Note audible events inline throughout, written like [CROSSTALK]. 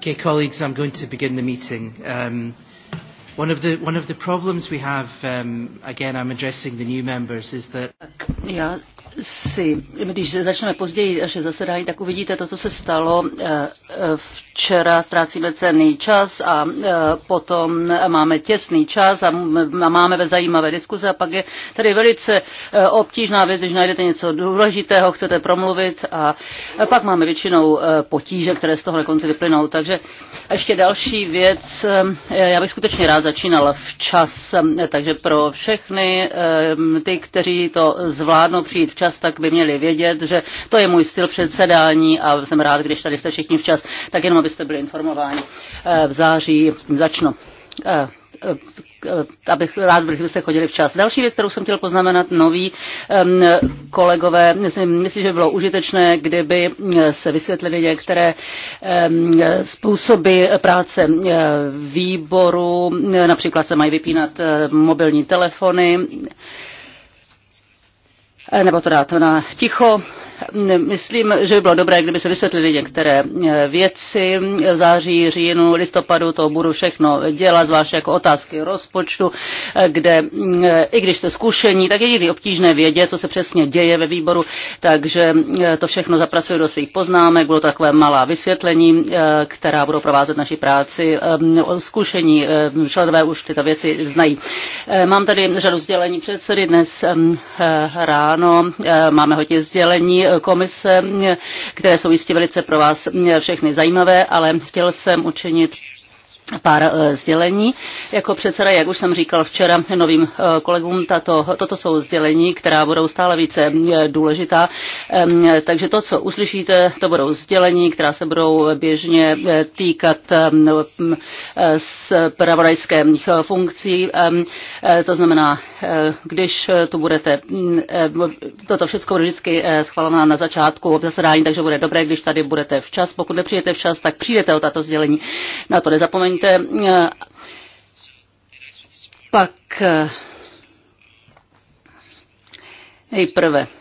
Okay, colleagues, I'm going to begin the meeting. Um, one of the one of the problems we have, um, again, I'm addressing the new members, is that. Yeah si, když začneme později naše zasedání, tak uvidíte to, co se stalo. Eh, eh, včera ztrácíme cenný čas a eh, potom máme těsný čas a máme ve zajímavé diskuze a pak je tady velice obtížná věc, když najdete něco důležitého, chcete promluvit a pak máme většinou potíže, které z toho na konci vyplynou. Takže ještě další věc, já bych skutečně rád začínal včas, takže pro všechny ty, kteří to zvládnou přijít včas, včas, tak by měli vědět, že to je můj styl předsedání a jsem rád, když tady jste všichni včas, tak jenom abyste byli informováni. Eh, v září s tím začnu eh, eh, abych rád, kdybyste chodili včas. Další věc, kterou jsem chtěl poznamenat, noví um, ehm, kolegové, myslím, myslím, že by bylo užitečné, kdyby se vysvětlili některé um, způsoby práce výboru, například se mají vypínat mobilní telefony, Eh, nebo to na ticho Myslím, že by bylo dobré, kdyby se vysvětlili některé eh, věci. V září, říjnu, listopadu to budu všechno dělat, zvláště jako otázky rozpočtu, eh, kde eh, i když jste zkušení, tak je někdy obtížné vědět, co se přesně děje ve výboru, takže to všechno zapracuju do svých poznámek. Bylo to takové malá vysvětlení, která budou provázet naši práci. Ehm, zkušení ehm, členové už tyto věci znají. Mám tady řadu sdělení předsedy dnes ehm, ráno. Máme hodně sdělení komise, které jsou jistě velice pro vás všechny zajímavé, ale chtěl jsem učinit pár eh, sdělení. Jako předseda, jak už jsem říkal včera novým eh, kolegům, tato, toto jsou sdělení, která budou stále více eh, důležitá. Takže to, co uslyšíte, to budou sdělení, která se budou běžně týkat z pravodajských funkcí. To znamená, když tu budete, mm, toto všechno bude vždycky schválená na začátku zasedání, takže bude dobré, když tady budete včas. Pokud nepřijete včas, tak přijdete o tato sdělení. Na to nezapomeňte promiňte, eh, Pak eh, nejprve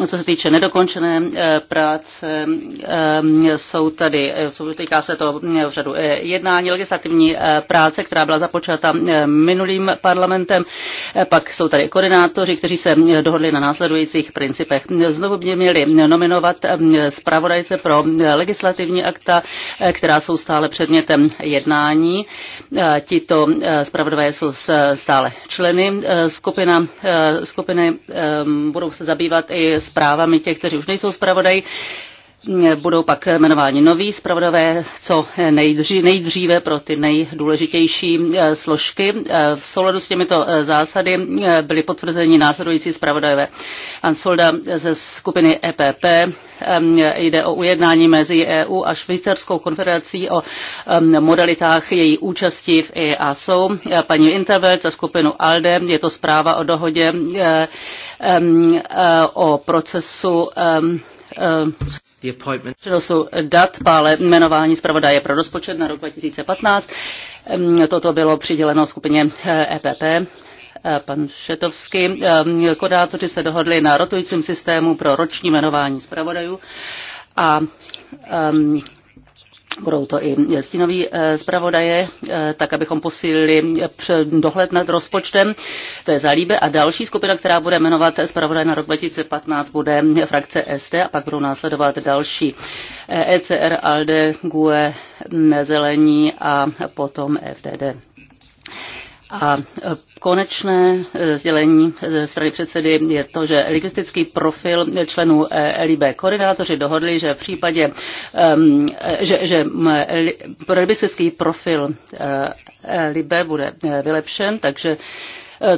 No, co se týče nedokončené eh, práce, eh, jsou tady, eh, týká se to v řadu jednání, legislativní práce, která byla započata minulým parlamentem, pak jsou tady koordinátoři, kteří se dohodli na následujících principech. Znovu by měli nominovat zpravodajce pro legislativní akta, která jsou stále předmětem jednání. Tito zpravodajé jsou stále členy skupina, skupiny, budou se zabývat i zprávami těch, kteří už nejsou zpravodaji budou pak jmenováni noví zpravodové, co nejdříve, nejdříve pro ty nejdůležitější eh, složky. Eh, v souladu s těmito eh, zásady byly potvrzeni následující zpravodajové. Ansolda ze skupiny EPP jde o ujednání mezi EU a Švýcarskou konfederací o modalitách její účasti v EASO. Paní Intervelt za skupinu ALDE je to zpráva o dohodě o procesu to jsou dat pále jmenování zpravodaje pro rozpočet na rok 2015. Toto bylo přiděleno skupině EPP eh, e eh, pan Šetovský. Kodátoři se dohodli na rotujícím systému pro roční jmenování zpravodajů a um, Budou to i stínoví eh, zpravodaje, eh, tak abychom posílili eh, dohled nad rozpočtem. To je zalíbe. A další skupina, která bude jmenovat zpravodaj na rok 2015, bude frakce SD a pak budou následovat další ECR, e ALDE, GUE, Zelení a potom FDD. A e, konečné e, sdělení e, strany předsedy je to, že lingvistický profil členů LIB koordinátoři dohodli, že v případě, že, že lingvistický profil LIB bude vylepšen, takže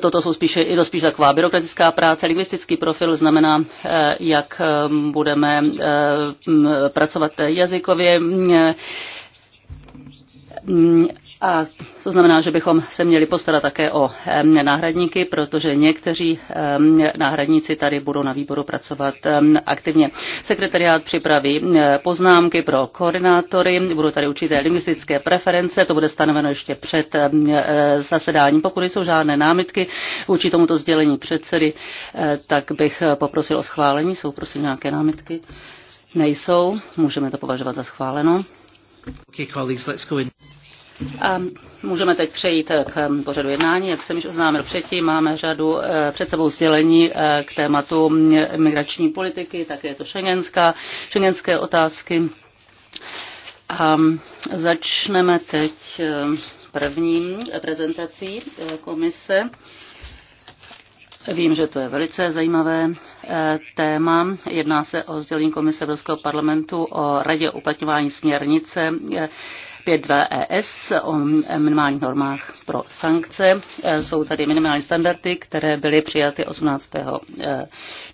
Toto jsou spíše, je to spíš taková byrokratická práce. Lingvistický profil znamená, jak budeme pracovat jazykově a to znamená, že bychom se měli postarat také o náhradníky, protože někteří náhradníci tady budou na výboru pracovat aktivně. Sekretariát připraví poznámky pro koordinátory, budou tady určité lingvistické preference, to bude stanoveno ještě před e, zasedáním. Pokud jsou žádné námitky vůči tomuto sdělení předsedy, e, tak bych poprosil o schválení. Jsou prosím nějaké námitky? Nejsou, můžeme to považovat za schváleno. Okay, colleagues, let's go in. A ehm, můžeme teď přejít eh, k ehm, pořadu jednání. Jak jsem již oznámil předtím, máme řadu eh, před sebou sdělení eh, k tématu mm, migrační politiky, také je to šengenská, šengenské otázky. A ehm, začneme teď první prezentací komise. Vím, že to je velice zajímavé téma. Jedná se o sdělení Komise Evropského parlamentu o radě uplatňování směrnice 5.2 ES o minimálních normách pro sankce. Jsou tady minimální standardy, které byly přijaty 18. E,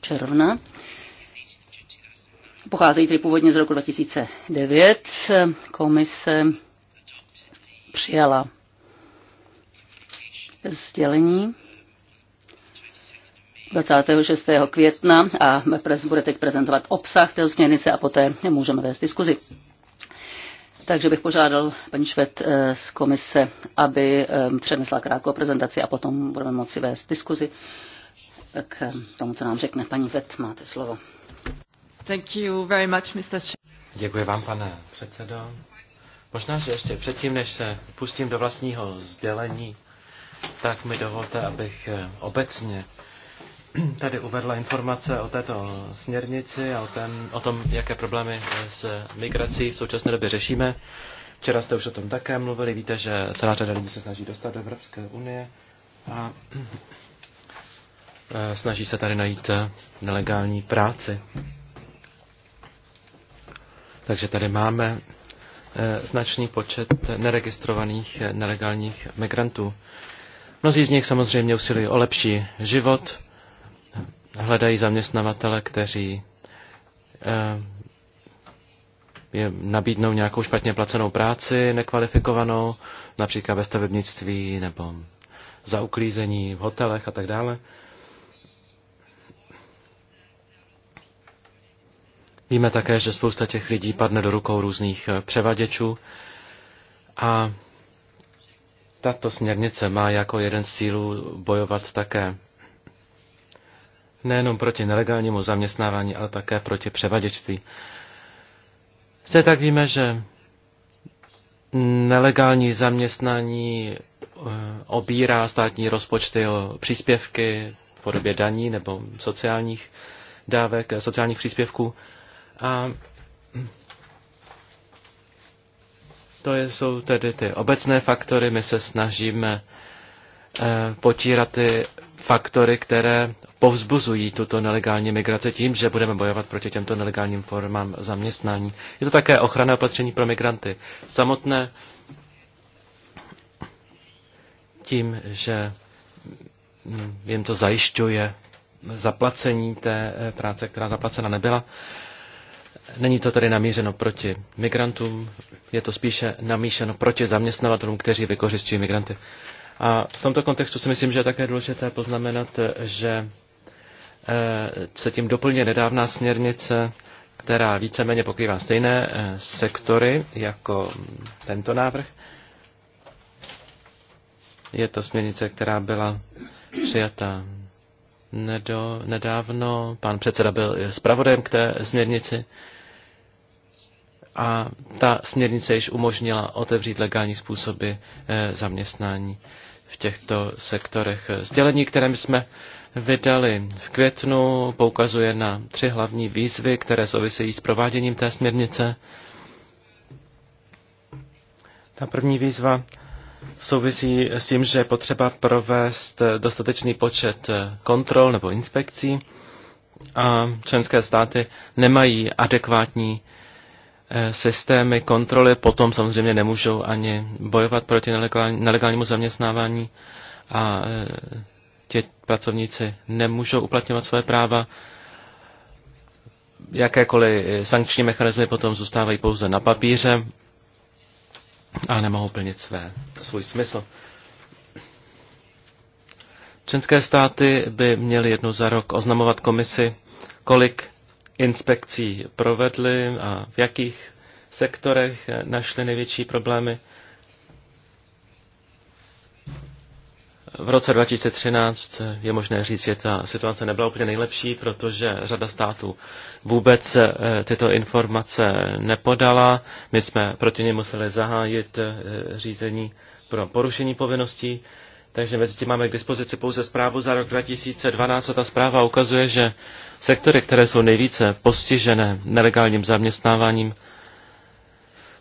června. Pocházejí tedy původně z roku 2009. Komise přijala sdělení 26. května a bude teď prezentovat obsah té směrnice a poté můžeme vést diskuzi. Takže bych požádal paní Švet eh, z komise, aby eh, přednesla krátkou prezentaci a potom budeme moci vést diskuzi k tomu, co nám řekne. Paní Vet, máte slovo. Thank you very much, Mr. Děkuji vám, pane předsedo. Možná, že ještě předtím, než se pustím do vlastního sdělení, tak mi dovolte, abych eh, obecně tady uvedla informace o této směrnici a o, ten, o tom, jaké problémy s migrací v současné době řešíme. Včera jste už o tom také mluvili, víte, že celá řada lidí se snaží dostat do Evropské unie a eh, snaží se tady najít eh, nelegální práci. Takže tady máme eh, značný počet neregistrovaných nelegálních migrantů. Mnozí z nich samozřejmě usilují o lepší život, hledají zaměstnavatele, kteří eh, je nabídnou nějakou špatně placenou práci, nekvalifikovanou, například ve stavebnictví nebo za uklízení v hotelech a tak dále. Víme také, že spousta těch lidí padne do rukou různých eh, převaděčů a tato směrnice má jako jeden z cílů bojovat také nejenom proti nelegálnímu zaměstnávání, ale také proti převaděčství. Zde tak víme, že nelegální zaměstnání eh, obírá státní rozpočty o příspěvky v podobě daní nebo sociálních dávek, eh, sociálních příspěvků. A to jsou tedy ty obecné faktory. My se snažíme Eh, potírat ty faktory, které povzbuzují tuto nelegální migraci tím, že budeme bojovat proti těmto nelegálním formám zaměstnání. Je to také ochrana opatření pro migranty samotné tím, že mm, jim to zajišťuje zaplacení té eh, práce, která zaplacena nebyla. Není to tedy namířeno proti migrantům, je to spíše namíšeno proti zaměstnavatelům, kteří vykořistují migranty. A v tomto kontextu si myslím, že je také důležité poznamenat, že eh, se tím doplně nedávná směrnice, která víceméně pokrývá stejné eh, sektory jako tento návrh. Je to směrnice, která byla přijata nedo, nedávno. Pan předseda byl zpravodajem k té směrnici a ta směrnice již umožnila otevřít legální způsoby eh, zaměstnání v těchto sektorech. Sdělení, které jsme vydali v květnu, poukazuje na tři hlavní výzvy, které souvisejí s prováděním té směrnice. Ta první výzva souvisí s tím, že je potřeba provést dostatečný počet kontrol nebo inspekcí a členské státy nemají adekvátní Eh, systémy kontroly, potom samozřejmě nemůžou ani bojovat proti nelegálnímu zaměstnávání a eh, ti pracovníci nemůžou uplatňovat své práva. Jakékoliv eh, sankční mechanismy potom zůstávají pouze na papíře a nemohou plnit své, svůj smysl. Členské státy by měly jednou za rok oznamovat komisi, kolik inspekcí provedli a v jakých sektorech našli největší problémy. V roce 2013 je možné říct, že ta situace nebyla úplně nejlepší, protože řada států vůbec eh, tyto informace nepodala. My jsme proti ně museli zahájit eh, řízení pro porušení povinností. Takže mezi tím máme k dispozici pouze zprávu za rok 2012 a ta zpráva ukazuje, že sektory, které jsou nejvíce postižené nelegálním zaměstnáváním,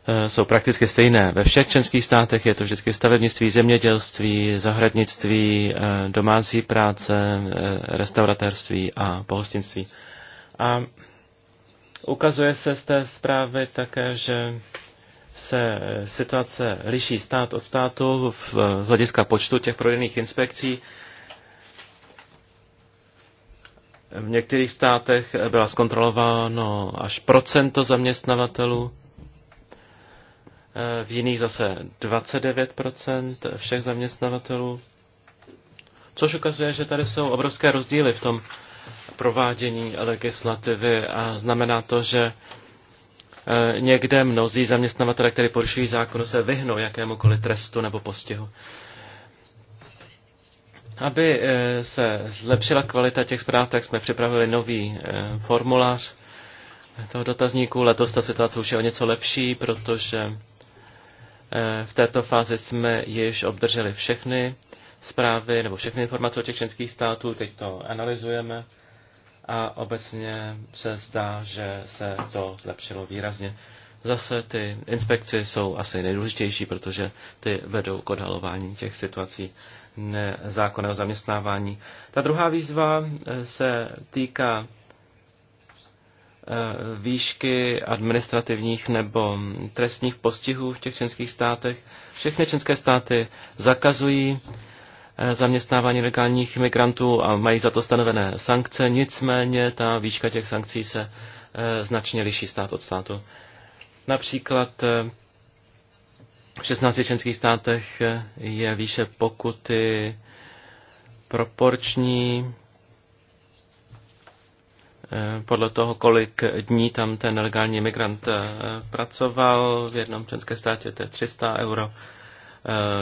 eh, jsou prakticky stejné. Ve všech členských státech je to vždycky stavebnictví, zemědělství, zahradnictví, eh, domácí práce, eh, restauratérství a pohostinství. A ukazuje se z té zprávy také, že se situace liší stát od státu v, z hlediska počtu těch prodejných inspekcí. V některých státech byla zkontrolováno až procento zaměstnavatelů, v jiných zase 29 všech zaměstnavatelů, což ukazuje, že tady jsou obrovské rozdíly v tom provádění legislativy a znamená to, že eh, někde mnozí zaměstnavatele, kteří porušují zákon, se vyhnou jakémukoliv trestu nebo postihu. Aby eh, se zlepšila kvalita těch zpráv, tak jsme připravili nový eh, formulář toho dotazníku. Letos ta situace už je o něco lepší, protože eh, v této fázi jsme již obdrželi všechny zprávy nebo všechny informace o těch členských států. Teď to analyzujeme a obecně se zdá, že se to zlepšilo výrazně. Zase ty inspekce jsou asi nejdůležitější, protože ty vedou k odhalování těch situací, zákonného zaměstnávání. Ta druhá výzva eh, se týká eh, výšky administrativních nebo trestních postihů v těch členských státech. Všechny členské státy zakazují eh, zaměstnávání legálních migrantů a mají za to stanovené sankce, nicméně ta výška těch sankcí se značně liší stát od státu. Například v 16 členských státech eh, je výše pokuty proporční eh, podle toho, kolik dní tam ten nelegální imigrant eh, pracoval. V jednom členském státě to je 300 euro,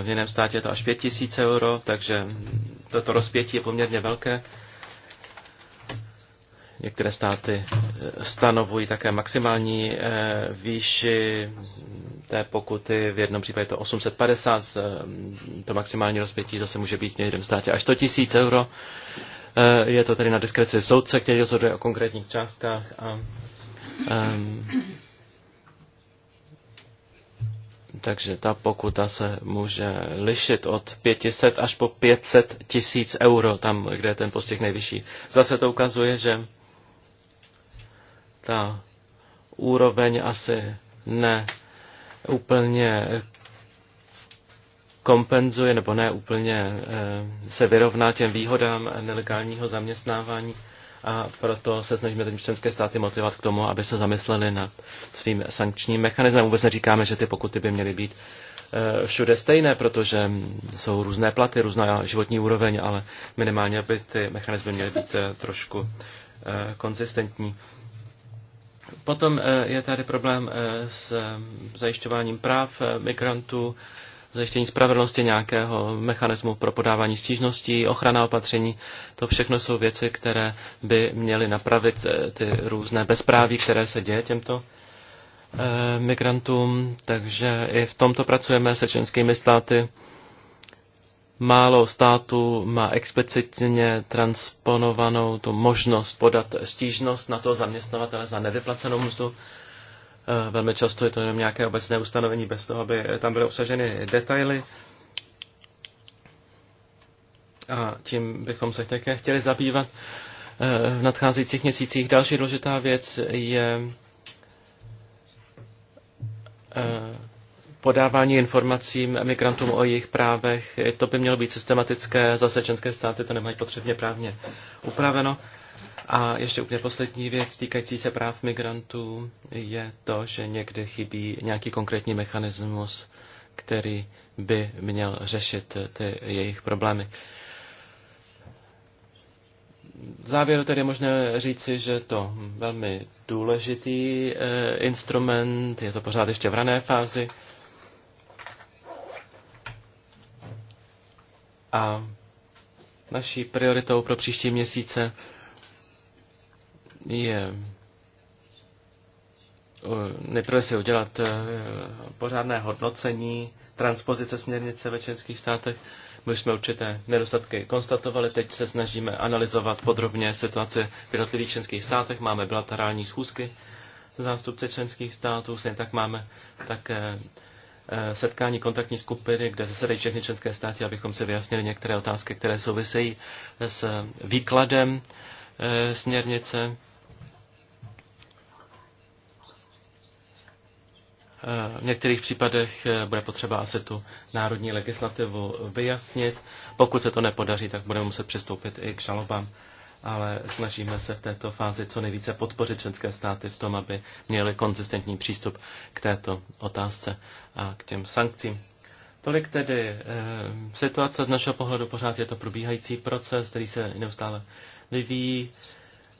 v jiném státě je to až 5000 euro, takže toto rozpětí je poměrně velké. Některé státy eh, stanovují také maximální eh, výši té pokuty, v jednom případě to 850, eh, to maximální rozpětí zase může být v jednom státě až 100 tisíc euro. Je to tedy na diskreci soudce, který rozhoduje o konkrétních částkách a um, takže ta pokuta se může lišit od 500 až po 500 tisíc euro, tam, kde je ten postih nejvyšší. Zase to ukazuje, že ta úroveň asi ne úplně kompenzuje nebo ne úplně eh, se vyrovná těm výhodám nelegálního zaměstnávání a proto se snažíme teď členské státy motivovat k tomu, aby se zamysleli nad svým sankčním mechanismem. Vůbec neříkáme, že ty pokuty by měly být eh, všude stejné, protože jsou různé platy, různá životní úroveň, ale minimálně by ty mechanismy měly být eh, trošku konzistentní. Potom eh, je tady problém eh, s eh, zajišťováním práv migrantů, zajištění spravedlnosti nějakého mechanismu pro podávání stížností, ochrana opatření. To všechno jsou věci, které by měly napravit ty různé bezpráví, které se děje těmto migrantům. Takže i v tomto pracujeme se členskými státy Málo států má explicitně transponovanou tu možnost podat stížnost na toho zaměstnavatele za nevyplacenou mzdu. Eh, velmi často je to jenom nějaké obecné ustanovení bez toho, aby tam byly obsaženy detaily. A tím bychom se také chtěli zabývat eh, v nadcházejících měsících. Další důležitá věc je eh, podávání informacím migrantům o jejich právech. To by mělo být systematické, zase členské státy to nemají potřebně právně upraveno. A ještě úplně poslední věc týkající se práv migrantů je to, že někde chybí nějaký konkrétní mechanismus, který by měl řešit ty jejich problémy. V závěru tedy je možné říci, že to velmi důležitý eh, instrument, je to pořád ještě v rané fázi, A naší prioritou pro příští měsíce je eh, nejprve si udělat eh, pořádné hodnocení transpozice směrnice ve členských státech. My jsme určité nedostatky konstatovali, teď se snažíme analyzovat podrobně situaci v jednotlivých členských státech, máme bilaterální schůzky zástupce členských států, stejně tak máme také Eh, setkání kontaktní skupiny, kde zasedají všechny členské státy, abychom si vyjasnili některé otázky, které souvisejí s výkladem eh, směrnice. Eh, v některých případech bude potřeba asi tu národní legislativu vyjasnit. Pokud se to nepodaří, tak budeme muset přistoupit i k žalobám ale snažíme se v této fázi co nejvíce podpořit členské státy v tom, aby měli konzistentní přístup k této otázce a k těm sankcím. Tolik tedy e, situace z našeho pohledu, pořád je to probíhající proces, který se neustále vyvíjí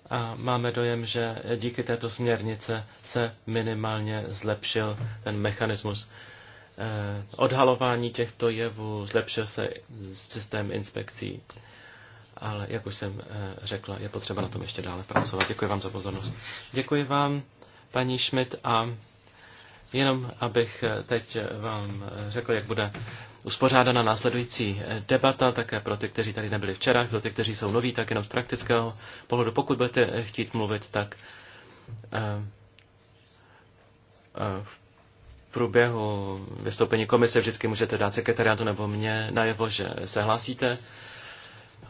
a máme dojem, že díky této směrnice se minimálně zlepšil ten mechanismus e, odhalování těchto jevů, zlepšil se systém inspekcí ale jak už jsem eh, řekla, je potřeba na tom ještě dále pracovat. Děkuji vám za pozornost. Děkuji vám, paní Schmidt, a jenom abych eh, teď eh, vám řekl, jak bude uspořádána následující debata, také pro ty, kteří tady nebyli včera, pro ty, kteří jsou noví, tak jenom z praktického pohledu. Pokud budete chtít mluvit, tak v průběhu vystoupení komise vždycky můžete dát sekretariátu nebo mě najevo, že se hlásíte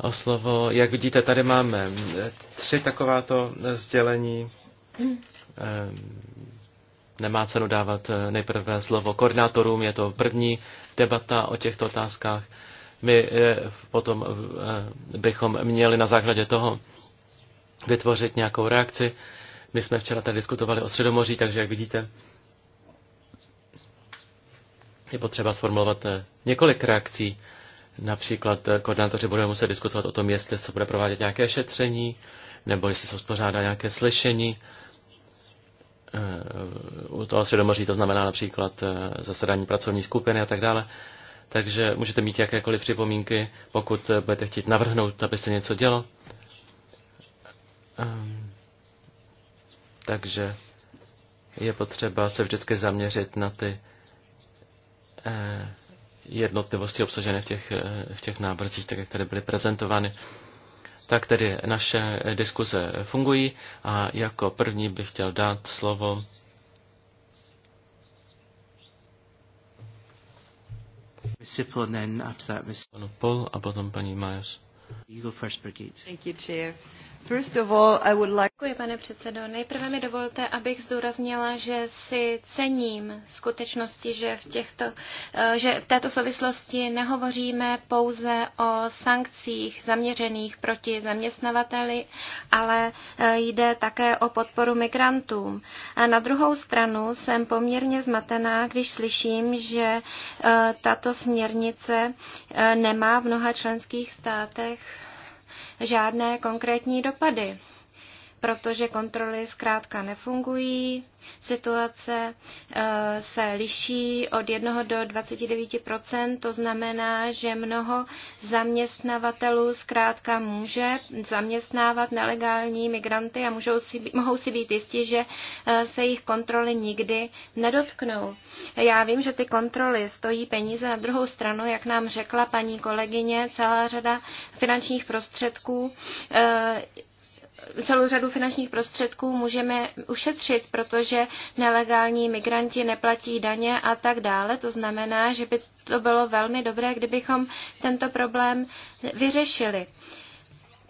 o slovo. Jak vidíte, tady máme eh, tři takováto eh, sdělení. Eh, nemá cenu dávat nejprve slovo koordinátorům, je to první debata o těchto otázkách. My potom bychom měli na základě toho vytvořit nějakou reakci. My jsme včera tady diskutovali o Středomoří, takže jak vidíte, je potřeba sformulovat několik reakcí Například eh, koordinátoři budou muset diskutovat o tom, jestli se bude provádět nějaké šetření, nebo jestli se uspořádá nějaké slyšení. Eh, u toho Středomoří to znamená například eh, zasedání pracovní skupiny a tak dále. Takže můžete mít jakékoliv připomínky, pokud budete chtít navrhnout, aby se něco dělo. Ehm, takže je potřeba se vždycky zaměřit na ty jednotlivosti obsažené v těch, eh, v těch návrzích, tak jak tady byly prezentovány. Tak tedy naše diskuze fungují a jako první bych chtěl dát slovo Paul, a potom paní Majos. Thank you, Chair. Děkuji, pane předsedo. Nejprve mi dovolte, abych zdůraznila, že si cením skutečnosti, že v, těchto, eh, že v této souvislosti nehovoříme pouze o sankcích zaměřených proti zaměstnavateli, ale eh, jde také o podporu migrantům. A na druhou stranu jsem poměrně zmatená, když slyším, že eh, tato směrnice nemá v mnoha členských státech žádné konkrétní dopady protože kontroly zkrátka nefungují. Situace eh, se liší od 1 do 29 to znamená, že mnoho zaměstnavatelů zkrátka může zaměstnávat nelegální migranty a můžou si, mohou si být jistí, že eh, se jich kontroly nikdy nedotknou. Já vím, že ty kontroly stojí peníze na druhou stranu, jak nám řekla paní kolegyně, celá řada finančních prostředků eh, celou řadu finančních prostředků můžeme ušetřit, protože nelegální migranti neplatí daně a tak dále. To znamená, že by to bylo velmi dobré, kdybychom tento problém vyřešili. Uh,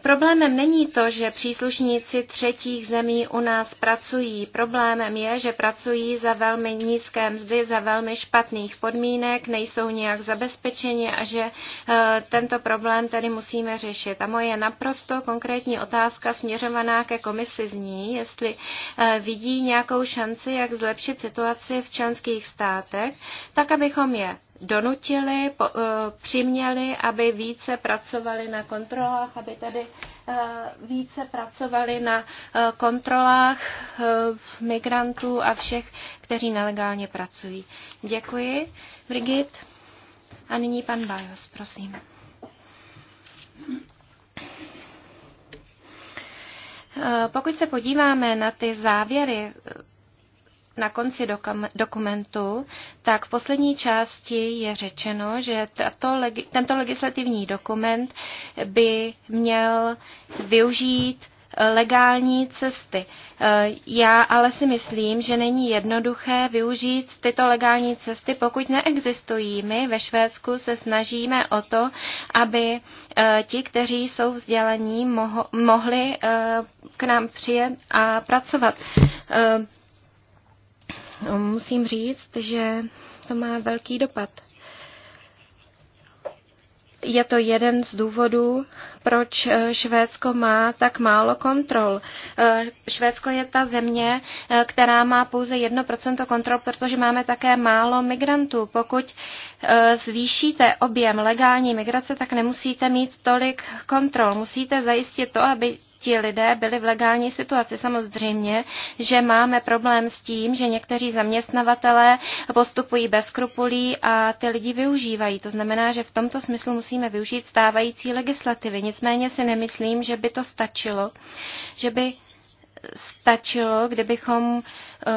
Problémem není to, že příslušníci třetích zemí u nás pracují. Problémem je, že pracují za velmi nízké mzdy, za velmi špatných podmínek, nejsou nějak zabezpečeni a že eh, tento problém tedy musíme řešit. A moje naprosto konkrétní otázka směřovaná ke komisi zní, jestli eh, vidí nějakou šanci, jak zlepšit situaci v členských státech, tak abychom je donutili, po, eh, přiměli, aby více pracovali na kontrolách, aby tady eh, více pracovali na eh, kontrolách migrantů a všech, kteří nelegálně pracují. Děkuji, Brigit. A nyní pan Bajos, prosím. Pokud se podíváme na ty závěry na konci dokumentu, tak v poslední části je řečeno, že tato, tento legislativní dokument by měl využít legální cesty. E, já ale si myslím, že není jednoduché využít tyto legální cesty, pokud neexistují. My ve Švédsku se snažíme o to, aby e, ti, kteří jsou vzdělaní, mohli e, k nám přijet a pracovat musím říct, že to má velký dopad. Je to jeden z důvodů, proč eh, Švédsko má tak málo kontrol. Eh, Švédsko je ta země, eh, která má pouze 1% kontrol, protože máme také málo migrantů. Pokud zvýšíte objem legální migrace, tak nemusíte mít tolik kontrol. Musíte zajistit to, aby ti lidé byli v legální situaci. Samozřejmě, že máme problém s tím, že někteří zaměstnavatelé postupují bez skrupulí a ty lidi využívají. To znamená, že v tomto smyslu musíme využít stávající legislativy. Nicméně si nemyslím, že by to stačilo, že by stačilo, kdybychom eh,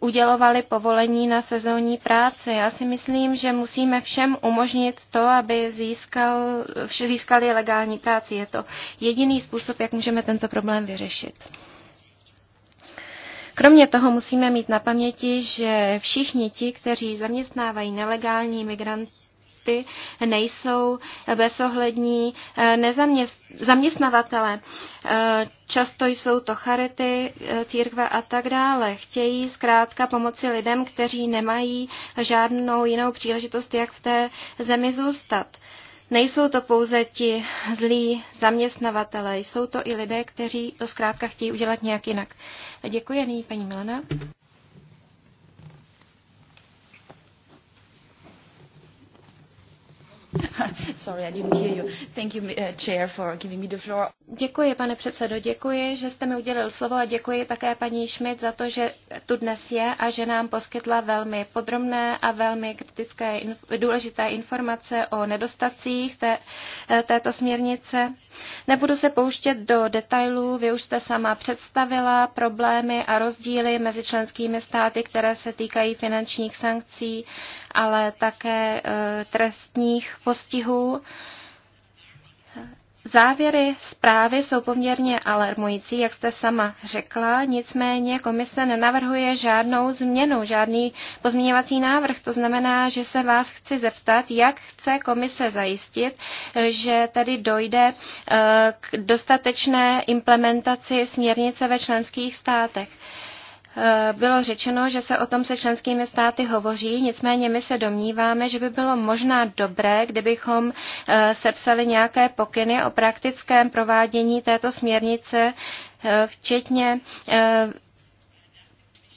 udělovali povolení na sezónní práci. Já si myslím, že musíme všem umožnit to, aby získal, získali legální práci. Je to jediný způsob, jak můžeme tento problém vyřešit. Kromě toho musíme mít na paměti, že všichni ti, kteří zaměstnávají nelegální migranty, ty nejsou bezohlední eh, zaměstnavatele. Eh, často jsou to charity, eh, církve a tak dále. Chtějí zkrátka pomoci lidem, kteří nemají žádnou jinou příležitost, jak v té zemi zůstat. Nejsou to pouze ti zlí zaměstnavatele, jsou to i lidé, kteří to zkrátka chtějí udělat nějak jinak. Děkuji, nyní paní Milena. [LAUGHS] Sorry, I didn't hear you. Thank you, uh, Chair, for giving me the floor. Děkuji, pane předsedo, děkuji, že jste mi udělil slovo a děkuji také paní Schmidt za to, že tu dnes je a že nám poskytla velmi podrobné a velmi kritické důležité informace o nedostacích té, eh, této směrnice. Nebudu se pouštět do detailů, vy už jste sama představila problémy a rozdíly mezi členskými státy, které se týkají finančních sankcí ale také e, trestních postihů. Závěry zprávy jsou poměrně alarmující, jak jste sama řekla, nicméně komise nenavrhuje žádnou změnu, žádný pozměňovací návrh. To znamená, že se vás chci zeptat, jak chce komise zajistit, že tedy dojde e, k dostatečné implementaci směrnice ve členských státech bylo řečeno, že se o tom se členskými státy hovoří, nicméně my se domníváme, že by bylo možná dobré, kdybychom eh, sepsali nějaké pokyny o praktickém provádění této směrnice, eh, včetně eh,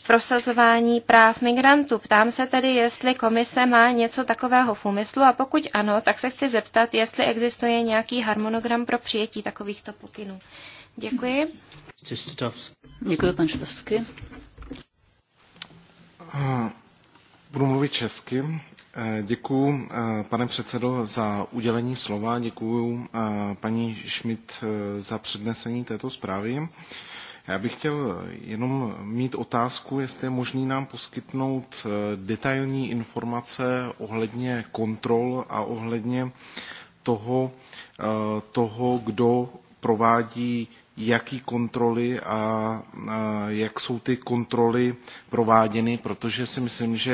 prosazování práv migrantů. Ptám se tedy, jestli komise má něco takového v úmyslu a pokud ano, tak se chci zeptat, jestli existuje nějaký harmonogram pro přijetí takovýchto pokynů. Děkuji. Děkuji, pan Štovský. Budu mluvit česky. Eh, Děkuji, eh, pane předsedo, za udělení slova. Děkuji eh, paní Schmidt za přednesení této zprávy. Já bych chtěl jenom mít otázku, jestli je možný nám poskytnout detailní informace ohledně kontrol a ohledně toho, toho kdo provádí jaký kontroly a jak jsou ty kontroly prováděny, protože si myslím, že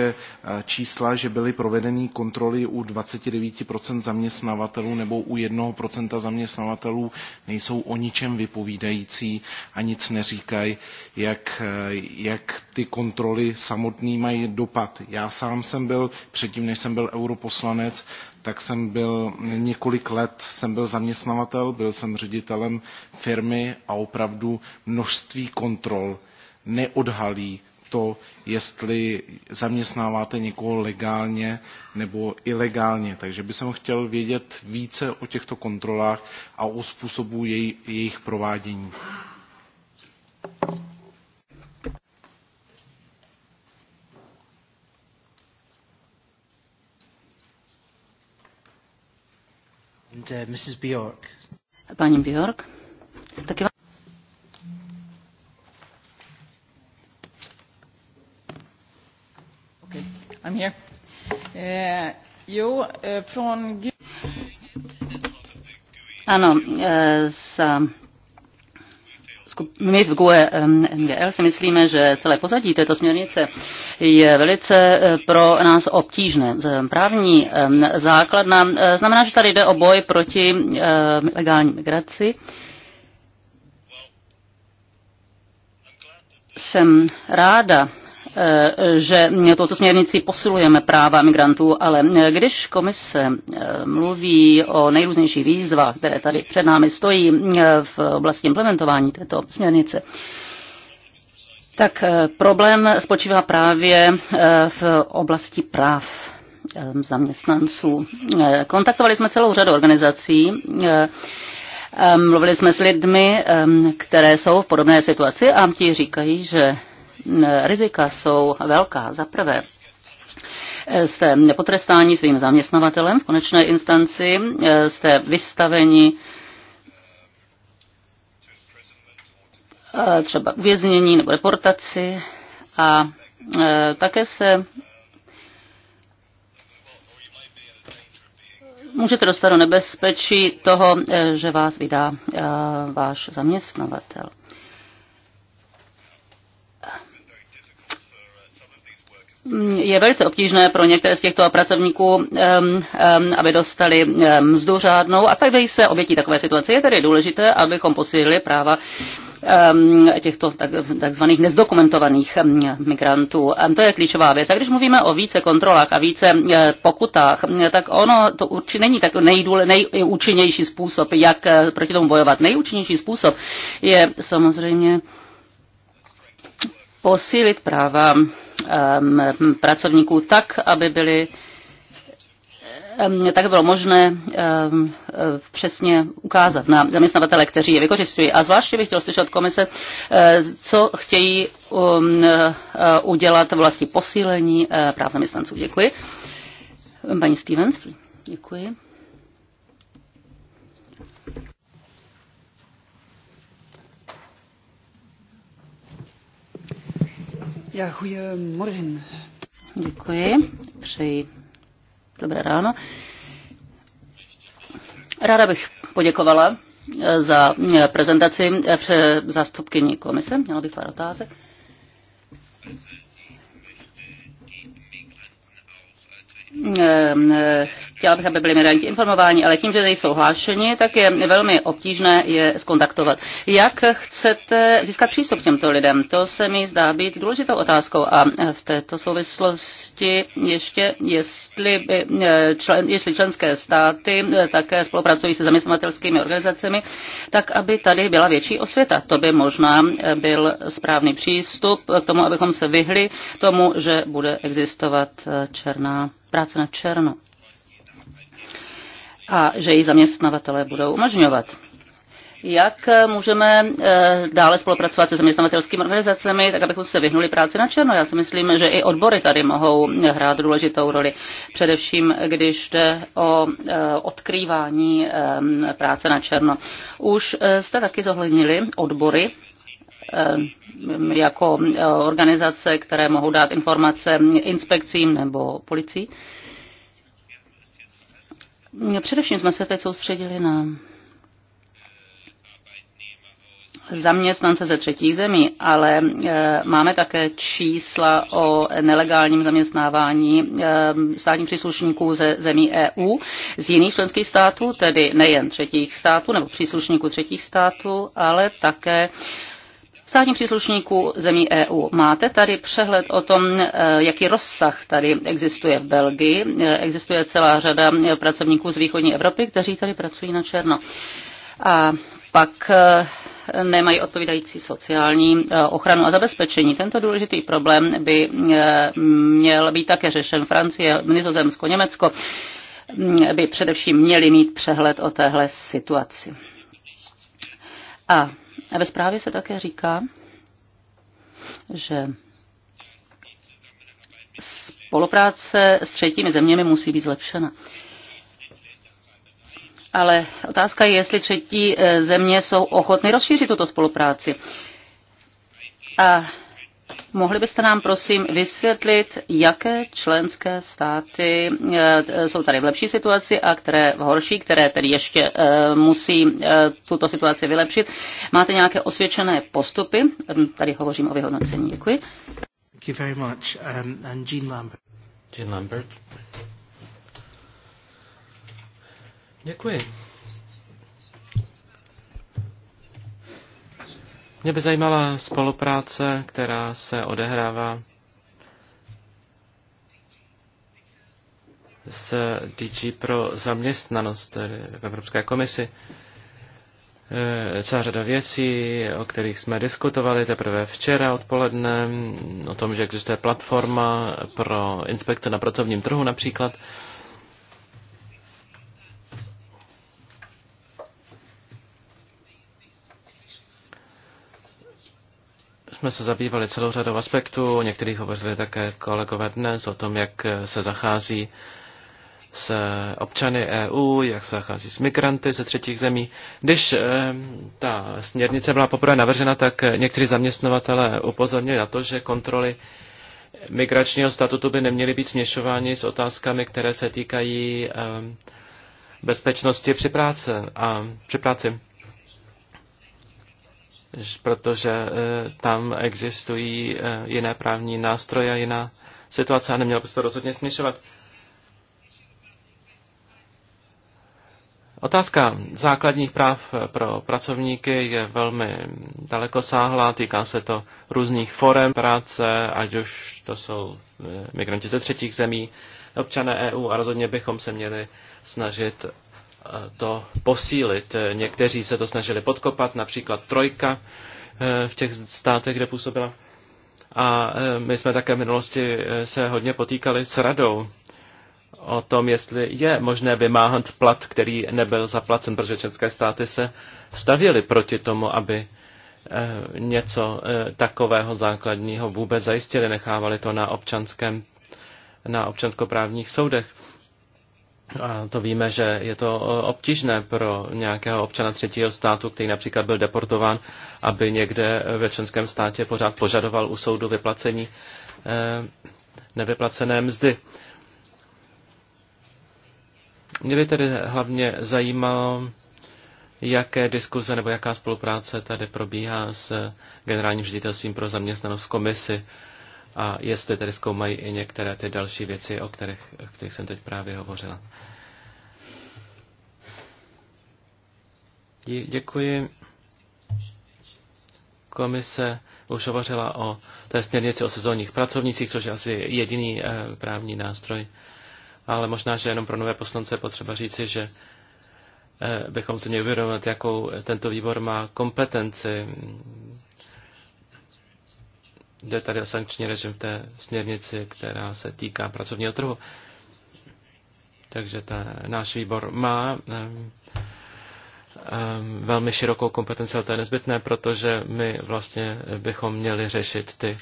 e, čísla, že byly provedeny kontroly u 29% zaměstnavatelů nebo u 1% zaměstnavatelů, nejsou o ničem vypovídající a nic neříkají, jak, e, jak ty kontroly samotný mají dopad. Já sám jsem byl, předtím než jsem byl europoslanec, tak jsem byl několik let jsem byl zaměstnavatel, byl jsem ředitelem firmy a opravdu množství kontrol neodhalí to, jestli zaměstnáváte někoho legálně nebo ilegálně. Takže bych chtěl vědět více o těchto kontrolách a o způsobu jej, jejich provádění. And, uh, Mrs. Bjork. Paní Bjork. Taky vám... Okay. I'm here. Eh, jo, eh, från... Ano, eh, z my v GUE MGL si myslíme, že celé pozadí této směrnice je velice eh, pro nás obtížné. Eh, právní eh, základna znamená, že tady jde o boj proti legální migraci. Jsem ráda, Eh, že touto směrnicí posilujeme práva migrantů, ale eh, když komise eh, mluví o nejrůznějších výzvách, které tady před námi stojí v oblasti implementování této směrnice, tak problém spočívá právě v oblasti práv zaměstnanců. Kontaktovali jsme celou řadu organizací, mluvili jsme s lidmi, které jsou v podobné situaci a ti říkají, že rizika jsou velká. Za prvé, jste nepotrestáni svým zaměstnavatelem v konečné instanci, eh, jste vystaveni eh, třeba uvěznění nebo deportaci a eh, také se můžete dostat do nebezpečí toho, že vás vydá váš zaměstnavatel. je velice obtížné pro některé z těchto pracovníků, aby dostali mzdu řádnou a stávají se obětí takové situace. Je tedy důležité, abychom posílili práva těchto takzvaných nezdokumentovaných migrantů. To je klíčová věc. A když mluvíme o více kontrolách a více e, pokutách, tak ono to určitě není tak nejdůle, nejúčinnější způsob, jak e, proti tomu bojovat. Nejúčinnější způsob je samozřejmě posílit práva Um, pracovníků tak, aby byly um, tak bylo možné um, uh, přesně ukázat na zaměstnavatele, kteří je vykořistují. A zvláště bych chtěl slyšet od komise, uh, co chtějí uh, udělat vlastně posílení práv zaměstnanců. Děkuji. Paní Stevens, děkuji. Ja, Děkuji. Přeji dobré ráno. Ráda bych poděkovala eh, za eh, prezentaci eh, zástupkyní komise. Měla bych pár otázek. Ehm, eh, chtěla bych, aby byli migranti informováni, ale tím, že nejsou hlášeni, tak je velmi obtížné je skontaktovat. Jak chcete získat přístup k těmto lidem? To se mi zdá být důležitou otázkou a v této souvislosti ještě, jestli, by, eh, člen, jestli členské státy eh, také spolupracují se zaměstnavatelskými organizacemi, tak aby tady byla větší osvěta. To by možná byl správný přístup k tomu, abychom se vyhli tomu, že bude existovat černá práce na černo a že ji zaměstnavatelé budou umožňovat. Jak eh, můžeme eh, dále spolupracovat se zaměstnavatelskými organizacemi, tak abychom se vyhnuli práci na černo? Já si myslím, že i odbory tady mohou hrát důležitou roli, především když jde o eh, odkrývání práce na černo. Už jste taky zohlednili odbory Eh, jako eh, organizace, které mohou dát informace inspekcím nebo policii. Především jsme se teď soustředili na zaměstnance ze třetích zemí, ale eh, máme také čísla o nelegálním zaměstnávání státních příslušníků ze zemí EU, z jiných členských států, tedy nejen třetích států nebo příslušníků třetích států, ale také Státní příslušníků zemí EU. Máte tady přehled o tom, eh, jaký rozsah tady existuje v Belgii. Eh, existuje celá řada eh, pracovníků z východní Evropy, kteří tady pracují na černo. A pak nemají odpovídající sociální ochranu a zabezpečení. Tento důležitý problém by měl být také řešen Francie, Nizozemsko, Německo mm, by především měli mít přehled o téhle situaci. A ve zprávě se také říká, že spolupráce s třetími zeměmi musí být zlepšena. Ale otázka je, jestli třetí eh, země jsou ochotny rozšířit tuto spolupráci. A Mohli byste nám prosím vysvětlit, jaké členské státy eh, jsou tady v lepší situaci a které v horší, které tedy ještě eh, musí eh, tuto situaci vylepšit. Máte nějaké osvědčené postupy? Ehm, tady hovořím o vyhodnocení. Děkuji. Thank you very much. Um, and Jean Lambert. Jean Lambert. Děkuji. Mě by zajímala spolupráce, která se odehrává s DG pro zaměstnanost, v Evropské komisi. E, celá řada věcí, o kterých jsme diskutovali teprve včera odpoledne, o tom, že existuje platforma pro inspekce na pracovním trhu například. jsme se zabývali celou řadou aspektů, o některých hovořili také kolegové dnes, o tom, jak se zachází s občany EU, jak se zachází s migranty ze třetích zemí. Když eh, ta směrnice byla poprvé navržena, tak někteří zaměstnovatelé upozornili na to, že kontroly migračního statutu by neměly být směšovány s otázkami, které se týkají eh, bezpečnosti při práci. A, při práci protože eh, tam existují eh, jiné právní nástroje a jiná situace a nemělo by se to rozhodně směšovat. Otázka základních práv eh, pro pracovníky je velmi dalekosáhlá, týká se to různých forem práce, ať už to jsou migranti ze třetích zemí, občané EU a rozhodně bychom se měli snažit to posílit. Někteří se to snažili podkopat, například Trojka eh, v těch státech, kde působila. A eh, my jsme také v minulosti eh, se hodně potýkali s radou o tom, jestli je možné vymáhat plat, který nebyl zaplacen, protože české státy se stavěly proti tomu, aby něco takového základního vůbec zajistili, nechávali to na občanském, na občanskoprávních soudech. A to víme, že je to e, obtížné pro nějakého občana třetího státu, který například byl deportován, aby někde ve členském státě pořád požadoval u soudu vyplacení e, nevyplacené mzdy. Mě by tedy hlavně zajímalo, jaké diskuze nebo jaká spolupráce tady probíhá s generálním ředitelstvím pro zaměstnanost komisi a jestli tedy zkoumají i některé ty další věci, o kterých, o kterých jsem teď právě hovořila. Děkuji. Komise už hovořila o té směrnici o sezónních pracovnicích, což je asi jediný eh, právní nástroj. Ale možná, že jenom pro nové poslance potřeba říci, že eh, bychom si měli uvědomit, jakou tento výbor má kompetenci Jde tady o sankční režim v té směrnici, která se týká pracovního trhu. Takže ta, náš výbor má um, um, velmi širokou kompetenci, ale to je nezbytné, protože my vlastně bychom měli řešit ty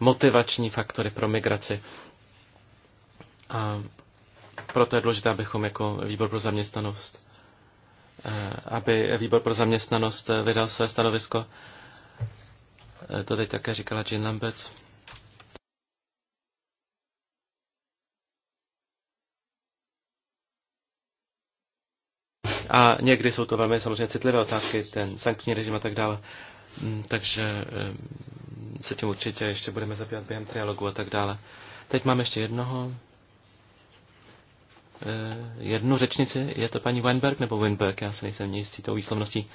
motivační faktory pro migraci. A proto je důležité, abychom jako výbor pro zaměstnanost, eh, aby výbor pro zaměstnanost vydal své stanovisko Eh, to teď také říkala Jean Lambert. A někdy jsou to velmi samozřejmě citlivé otázky, ten sankční režim a tak dále. Mm, takže eh, se tím určitě ještě budeme zabývat během trialogu a tak dále. Teď mám ještě jednoho. Eh, jednu řečnici, je to paní Weinberg nebo Weinberg, já se nejsem jistý tou výslovností.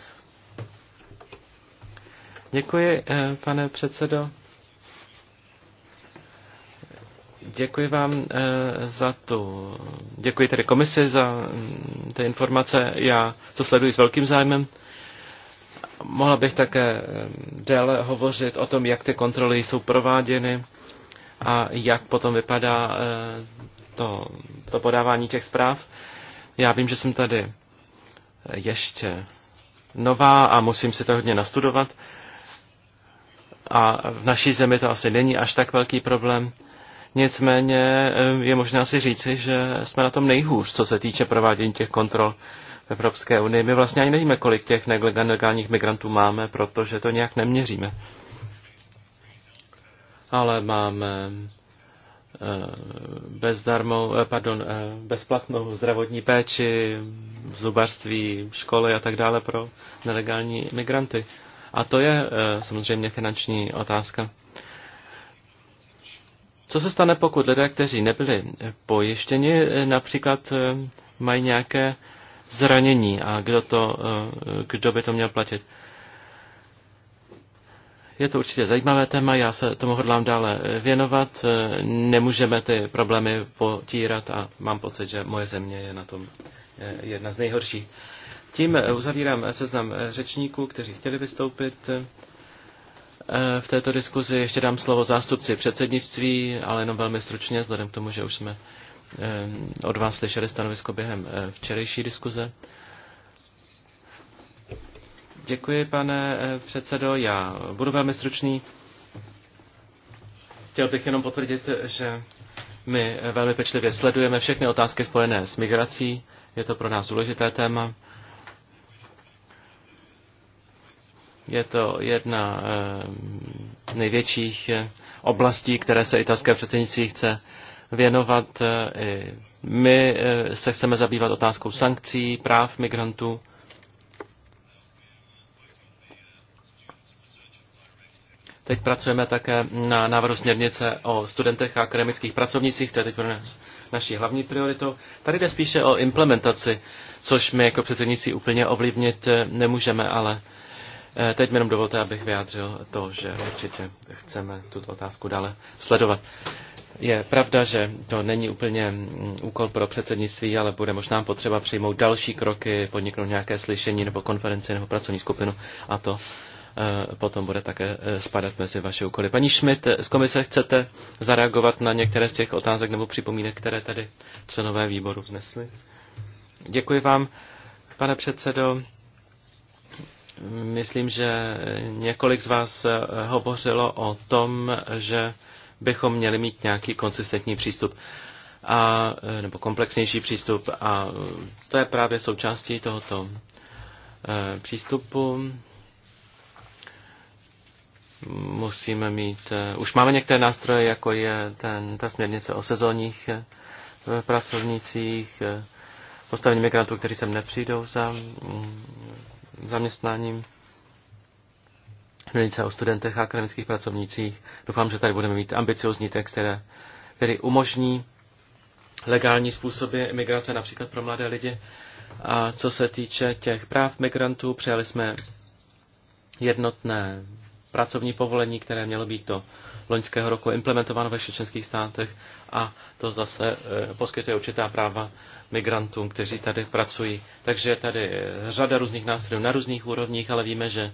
Děkuji, eh, pane předsedo. Děkuji vám eh, za tu, děkuji tedy komisi za mm, ty informace, já to sleduji s velkým zájmem. Mohla bych také eh, déle hovořit o tom, jak ty kontroly jsou prováděny a jak potom vypadá to, to podávání těch zpráv. Já vím, že jsem tady ještě nová a musím si to hodně nastudovat a v naší zemi to asi není až tak velký problém. Nicméně eh, je možná si říci, že jsme na tom nejhůř, co se týče provádění těch kontrol v Evropské unii. My vlastně ani nevíme, kolik těch nelegálních migrantů máme, protože to nějak neměříme. Ale máme eh, bezdarmou, eh, pardon, bezplatnou zdravotní péči, zubarství, školy a tak dále pro nelegální migranty. A to je eh, samozřejmě finanční otázka. Co se stane, pokud lidé, kteří nebyli pojištěni, eh, například eh, mají nějaké zranění a kdo, to, kdo by to měl platit? Je to určitě zajímavé téma, já se tomu hodlám dále věnovat. Nemůžeme ty problémy potírat a mám pocit, že moje země je na tom jedna z nejhorších. Tím eh, uzavírám eh, seznam eh, řečníků, kteří chtěli vystoupit v této diskuzi. Ještě dám slovo zástupci předsednictví, ale jenom velmi stručně, vzhledem k tomu, že už jsme od vás slyšeli stanovisko během včerejší diskuze. Děkuji, pane předsedo. Já budu velmi stručný. Chtěl bych jenom potvrdit, že my velmi pečlivě sledujeme všechny otázky spojené s migrací. Je to pro nás důležité téma. Je to jedna eh, největších eh, oblastí, které se italské předsednictví chce věnovat. Eh, my se chceme zabývat otázkou sankcí, práv migrantů. Teď pracujeme také na návrhu směrnice o studentech a akademických pracovnicích, to je teď pro nás naší hlavní prioritou. Tady jde spíše o implementaci, což my jako předsednici úplně ovlivnit nemůžeme, ale Eh, teď mi jenom dovolte, abych vyjádřil to, že určitě chceme tuto otázku dále sledovat. Je pravda, že to není úplně mm, úkol pro předsednictví, ale bude možná potřeba přijmout další kroky, podniknout nějaké slyšení nebo konferenci nebo pracovní skupinu a to eh, potom bude také eh, spadat mezi vaše úkoly. Paní Schmidt, z komise chcete zareagovat na některé z těch otázek nebo připomínek, které tady členové výboru vznesly? Děkuji vám, pane předsedo. Myslím, že několik z vás hovořilo o tom, že bychom měli mít nějaký konsistentní přístup a, nebo komplexnější přístup a to je právě součástí tohoto eh, přístupu. Musíme mít, eh, už máme některé nástroje, jako je ten, ta směrnice o sezónních eh, pracovnících. postavení migrantů, kteří sem nepřijdou za mm, zaměstnáním, Mělice o studentech a akademických pracovnících. Doufám, že tady budeme mít ambiciozní text, které, který umožní legální způsoby imigrace, například pro mladé lidi. A co se týče těch práv migrantů, přijali jsme jednotné pracovní povolení, které mělo být to loňského roku implementováno ve všech členských státech a to zase eh, poskytuje určitá práva migrantům, kteří tady pracují. Takže je tady eh, řada různých nástrojů na různých úrovních, ale víme, že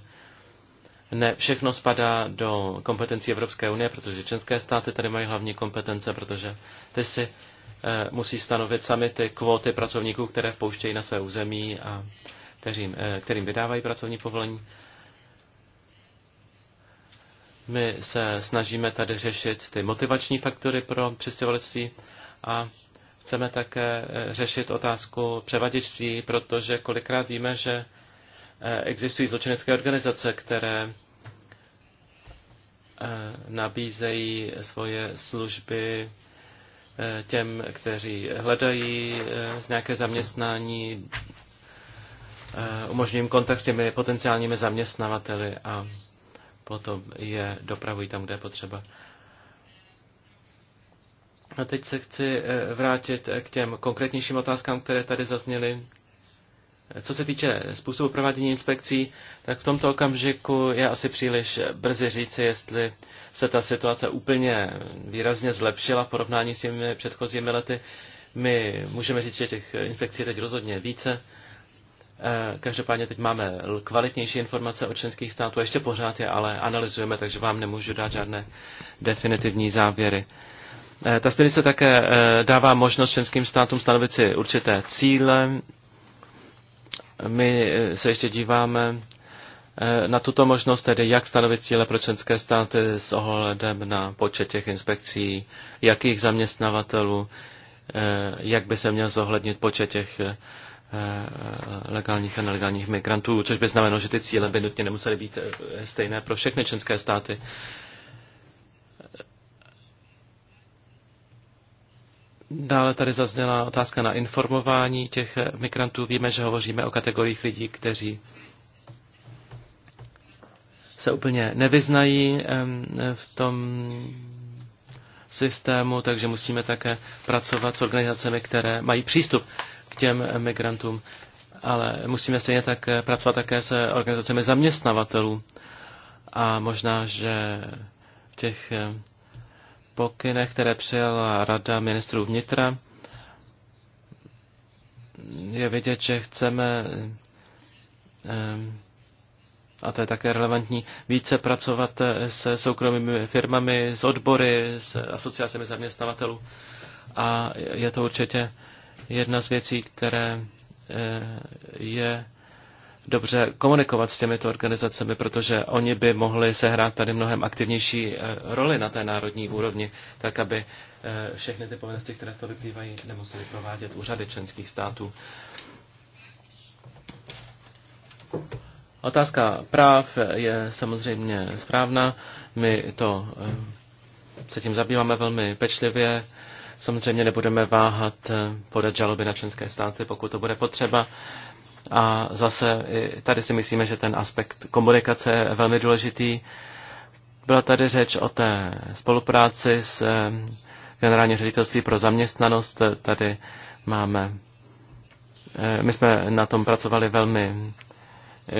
ne všechno spadá do kompetencí Evropské unie, protože členské státy tady mají hlavní kompetence, protože ty si eh, musí stanovit sami ty kvóty pracovníků, které pouštějí na své území a kterým, kterým vydávají pracovní povolení. My se snažíme tady řešit ty motivační faktory pro přistěhovalectví a chceme také eh, řešit otázku převaděčství, protože kolikrát víme, že eh, existují zločinecké organizace, které eh, nabízejí svoje služby těm, kteří hledají z nějaké zaměstnání, umožňují kontakt s těmi potenciálními zaměstnavateli a potom je dopravují tam, kde je potřeba. A teď se chci eh, vrátit eh, k těm konkrétnějším otázkám, které tady zazněly. Co se týče způsobu provádění inspekcí, tak v tomto okamžiku je asi příliš brzy říci, jestli se ta situace úplně výrazně zlepšila v porovnání s těmi předchozími lety. My můžeme říct, že těch inspekcí je teď rozhodně více. Eh, každopádně teď máme kvalitnější informace o členských států, ještě pořád je, ale analyzujeme, takže vám nemůžu dát žádné definitivní závěry. Eh, ta směrnice také eh, dává možnost členským státům stanovit si určité cíle. My se ještě díváme na tuto možnost, tedy jak stanovit cíle pro členské státy s ohledem na počet těch inspekcí, jakých zaměstnavatelů, jak by se měl zohlednit počet těch Eh, eh, legálních a nelegálních migrantů, což by znamenalo, že ty cíle by nutně nemusely být eh, stejné pro všechny členské státy. Dále tady zazněla otázka na informování těch migrantů. Víme, že hovoříme o kategoriích lidí, kteří se úplně nevyznají v tom systému, takže musíme také pracovat s organizacemi, které mají přístup těm migrantům, ale musíme stejně tak pracovat také se organizacemi zaměstnavatelů. A možná, že v těch eh, pokynech, které přijala Rada ministrů vnitra, je vidět, že chceme, eh, a to je také relevantní, více pracovat eh, se soukromými firmami, s odbory, s asociacemi zaměstnavatelů. A je to určitě jedna z věcí, které eh, je dobře komunikovat s těmito organizacemi, protože oni by mohli sehrát tady mnohem aktivnější eh, roli na té národní úrovni, tak aby eh, všechny ty povinnosti, které z toho vyplývají, nemuseli provádět úřady členských států. Otázka práv je samozřejmě správná. My to se tím zabýváme velmi pečlivě Samozřejmě nebudeme váhat eh, podat žaloby na členské státy, pokud to bude potřeba. A zase tady si myslíme, že ten aspekt komunikace je velmi důležitý. Byla tady řeč o té spolupráci s eh, Generálním ředitelství pro zaměstnanost. Tady máme, eh, my jsme na tom pracovali velmi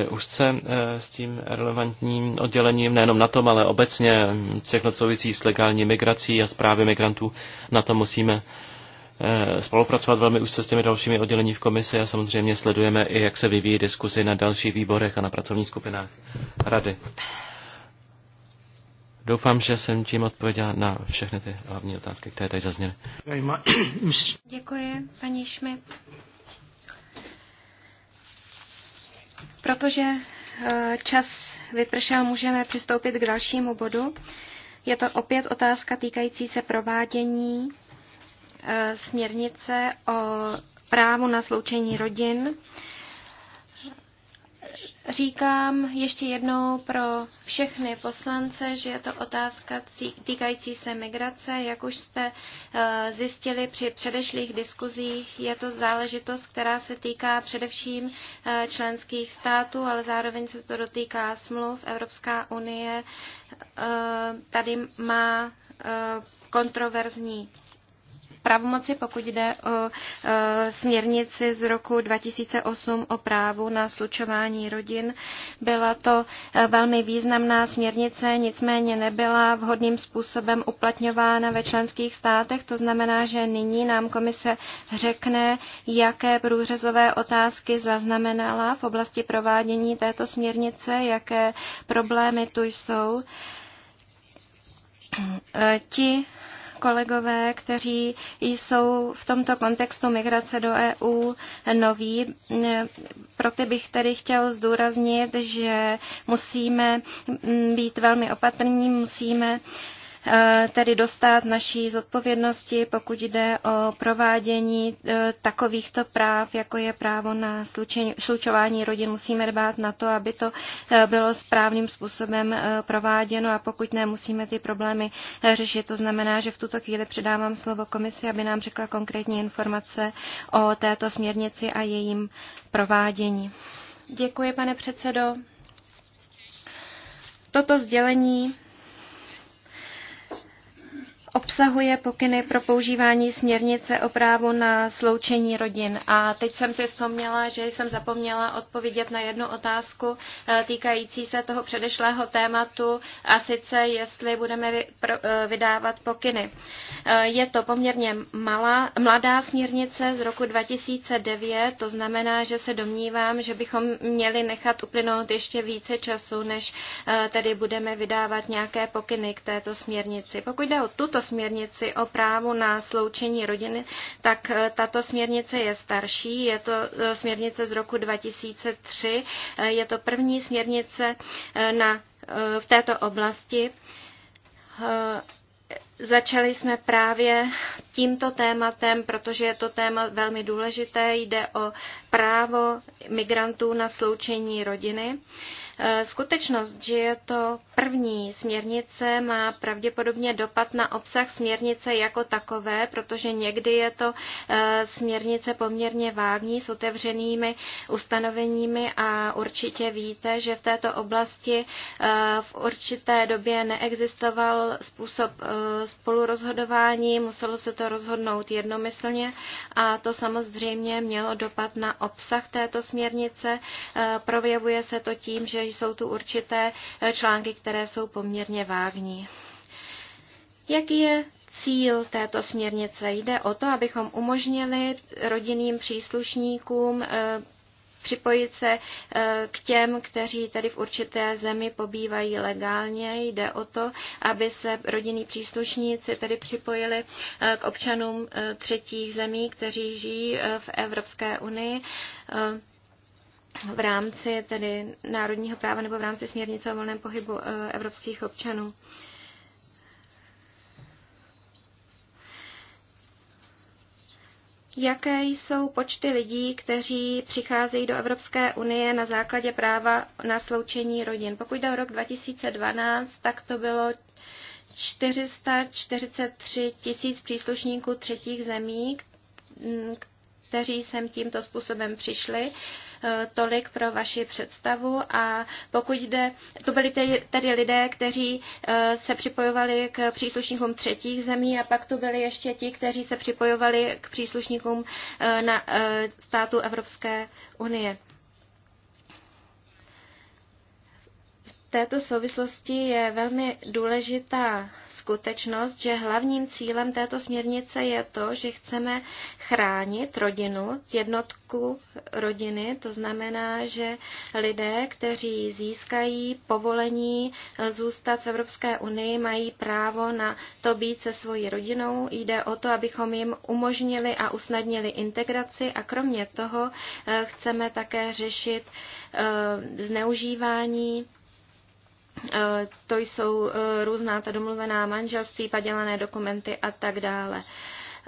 úzce eh, eh, s tím relevantním oddělením, nejenom na tom, ale obecně všechno souvisí s legální migrací a zprávy migrantů. Na tom musíme eh, spolupracovat velmi úzce s těmi dalšími oddělení v komisi a samozřejmě sledujeme i, jak se vyvíjí diskuzi na dalších výborech a na pracovních skupinách rady. Doufám, že jsem tím odpověděla na všechny ty hlavní otázky, které tady zazněly. Děkuji, paní Schmidt. Protože eh, čas vypršel, můžeme přistoupit k dalšímu bodu. Je to opět otázka týkající se provádění eh, směrnice o právu na sloučení rodin. Říkám ještě jednou pro všechny poslance, že je to otázka týkající se migrace. Jak už jste eh, zjistili při předešlých diskuzích, je to záležitost, která se týká především eh, členských států, ale zároveň se to dotýká smluv. Evropská unie eh, tady má kontroverzní pravomoci, pokud jde o e, směrnici z roku 2008 o právu na slučování rodin. Byla to e, velmi významná směrnice, nicméně nebyla vhodným způsobem uplatňována ve členských státech. To znamená, že nyní nám komise řekne, jaké průřezové otázky zaznamenala v oblasti provádění této směrnice, jaké problémy tu jsou. E, ti kolegové, kteří jsou v tomto kontextu migrace do EU noví. Pro ty bych tedy chtěl zdůraznit, že musíme být velmi opatrní, musíme Eh, tedy dostat naší zodpovědnosti, pokud jde o provádění eh, takovýchto práv, jako je právo na slučování rodin. Musíme dbát na to, aby to eh, bylo správným způsobem prováděno a pokud ne, musíme ty problémy řešit. To znamená, že v tuto chvíli předávám slovo komisi, aby nám řekla konkrétní informace o této směrnici a jejím provádění. Děkuji, pane předsedo. Toto sdělení obsahuje pokyny pro používání směrnice o právu na sloučení rodin. A teď jsem si vzpomněla, že jsem zapomněla odpovědět na jednu otázku eh, týkající se toho předešlého tématu, a sice jestli budeme eh, vydávat pokyny. Eh, je to poměrně malá, mladá směrnice z roku 2009, to znamená, že se domnívám, že bychom měli nechat uplynout ještě více času, než tedy budeme vydávat nějaké pokyny k této směrnici. Pokud jde o tuto směrnici o právu na sloučení rodiny, tak eh, tato směrnice je starší. Je to eh, směrnice z roku 2003. Eh, je to první směrnice na, v této oblasti. Začali jsme právě tímto tématem, protože je to téma velmi důležité. Jde o právo migrantů na sloučení rodiny. Uh, Eh, skutečnost, že je to první směrnice, má pravděpodobně dopad na obsah směrnice jako takové, protože někdy je to eh, směrnice poměrně vágní s otevřenými ustanoveními a určitě víte, že v této oblasti eh, v určité době neexistoval způsob spolurozhodování, muselo se to rozhodnout jednomyslně a to samozřejmě mělo dopad na obsah této směrnice. Projevuje se to tím, že jsou tu určité eh, články, které jsou poměrně vágní. Jaký je cíl této směrnice? Jde o to, abychom umožnili rodinným příslušníkům eh, připojit se eh, k těm, kteří tady v určité zemi pobývají legálně. Jde o to, aby se rodinní příslušníci tady připojili k občanům třetích zemí, kteří žijí v Evropské unii v rámci tedy národního práva nebo v rámci směrnice o volném pohybu eh, evropských občanů. Jaké jsou počty lidí, kteří přicházejí do Evropské unie na základě práva na sloučení rodin? Pokud jde o rok 2012, tak to bylo 443 tisíc příslušníků třetích zemí, kteří sem tímto způsobem přišli. Eh, tolik pro vaši představu a pokud jde, to byli tedy lidé, kteří eh, se připojovali k příslušníkům třetích zemí a pak tu byli ještě ti, kteří se připojovali k příslušníkům eh, na státu Evropské unie. této souvislosti je velmi důležitá skutečnost, že hlavním cílem této směrnice je to, že chceme chránit rodinu, jednotku rodiny. To znamená, že lidé, kteří získají povolení zůstat v Evropské unii, mají právo na to být se svojí rodinou. Jde o to, abychom jim umožnili a usnadnili integraci a kromě toho eh, chceme také řešit eh, zneužívání E, to jsou e, různá ta domluvená manželství, padělané dokumenty a tak dále.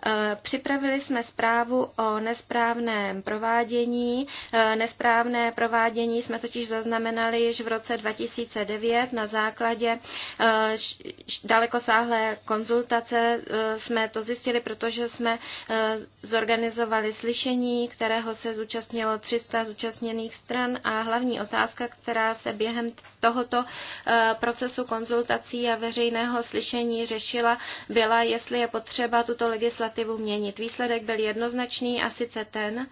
Eh, připravili jsme zprávu o nesprávném provádění. Eh, nesprávné provádění jsme totiž zaznamenali již v roce 2009 na základě eh, dalekosáhlé konzultace. Jsme to zjistili, protože jsme zorganizovali slyšení, kterého se zúčastnilo 300 zúčastněných stran a hlavní otázka, která se během tohoto procesu konzultací a veřejného slyšení řešila, byla, jestli je potřeba tuto legislativu legislativu měnit. Výsledek byl jednoznačný a sice ten,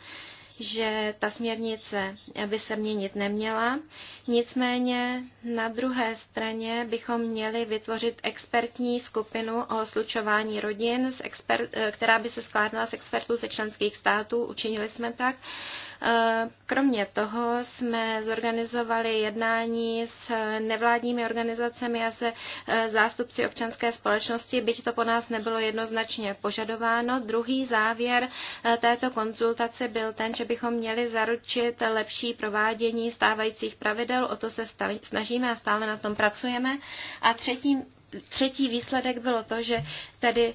že ta směrnice by se měnit neměla. Nicméně na druhé straně bychom měli vytvořit expertní skupinu o slučování rodin, eh, která by se skládala z expertů ze členských států. Učinili jsme tak. Eh, kromě toho jsme zorganizovali jednání s nevládními organizacemi a se eh, zástupci občanské společnosti, byť to po nás nebylo jednoznačně požadováno. Druhý závěr eh, této konzultace byl ten, že bychom měli zaručit lepší provádění stávajících pravidel. O to se snažíme a stále na tom pracujeme. A třetím třetí výsledek bylo to, že tedy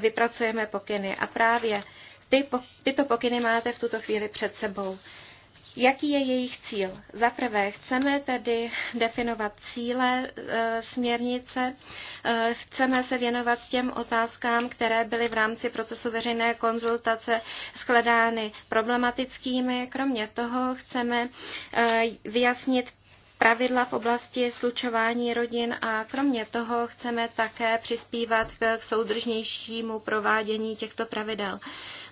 vypracujeme pokyny. A právě ty, tyto pokyny máte v tuto chvíli před sebou. Jaký je jejich cíl? Za prvé, chceme tedy definovat cíle e, směrnice, e, chceme se věnovat těm otázkám, které byly v rámci procesu veřejné konzultace skledány problematickými. Kromě toho chceme e, vyjasnit pravidla v oblasti slučování rodin a kromě toho chceme také přispívat k soudržnějšímu provádění těchto pravidel.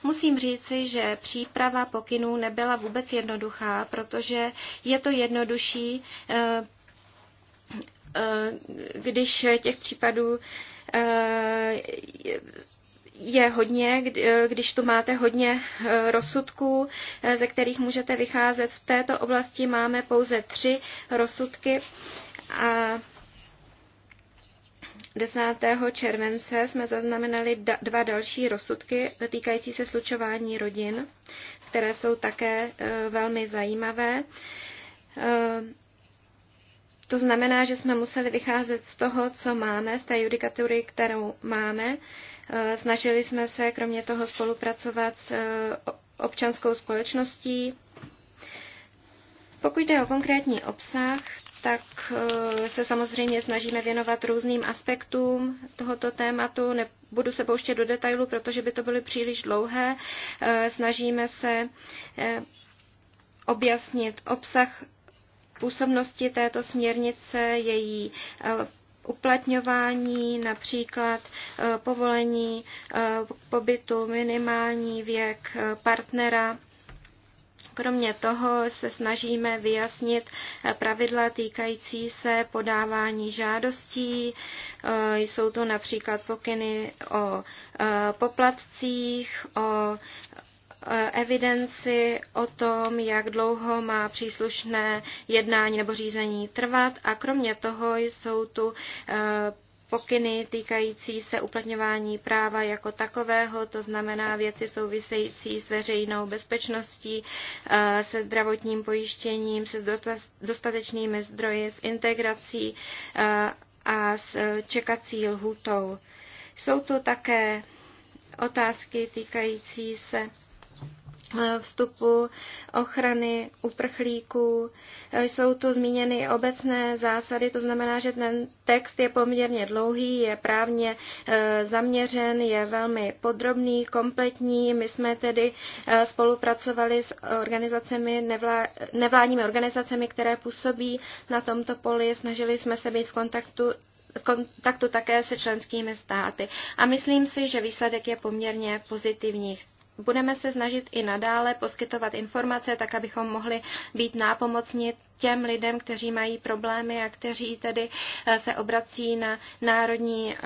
Musím říci, že příprava pokynů nebyla vůbec jednoduchá, protože je to jednodušší, eh, eh, když těch případů eh, je hodně, když tu máte hodně rozsudků, ze kterých můžete vycházet. V této oblasti máme pouze tři rozsudky a 10. července jsme zaznamenali dva další rozsudky týkající se slučování rodin, které jsou také e, velmi zajímavé. E, to znamená, že jsme museli vycházet z toho, co máme, z té judikatury, kterou máme. E, snažili jsme se kromě toho spolupracovat s občanskou společností. Pokud jde o konkrétní obsah, tak eh, se samozřejmě snažíme věnovat různým aspektům tohoto tématu. Nebudu se pouštět do detailu, protože by to byly příliš dlouhé. Eh, snažíme se eh, objasnit obsah působnosti této směrnice, její uplatňování, například povolení pobytu, minimální věk partnera Kromě toho se snažíme vyjasnit eh, pravidla týkající se podávání žádostí. Eh, jsou to například pokyny o eh, poplatcích, o evidenci o tom, jak dlouho má příslušné jednání nebo řízení trvat a kromě toho jsou tu pokyny týkající se uplatňování práva jako takového, to znamená věci související s veřejnou bezpečností, eh, se zdravotním pojištěním, se dostatečnými zdroji, s integrací eh, a s eh, čekací lhutou. Jsou tu také otázky týkající se Eh, vstupu, ochrany uprchlíků. Eh, jsou tu zmíněny obecné zásady, to znamená, že ten text je poměrně dlouhý, je právně eh, zaměřen, je velmi podrobný, kompletní. My jsme tedy spolupracovali s organizacemi, nevlá, nevládními organizacemi, které působí na tomto poli. Snažili jsme se být v kontaktu kontaktu také se členskými státy. A myslím si, že výsledek je poměrně pozitivní budeme se snažit i nadále poskytovat informace, tak abychom mohli být nápomocni těm lidem, kteří mají problémy a kteří tedy eh, se obrací na národní eh,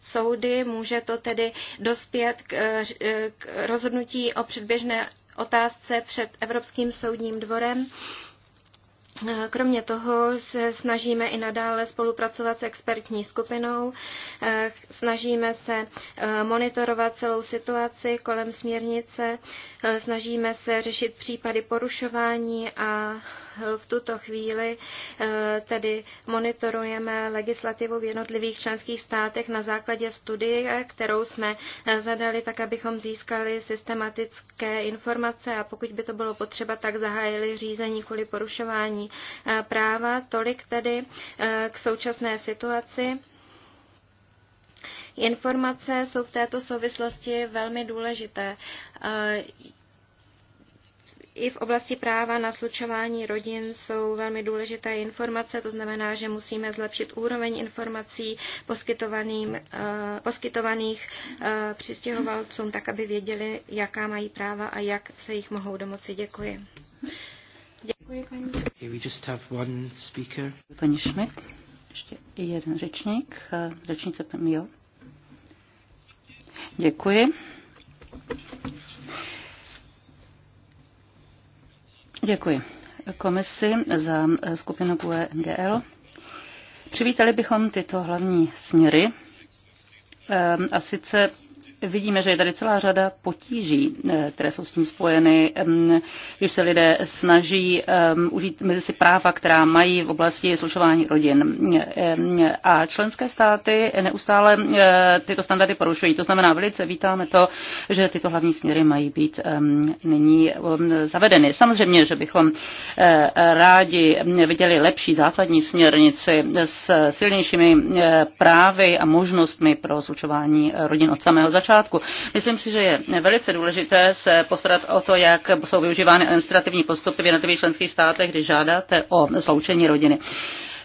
soudy. Může to tedy dospět eh, k, rozhodnutí o předběžné otázce před Evropským soudním dvorem. Kromě toho se snažíme i nadále spolupracovat s expertní skupinou, snažíme se eh, monitorovat celou situaci kolem směrnice, eh, snažíme se řešit případy porušování a v tuto chvíli eh, tedy monitorujeme legislativu v jednotlivých členských státech na základě studie, kterou jsme eh, zadali, tak abychom získali systematické informace a pokud by to bylo potřeba, tak zahájili řízení kvůli porušování eh, práva. Tolik tedy k současné situaci. Informace jsou v této souvislosti velmi důležité i v oblasti práva na slučování rodin jsou velmi důležité informace, to znamená, že musíme zlepšit úroveň informací poskytovaným eh, poskytovaných eh, přistěhovalcům, tak aby věděli, jaká mají práva a jak se jich mohou domoci. Děkuji. Děkuji, paní. Okay, we just have one speaker. Paní Schmidt, ještě jeden řečník, eh, řečnice, jo. Děkuji. Děkuji komisi za eh, skupinu QE MGL. Přivítali bychom tyto hlavní směry eh, a sice vidíme, že je tady celá řada potíží, eh, které jsou s tím spojeny, když se lidé snaží užít mezi si práva, která mají v oblasti slušování rodin. A členské státy neustále eh, tyto standardy porušují. To znamená, velice vítáme to, že tyto hlavní směry mají být nyní zavedeny. Samozřejmě, že bychom eh, rádi viděli lepší základní směrnici s silnějšími právy a možnostmi pro slučování rodin od samého začátku začátku. Myslím si, že je velice důležité se postarat o to, jak jsou využívány administrativní postupy v jednotlivých členských státech, když žádáte o sloučení rodiny.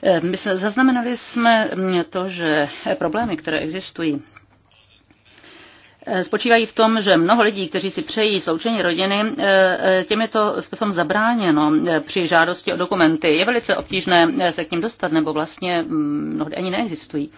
Ehm, my se zaznamenali jsme mm, to, že problémy, které existují, ehm, spočívají v tom, že mnoho lidí, kteří si přejí sloučení rodiny, ehm, těm je to v tom zabráněno při žádosti o dokumenty. Je velice obtížné se k ním dostat, nebo vlastně mm, mnohdy ani neexistují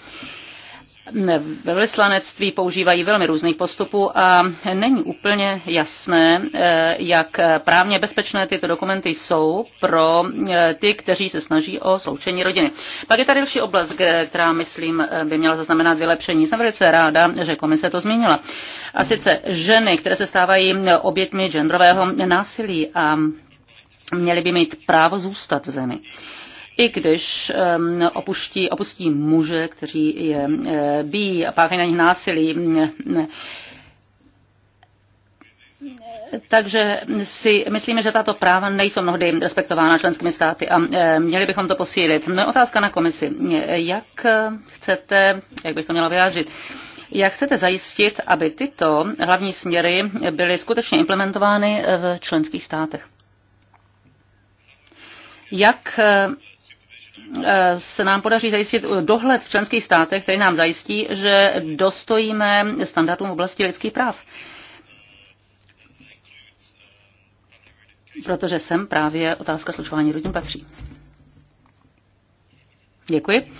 ve vyslanectví používají velmi různých postupů a není úplně jasné, eh, jak právně bezpečné tyto dokumenty jsou pro eh, ty, kteří se snaží o sloučení rodiny. Pak je tady další oblast, která, myslím, eh, by měla zaznamenat vylepšení. Jsem velice ráda, že komise to zmínila. A sice ženy, které se stávají obětmi genderového násilí a měly by mít právo zůstat v zemi i když opuští, opustí muže, kteří je eh, bíjí a páchají na nich násilí. Takže si myslíme, že tato práva nejsou mnohdy respektována členskými státy a eh, měli bychom to posílit. je no, otázka na komisi. Jak chcete, jak bych to měla vyjádřit, jak chcete zajistit, aby tyto hlavní směry byly skutečně implementovány v členských státech? Jak Eh, se nám podaří zajistit eh, dohled v členských státech, který nám zajistí, že dostojíme standardům v oblasti lidských práv. Protože sem právě otázka slučování rodin patří. Děkuji.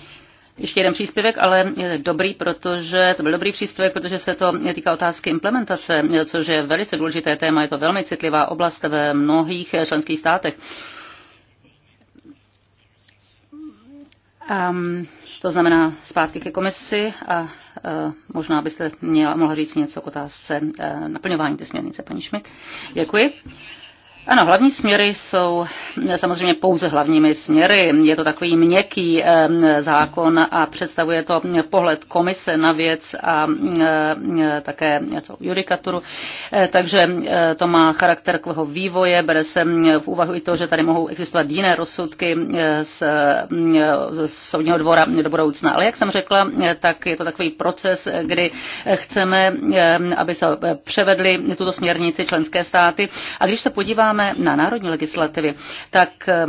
Ještě jeden příspěvek, ale je dobrý, protože to byl dobrý příspěvek, protože se to týká otázky implementace, což je velice důležité téma, je to velmi citlivá oblast ve mnohých členských státech. Um, to znamená zpátky ke komisi a uh, možná byste měla, mohla říct něco k otázce uh, naplňování té směrnice, paní Šmit. Děkuji. Ano, hlavní směry jsou eh, samozřejmě pouze hlavními směry. Je to takový měkký ehm, zákon a představuje to pohled komise na věc a mm, eh, také něco judikaturu. Eh, takže to má charakter kvého vývoje, bere se mm, v úvahu i to, že tady mohou existovat jiné rozsudky z, mm, soudního dvora do budoucna. Ale jak jsem řekla, tak je to takový proces, kdy chceme, ehm, aby se převedly tuto směrnici členské státy. A když se podíváme podíváme na národní legislativě. tak eh,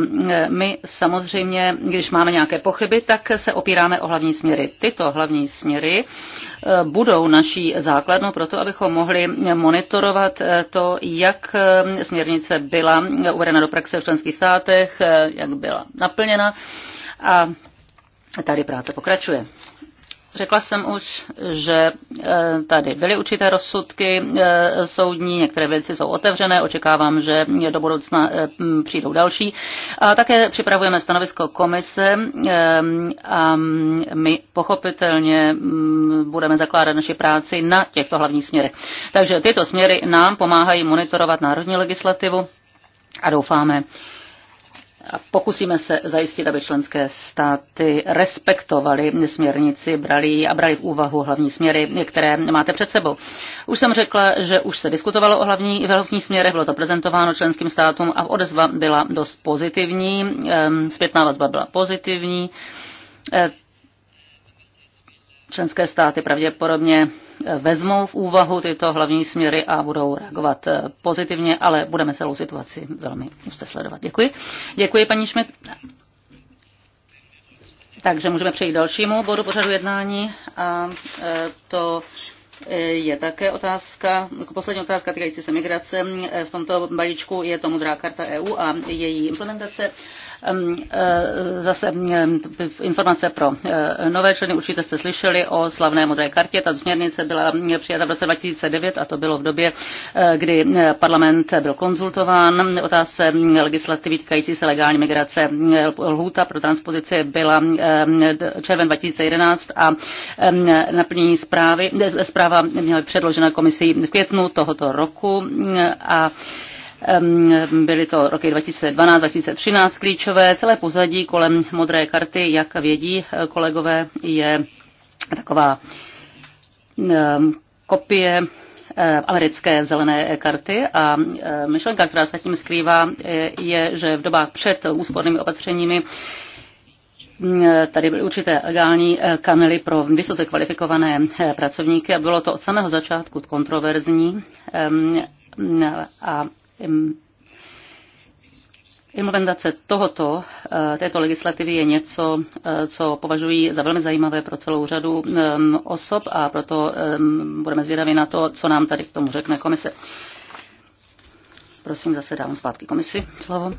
my samozřejmě, když máme nějaké pochyby, tak se opíráme o hlavní směry. Tyto hlavní směry eh, budou naší základnou pro to, abychom mohli monitorovat eh, to, jak směrnice byla uvedena do praxe v členských státech, jak byla naplněna. A tady práce pokračuje. Řekla jsem už, že e, tady byly určité rozsudky e, soudní, některé věci jsou otevřené, očekávám, že do budoucna e, přijdou další. A také připravujeme stanovisko komise a my pochopitelně budeme zakládat naši práci na těchto hlavních směrech. Takže tyto směry nám pomáhají monitorovat národní legislativu a doufáme, Pokusíme se zajistit, aby členské státy respektovaly směrnici, brali a brali v úvahu hlavní směry, které máte před sebou. Už jsem řekla, že už se diskutovalo o hlavní, velkých směrech, bylo to prezentováno členským státům a odezva byla dost pozitivní, zpětná vazba byla pozitivní. E, členské státy pravděpodobně vezmou v úvahu tyto hlavní směry a budou reagovat eh, pozitivně, ale budeme celou situaci velmi úzce sledovat. Děkuji. Děkuji, paní Šmit. Takže můžeme přejít dalšímu bodu pořadu jednání a eh, to eh, je také otázka, jako poslední otázka týkající se migrace. V tomto balíčku je to modrá karta EU a její implementace. E, zase informace pro e, nové členy. Určitě jste slyšeli o slavné modré kartě. Ta směrnice byla přijata v roce 2009 a to bylo v době, e, kdy parlament byl konzultován. Otázce legislativy týkající se legální migrace. Lhůta pro transpozici byla červen 2011 a naplnění zprávy, zpráva měla předložena komisí v květnu tohoto roku a Byly to roky 2012-2013 klíčové. Celé pozadí kolem modré karty, jak vědí eh, kolegové, je taková kopie eh, americké zelené karty a eh, myšlenka, která se tím skrývá, je, že v dobách před úspornými opatřeními mm, tady byly určité legální kamely pro vysoce kvalifikované pracovníky a bylo to od samého začátku kontroverzní a Implementace tohoto, eh, této legislativy je něco, eh, co považuji za velmi zajímavé pro celou řadu eh, osob a proto budeme zvědaví na to, co nám tady k tomu řekne komise. Prosím, zase dávám zpátky komisi slovo.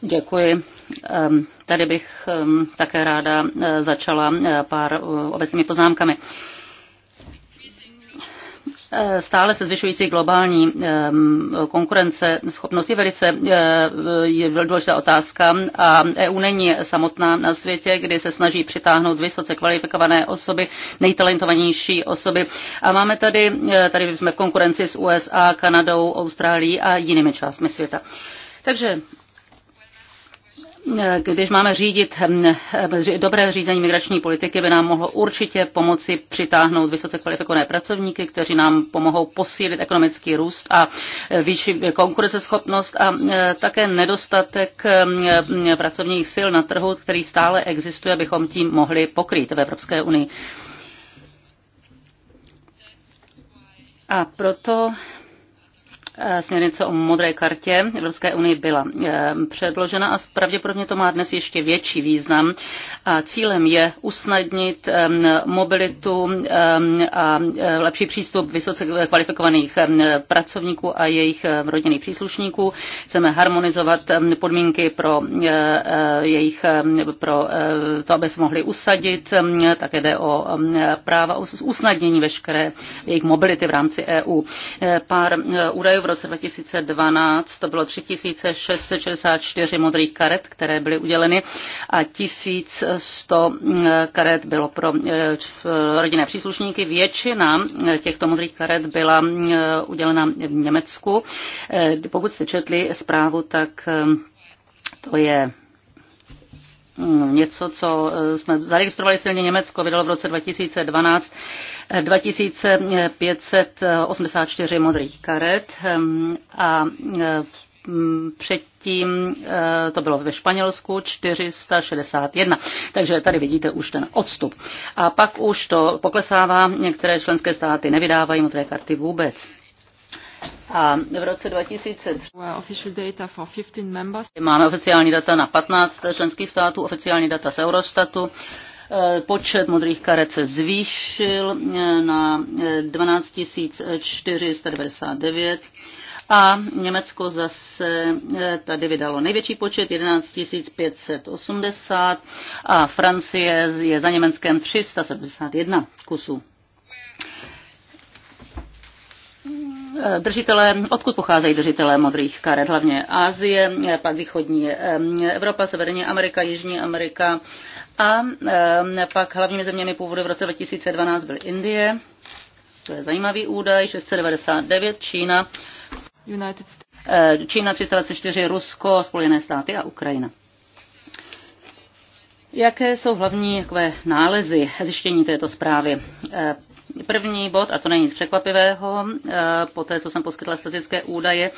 Děkuji. Ehm, tady bych ehm, také ráda začala pár obecnými poznámkami. Eh, stále se zvyšující globální ehm, konkurence schopnost je velice eh, je důležitá otázka a EU není samotná na světě, kdy se snaží přitáhnout vysoce kvalifikované osoby, nejtalentovanější osoby a máme tady, eh, tady jsme v konkurenci s USA, Kanadou, Austrálií a jinými částmi světa. Takže když máme řídit hm, hm, dobré řízení migrační politiky, by nám mohlo určitě pomoci přitáhnout vysoce kvalifikované pracovníky, kteří nám pomohou posílit ekonomický růst a výši konkurenceschopnost a hm, také nedostatek pracovních sil na trhu, který stále existuje, bychom tím mohli pokrýt v Evropské unii. A proto Eh, směrnice o modré kartě Evropské unie byla eh, předložena a pravděpodobně to má dnes ještě větší význam. A cílem je usnadnit ehm, mobilitu ehm, a eh, lepší přístup vysoce kvalifikovaných ehm, pracovníků a jejich rodinných příslušníků. Chceme harmonizovat podmínky pro jejich pro to, aby se mohli usadit, také jde o práva usnadnění veškeré jejich mobility v rámci EU. Pár údajů v roce 2012 to bylo 3664 modrých karet, které byly uděleny a 1100 mm, karet bylo pro eh, eh, rodinné příslušníky. Většina eh, těchto modrých karet byla mm, udělena v Německu. Pokud jste četli zprávu, tak to je Hmm, něco, co eh, jsme zaregistrovali silně Německo, vydalo v roce 2012 2584 eh, modrých karet ehm, a eh, předtím to bylo ve Španělsku 461. Takže tady vidíte už ten odstup. A pak už to poklesává, některé členské státy nevydávají modré karty vůbec. A v roce 2003 máme oficiální data na 15 členských států, oficiální data z Eurostatu. E, počet modrých karet se zvýšil e, na 12 e, 499 a Německo zase tady vydalo největší počet 11 580 a Francie je za Německem 371 kusů držitelé, odkud pocházejí držitelé modrých karet, hlavně Asie, pak východní eh, Evropa, Severní Amerika, Jižní Amerika a eh, pak hlavními zeměmi původu v roce 2012 byly Indie, to je zajímavý údaj, 699, Čína, eh, Čína 324, Rusko, Spojené státy a Ukrajina. Jaké jsou hlavní takové nálezy zjištění této zprávy? První bod, a to není nic překvapivého, eh, po té, co jsem poskytla statické údaje,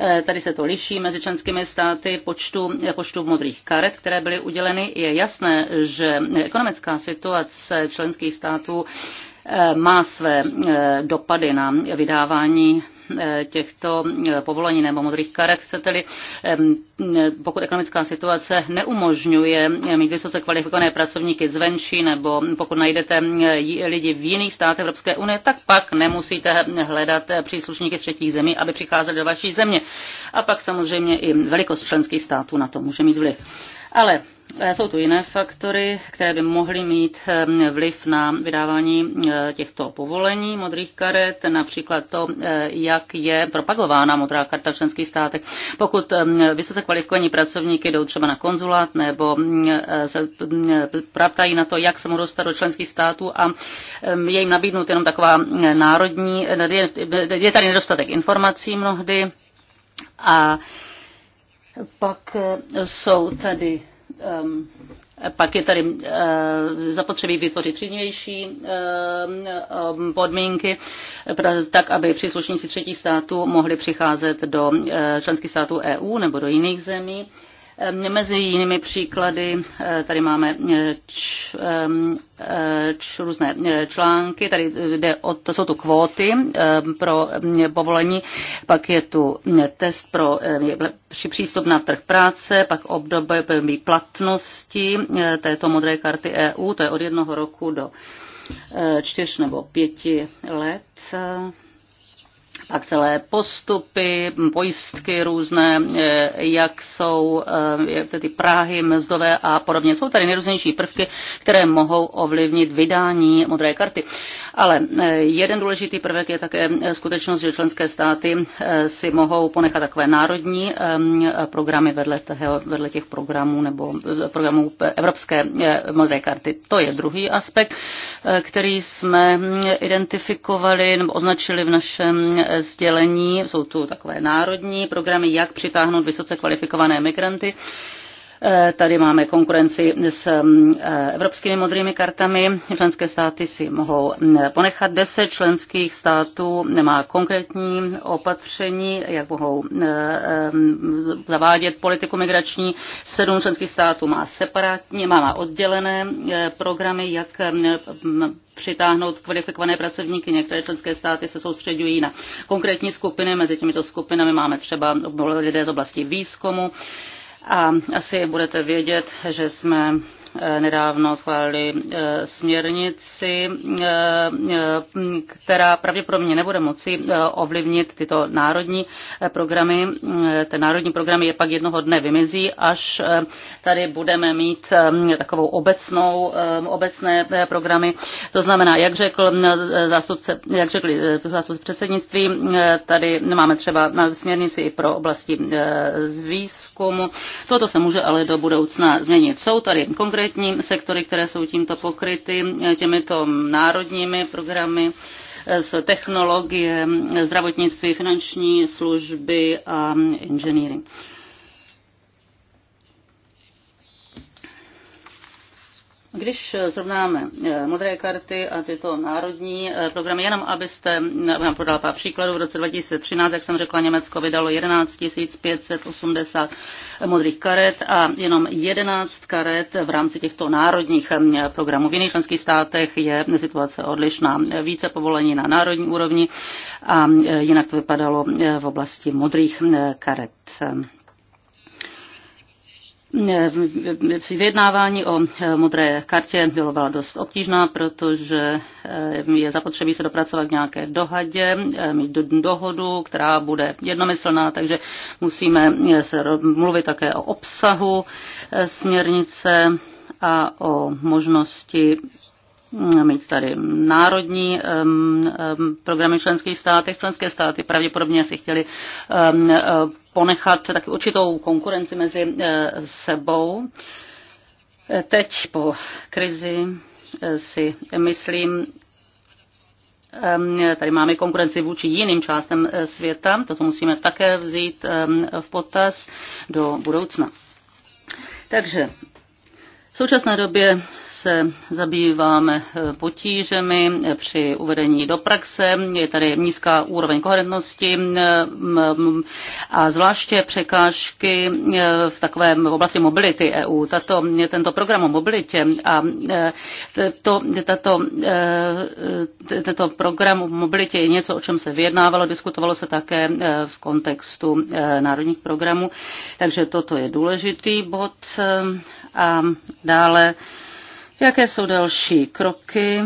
eh, tady se to liší mezi členskými státy počtu, počtu modrých karet, které byly uděleny. Je jasné, že ekonomická situace členských států eh, má své dopady na vydávání Eh, těchto eh, povolení nebo modrých karet, chcete-li, eh, pokud ekonomická situace neumožňuje mít vysoce kvalifikované pracovníky zvenčí nebo pokud najdete lidi v jiných státech Evropské unie, tak pak nemusíte hledat příslušníky z třetích zemí, aby přicházeli do vaší země. A pak samozřejmě i velikost členských států na to může mít vliv. Ale Eh, jsou tu jiné faktory, které by mohly mít ehm, vliv na vydávání eh, těchto povolení modrých karet, například to, eh, jak je propagována modrá karta v členských státech. Pokud ehm, vysoce kvalifikovaní pracovníky jdou třeba na konzulát nebo mm, se mm, praptají na to, jak se mohou dostat do členských států a ehm, je jim nabídnut jenom taková mm, národní, je tady nedostatek informací mnohdy a pak jsou tady Ehm, pak je tady ehm, zapotřebí vytvořit příznivější ehm, podmínky, tak aby příslušníci třetích států mohli přicházet do eh, členských států EU nebo do jiných zemí Ehm, mezi jinými příklady eh, tady máme eh, č, ehm, eh, č, různé články, tady jde o, to jsou tu kvóty ehm, pro povolení, pak je tu hm, test pro při přístup na trh práce, pak období platnosti této modré karty EU, to je od jednoho roku do čtyř nebo pěti let a celé postupy, pojistky různé, eh, jak jsou eh, ty práhy mzdové a podobně. Jsou tady nejrůznější prvky, které mohou ovlivnit vydání modré karty. Ale eh, jeden důležitý prvek je také skutečnost, že členské státy si mohou ponechat takové národní programy vedle, toho, vedle těch programů nebo programů Evropské modré karty. To je druhý aspekt, který jsme mm, identifikovali nebo označili v našem sdělení, jsou tu takové národní programy, jak přitáhnout vysoce kvalifikované migranty. Eh, tady máme konkurenci s mm, eh, evropskými modrými kartami. Členské státy si mohou mm, ponechat. Deset členských států nemá konkrétní opatření, jak mohou eh, zavádět politiku migrační. Sedm členských států má separátně má, má oddělené programy, jak mm, přitáhnout kvalifikované pracovníky. Některé členské státy se soustředují na konkrétní skupiny. Mezi těmito skupinami máme třeba lidé z oblasti výzkumu, a asi budete vědět, že jsme Eh, nedávno schválili eh, směrnici, eh, která pravděpodobně nebude moci ovlivnit tyto národní programy. Ten národní program je pak jednoho dne vymizí, až tady budeme mít takovou obecnou, obecné programy. To znamená, jak řekl zástupce, jak řekli zástupce předsednictví, tady nemáme třeba na směrnici i pro oblasti z výzkumu. Toto se může ale do budoucna změnit. Jsou tady konkrétní konkrétní sektory, které jsou tímto pokryty těmito národními programy s technologie, zdravotnictví, finanční služby a inženýry. Když zrovnáme eh, modré karty a tyto národní eh, programy, jenom abyste eh, vám podal pár příkladů, v roce 2013, jak jsem řekla, Německo vydalo 11 580 modrých karet a jenom 11 karet v rámci těchto národních programů. V jiných členských státech je situace odlišná. Více povolení na národní úrovni a jinak to vypadalo v oblasti modrých karet. Eh, vyjednávání o eh, modré kartě bylo byla dost obtížná, protože eh, je zapotřebí se dopracovat k nějaké dohadě, mít dohodu, která bude jednomyslná, takže musíme se mluvit také o obsahu směrnice a o možnosti mm, mít tady národní um, um, programy v členských státech. Členské státy pravděpodobně si chtěli um, ponechat taky určitou konkurenci mezi eh, sebou. Eh, teď po krizi eh, si myslím, ehm, Tady máme konkurenci vůči jiným částem světa, toto musíme také vzít ehm, v potaz do budoucna. Takže v současné době se zabýváme eh, potížemi při uvedení do praxe. Je tady nízká úroveň koherentnosti eh, a zvláště překážky eh, v takovém v oblasti mobility EU. Tato, tento program o mobilitě a to, tato, tento program o mobilitě je něco, o čem se vyjednávalo, diskutovalo se také v kontextu národních programů. Takže toto je důležitý bod a dále Jaké jsou další kroky?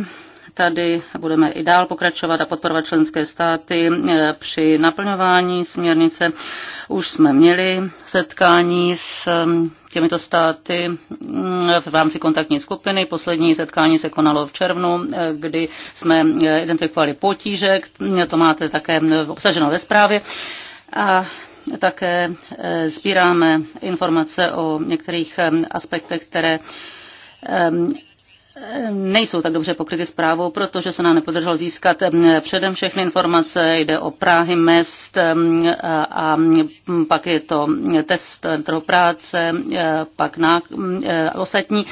Tady budeme i dál pokračovat a podporovat členské státy eh, při naplňování směrnice. Už jsme měli setkání s ehm, těmito státy mm, v rámci kontaktní skupiny. Poslední setkání se konalo v červnu, eh, kdy jsme eh, identifikovali potíže, mm, to máte také obsaženo ve zprávě. A také sbíráme informace o některých ehm, aspektech, které ehm, nejsou tak dobře pokryty zprávou, protože se nám nepodařilo získat mm, předem všechny informace. Jde o Prahy mest mm, a mm, pak je to test trhu práce, e, pak na e, ostatní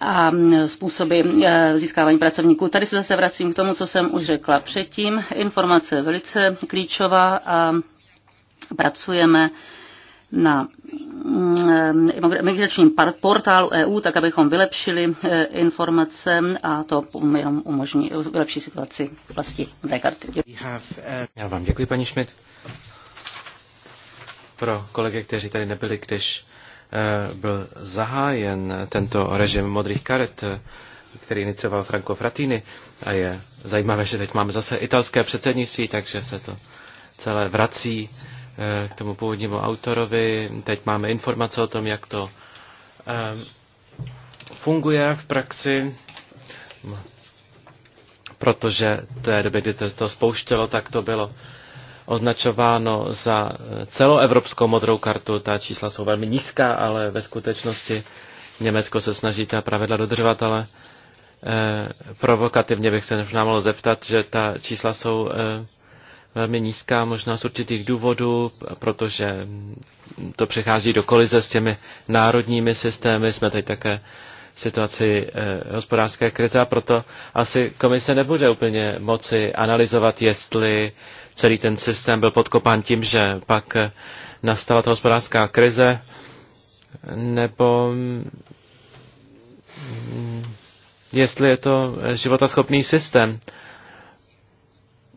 a způsoby e, získávání pracovníků. Tady se zase vracím k tomu, co jsem už řekla předtím. Informace je velice klíčová a pracujeme na imigračním mm, eh, portálu e EU, tak abychom vylepšili eh, informace a to um, jenom umožní lepší situaci v oblasti té karty. Eh, Já vám děkuji, paní Schmidt. Pro kolegy, kteří tady nebyli, když byl zahájen tento režim modrých karet, který inicioval Franco Fratini. A je zajímavé, že teď máme zase italské předsednictví, takže se to celé vrací k tomu původnímu autorovi. Teď máme informace o tom, jak to ehm, funguje v praxi, protože té doby, kdy to spouštělo, tak to bylo označováno za eh, celoevropskou modrou kartu. Ta čísla jsou velmi nízká, ale ve skutečnosti Německo se snaží ta pravidla dodržovat, ale eh, provokativně bych se možná mohl zeptat, že ta čísla jsou eh, velmi nízká, možná z určitých důvodů, protože to přechází do kolize s těmi národními systémy. Jsme tady také v situaci eh, hospodářské krize a proto asi komise nebude úplně moci analyzovat, jestli celý ten systém byl podkopán tím, že pak eh, nastala ta hospodářská krize, nebo mm, jestli je to životaschopný systém. Eh,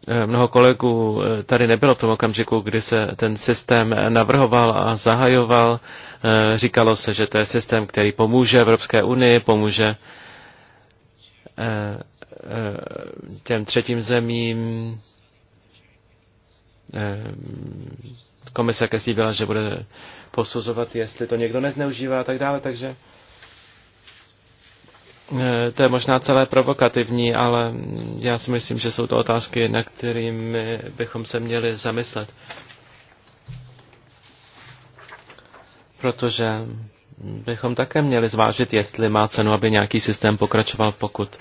Eh, mnoho kolegů eh, tady nebylo v tom okamžiku, kdy se ten systém navrhoval a zahajoval. Eh, říkalo se, že to je systém, který pomůže Evropské unii, pomůže těm třetím zemím. Komise slíbila, že bude posuzovat, jestli to někdo nezneužívá a tak dále, takže Eh, to je možná celé provokativní, ale já si myslím, že jsou to otázky, na kterými bychom se měli zamyslet. Protože bychom také měli zvážit, jestli má cenu, aby nějaký systém pokračoval, pokud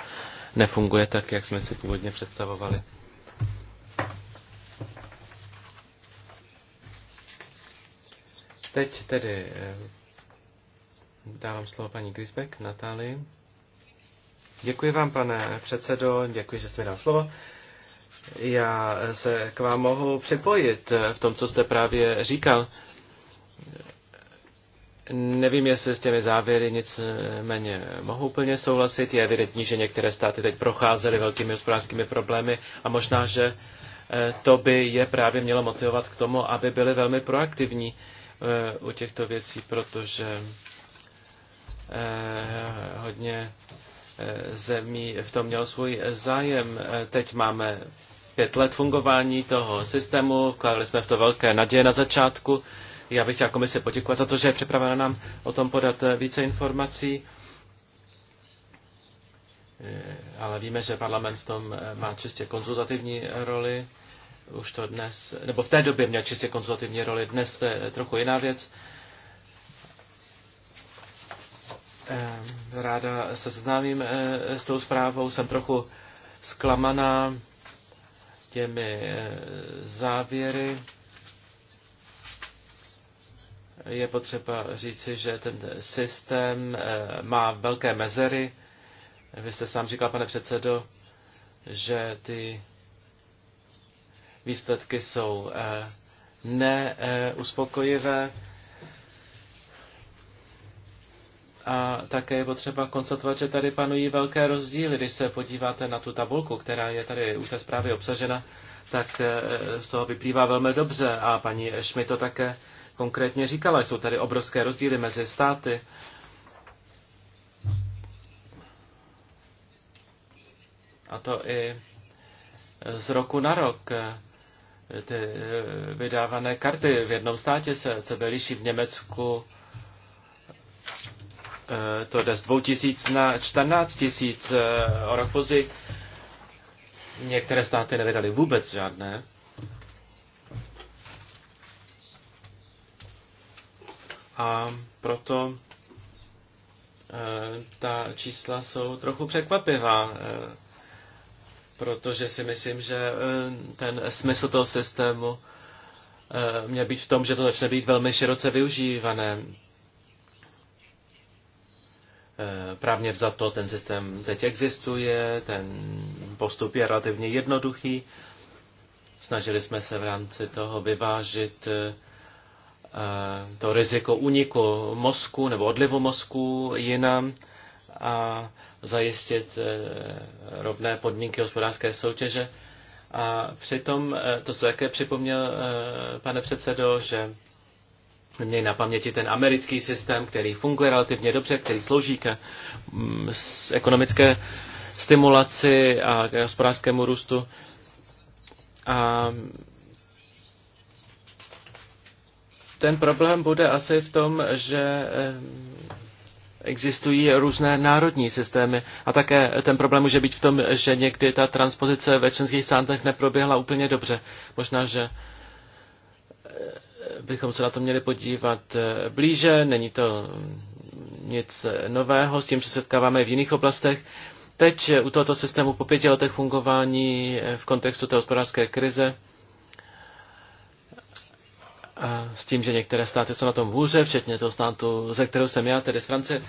nefunguje tak, jak jsme si původně představovali. Teď tedy eh, dávám slovo paní Grisbeck, Natálii. Děkuji vám, pane předsedo, děkuji, že jste mi dal slovo. Já se k vám mohu připojit v tom, co jste právě říkal. Nevím, jestli s těmi závěry nicméně mohu úplně souhlasit. Je evidentní, že některé státy teď procházely velkými hospodářskými problémy a možná, že eh, to by je právě mělo motivovat k tomu, aby byly velmi proaktivní eh, u těchto věcí, protože eh, hodně zemí v tom mělo svůj zájem. Teď máme pět let fungování toho systému, kládli jsme v to velké naděje na začátku. Já bych chtěl komisi poděkovat za to, že je připravena nám o tom podat více informací, eh, ale víme, že parlament v tom eh, má čistě konzultativní roli. Už to dnes, nebo v té době měl čistě konzultativní roli, dnes to je trochu jiná věc. Eh, ráda se seznámím eh, s tou zprávou. Jsem trochu zklamaná těmi eh, závěry. Je potřeba říci, že ten systém má velké mezery. Vy jste sám říkal, pane předsedo, že ty výsledky jsou neuspokojivé. A také je potřeba konstatovat, že tady panují velké rozdíly. Když se podíváte na tu tabulku, která je tady už té zprávy obsažena, tak eh, z toho vyplývá velmi dobře. A paní Šmi to také konkrétně říkala. Jsou tady obrovské rozdíly mezi státy. A to i z roku na rok ty eh, vydávané karty v jednom státě se se liší v Německu Eh, to jde z 2000 na 14 tisíc eh, o rok později. Některé státy nevydali vůbec žádné. A proto eh, ta čísla jsou trochu překvapivá, protože si myslím, že ten smysl toho systému měl být v tom, že to začne být velmi široce využívané Eh, právně vzato ten systém teď existuje, ten postup je relativně jednoduchý. Snažili jsme se v rámci toho vyvážit eh, to riziko uniku mozku nebo odlivu mozku jinam a zajistit eh, rovné podmínky hospodářské soutěže. A přitom, to se také připomněl, pane předsedo, že Měj na paměti ten americký systém, který funguje relativně dobře, který slouží k mm, ekonomické stimulaci a k hospodářskému růstu. A ten problém bude asi v tom, že eh, existují různé národní systémy a také ten problém může být v tom, že někdy ta transpozice ve členských státech neproběhla úplně dobře. Možná, že bychom se na to měli podívat eh, blíže. Není to nic nového, s tím se setkáváme v jiných oblastech. Teď eh, u tohoto systému po pěti letech fungování eh, v kontextu té hospodářské krize a s tím, že některé státy jsou na tom hůře, včetně toho státu, ze kterého jsem já, tedy z Francie,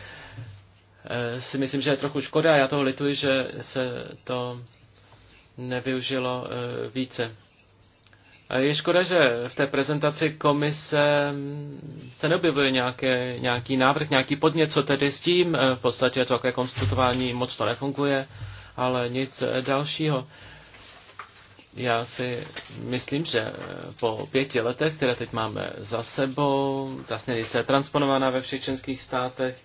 si myslím, že je trochu škoda a já toho lituji, že se to nevyužilo více. Je škoda, že v té prezentaci komise se neobjevuje nějaké, nějaký návrh, nějaký podnět, co tedy s tím. Eh, v podstatě je to takové konstatování, moc to nefunguje, ale nic eh, dalšího. Já si myslím, že eh, po pěti letech, které teď máme za sebou, ta směrnice je transponovaná ve všech členských státech,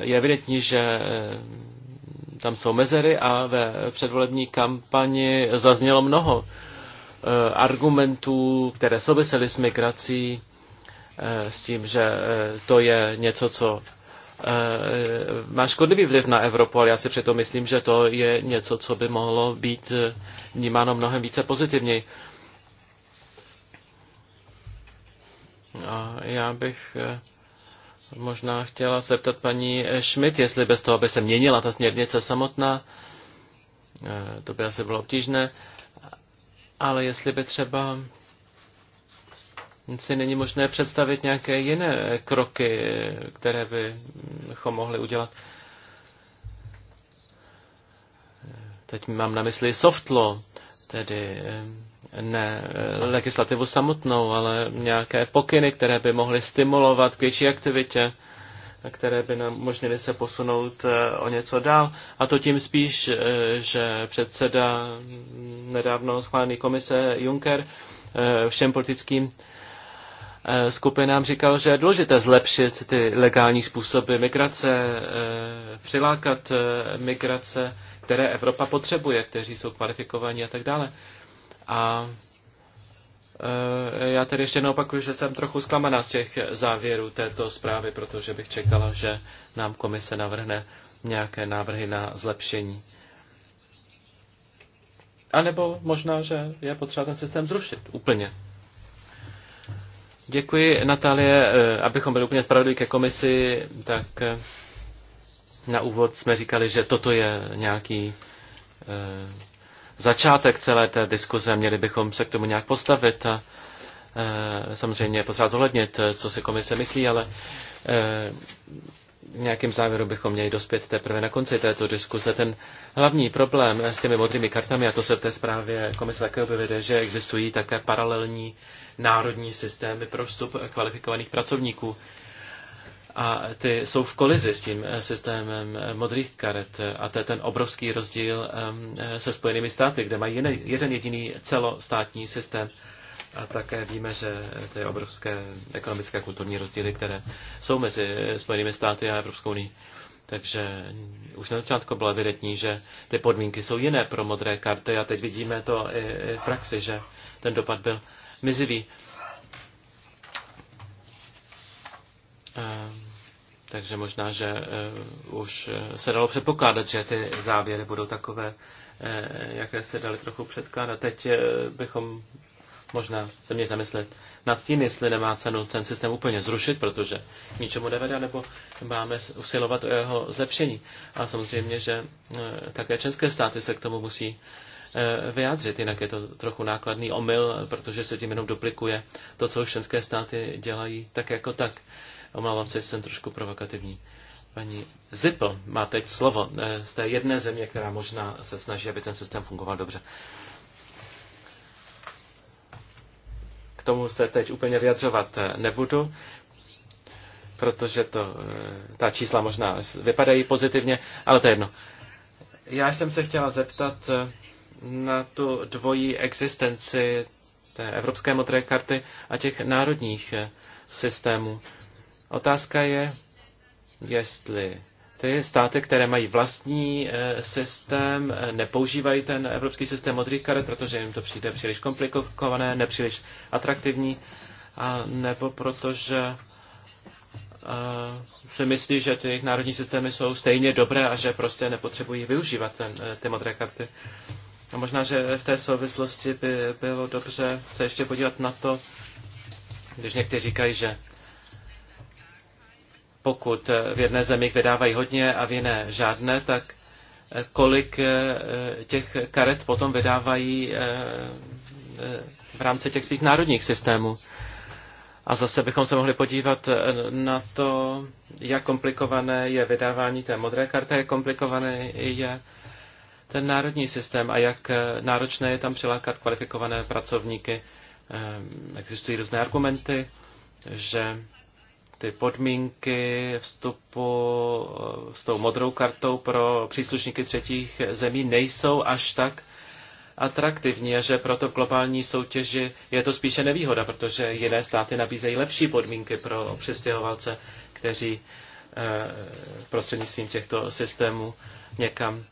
je evidentní, že tam jsou mezery a ve předvolební kampani zaznělo mnoho Eh, argumentů, které souvisely s migrací, eh, s tím, že eh, to je něco, co má škodlivý vliv na Evropu, ale já si přitom myslím, že to je něco, co by mohlo být vnímáno mnohem více pozitivněji. A já bych možná chtěla zeptat paní Schmidt, jestli bez toho by se měnila ta směrnice samotná, to by asi bylo obtížné, ale jestli by třeba si není možné představit nějaké jiné kroky, které bychom mohli udělat. Teď mám na mysli soft law, tedy eh, ne eh, legislativu samotnou, ale nějaké pokyny, které by mohly stimulovat k větší aktivitě které by nám umožnily se posunout eh, o něco dál. A to tím spíš, eh, že předseda nedávno schválený komise Juncker eh, všem politickým skupinám říkal, že je důležité zlepšit ty legální způsoby migrace, přilákat migrace, které Evropa potřebuje, kteří jsou kvalifikovaní a tak dále. A Eh, já tedy ještě opakuju, že jsem trochu zklamaná z těch závěrů této zprávy, protože bych čekala, že nám komise navrhne nějaké návrhy na zlepšení. A nebo možná, že je potřeba ten systém zrušit úplně. Děkuji, Natálie. Eh, abychom byli úplně spravedliví ke komisi, tak eh, na úvod jsme říkali, že toto je nějaký začátek celé té diskuze. Měli bychom se k tomu nějak postavit a e, samozřejmě je potřeba zohlednit, co si komise myslí, ale e, nějakým závěru bychom měli dospět teprve na konci této diskuze. Ten hlavní problém s těmi modrými kartami, a to se v té zprávě komise také objevuje, že existují také paralelní národní systémy pro vstup kvalifikovaných pracovníků a ty jsou v kolizi s tím eh, systémem eh, modrých karet a to je ten obrovský rozdíl eh, se Spojenými státy, kde mají jeden jediný celostátní systém. A také víme, že ty obrovské ekonomické a kulturní rozdíly, které jsou mezi Spojenými státy a Evropskou unii. Takže už na začátku bylo evidentní, že ty podmínky jsou jiné pro modré karty a teď vidíme to i v praxi, že ten dopad byl mizivý. Takže možná, že eh, už eh, se dalo předpokládat, že ty závěry budou takové, eh, jaké se dali trochu předkládat. Teď bychom možná se mě zamyslet nad tím, jestli nemá cenu ten systém úplně zrušit, protože ničemu nevede, nebo máme usilovat o jeho zlepšení. A samozřejmě, že také české státy se k tomu musí vyjádřit, jinak je to trochu nákladný omyl, protože se tím jenom duplikuje to, co už členské státy dělají tak jako tak. Omlouvám se, jsem trošku provokativní. Paní Zipl má teď slovo eh, z té jedné země, která možná se snaží, aby ten systém fungoval dobře. K tomu se teď úplně vyjadřovat eh, nebudu, protože to, eh, ta čísla možná vypadají pozitivně, ale to je jedno. Já jsem se chtěla zeptat na tu dvojí existenci té evropské modré karty a těch národních systémů. Otázka je, jestli ty státy, které mají vlastní eh, systém, eh, nepoužívají ten evropský systém modrých karet, protože jim to přijde příliš komplikované, nepříliš atraktivní, a nebo protože eh, si myslí, že ty jejich národní systémy jsou stejně dobré a že prostě nepotřebují využívat ten, ty modré karty. A možná, že v té souvislosti by bylo dobře se ještě podívat na to, když někteří říkají, že pokud v jedné zemi vydávají hodně a v jiné žádné, tak eh, kolik eh, těch karet potom vydávají eh, v rámci těch svých národních systémů. A zase bychom se mohli podívat na to, jak komplikované je vydávání té modré karty, jak komplikované je ten národní systém a jak náročné je tam přilákat kvalifikované pracovníky. Existují různé argumenty, že ty podmínky vstupu s tou modrou kartou pro příslušníky třetích zemí nejsou až tak atraktivní a že proto v globální soutěži je to spíše nevýhoda, protože jiné státy nabízejí lepší podmínky pro přistěhovalce, kteří eh, prostřednictvím těchto systémů někam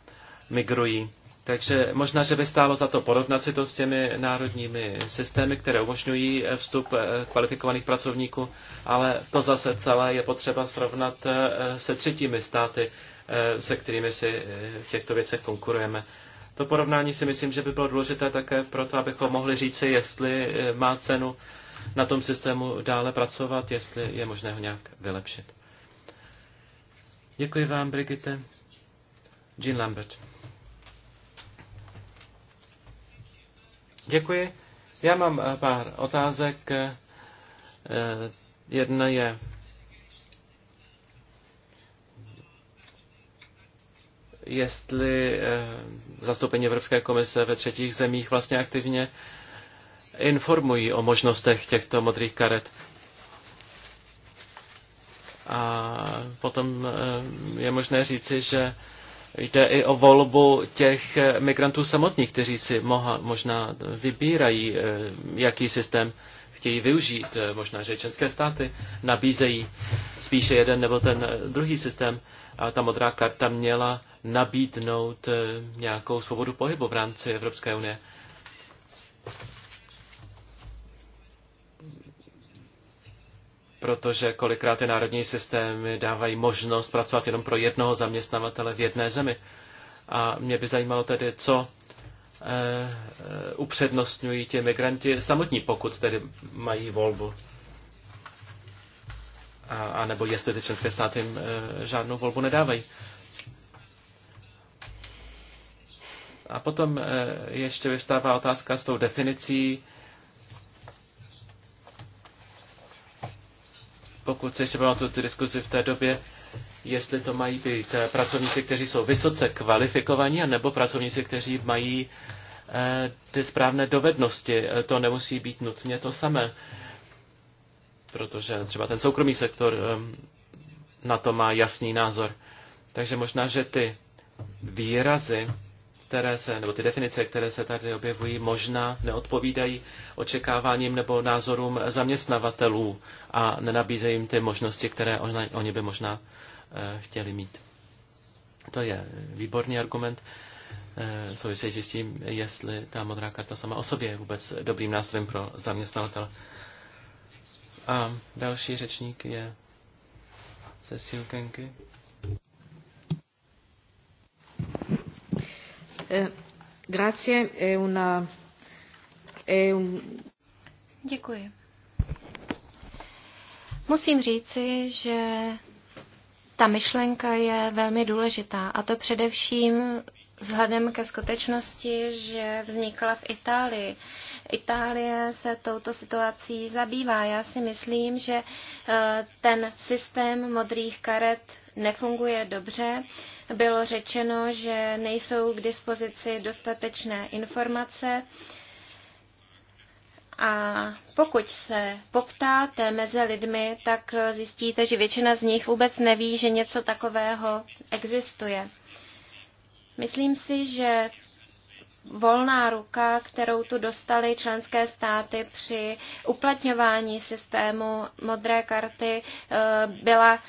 migrují. Takže možná, že by stálo za to porovnat si to s těmi národními systémy, které umožňují eh, vstup eh, kvalifikovaných pracovníků, ale to zase celé je potřeba srovnat eh, se třetími státy, se kterými si v těchto věcech konkurujeme. To porovnání si myslím, že by bylo důležité také proto, abychom mohli říci, jestli má cenu na tom systému dále pracovat, jestli je možné ho nějak vylepšit. Děkuji vám, Brigitte. Jean Lambert. Děkuji. Já mám eh, pár otázek. Eh, jedna je, jestli eh, zastoupení Evropské komise ve třetích zemích vlastně aktivně informují o možnostech těchto modrých karet. A potom je možné říci, že jde i o volbu těch eh, migrantů samotných, kteří si moha, možná vybírají, eh, jaký systém chtějí využít. Eh, možná, že české státy nabízejí spíše jeden nebo ten druhý systém. A ta modrá karta měla nabídnout nějakou svobodu pohybu v rámci Evropské unie. protože kolikrát ty národní systémy dávají možnost pracovat jenom pro jednoho zaměstnavatele v jedné zemi. A mě by zajímalo tedy, co eh, eh, upřednostňují ti migranti samotní, pokud tedy mají volbu. A, a nebo jestli ty členské státy jim eh, žádnou volbu nedávají. A potom ještě vystává otázka s tou definicí pokud se ještě pamatuju tu diskuzi v té době, jestli to mají být eh, pracovníci, kteří jsou vysoce kvalifikovaní, nebo pracovníci, kteří mají eh, ty správné dovednosti. Eh, to nemusí být nutně to samé, protože třeba ten soukromý sektor ehm, na to má jasný názor. Takže možná, že ty výrazy které se, nebo ty definice, které se tady objevují, možná neodpovídají očekáváním nebo názorům zaměstnavatelů a nenabízejí jim ty možnosti, které oni, oni by možná eh, chtěli mít. To je výborný argument eh, Souvisí s tím, jestli ta modrá karta sama o sobě je vůbec dobrým nástrojem pro zaměstnavatele. A další řečník je Cecil Kenky. Eh, grazie, è una... È un... Děkuji. Musím říci, že ta myšlenka je velmi důležitá, a to především vzhledem ke skutečnosti, že vznikla v Itálii. Itálie se touto situací zabývá. Já si myslím, že eh, ten systém modrých karet nefunguje dobře bylo řečeno, že nejsou k dispozici dostatečné informace. A pokud se poptáte mezi lidmi, tak zjistíte, že většina z nich vůbec neví, že něco takového existuje. Myslím si, že volná ruka, kterou tu dostali členské státy při uplatňování systému modré karty, eh, byla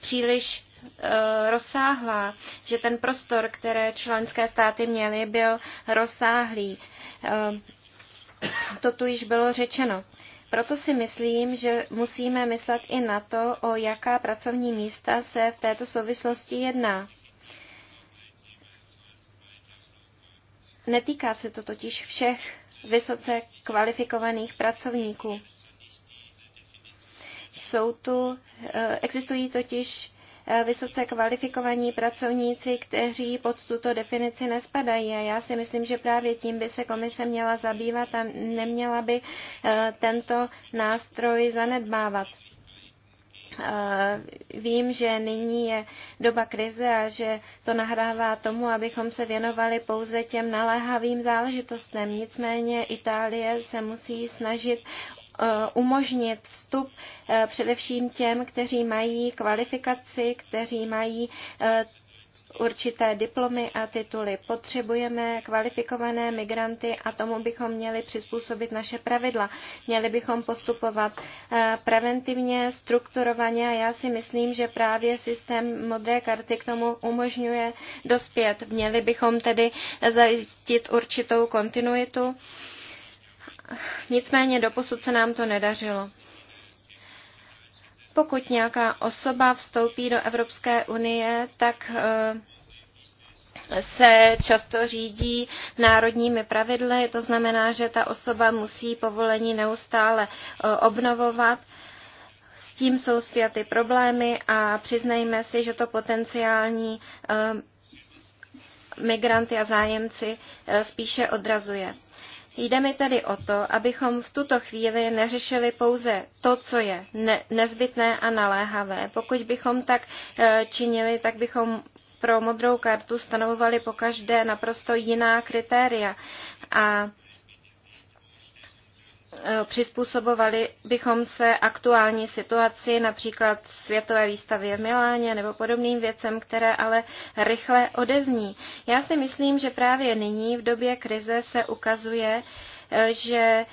příliš Eh, rozsáhlá, že ten prostor, které členské státy měly, byl rozsáhlý. Eh, to tu již bylo řečeno. Proto si myslím, že musíme myslet i na to, o jaká pracovní místa se v této souvislosti jedná. Netýká se to totiž všech vysoce kvalifikovaných pracovníků. Jsou tu, eh, existují totiž Eh, vysoce kvalifikovaní pracovníci, kteří pod tuto definici nespadají. A já si myslím, že právě tím by se komise měla zabývat a neměla by eh, tento nástroj zanedbávat. Eh, vím, že nyní je doba krize a že to nahrává tomu, abychom se věnovali pouze těm naléhavým záležitostem. Nicméně Itálie se musí snažit Eh, umožnit vstup eh, především těm, kteří mají kvalifikaci, kteří mají eh, určité diplomy a tituly. Potřebujeme kvalifikované migranty a tomu bychom měli přizpůsobit naše pravidla. Měli bychom postupovat preventivně, strukturovaně a já si myslím, že právě systém modré karty k tomu umožňuje dospět. Měli bychom tedy zajistit určitou kontinuitu nicméně doposud se nám to nedařilo. Pokud nějaká osoba vstoupí do Evropské unie, tak eh, se často řídí národními pravidly, to znamená, že ta osoba musí povolení neustále eh, obnovovat. S tím jsou zpěty problémy a přiznejme si, že to potenciální eh, migranty a zájemci spíše odrazuje. Jde mi tedy o to, abychom v tuto chvíli neřešili pouze to, co je ne- nezbytné a naléhavé. Pokud bychom tak e, činili, tak bychom pro modrou kartu stanovovali pokaždé naprosto jiná kritéria. A Eh, přizpůsobovali bychom se aktuální situaci, například světové výstavě v Miláně nebo podobným věcem, které ale rychle odezní. Já si myslím, že právě nyní v době krize se ukazuje, eh, že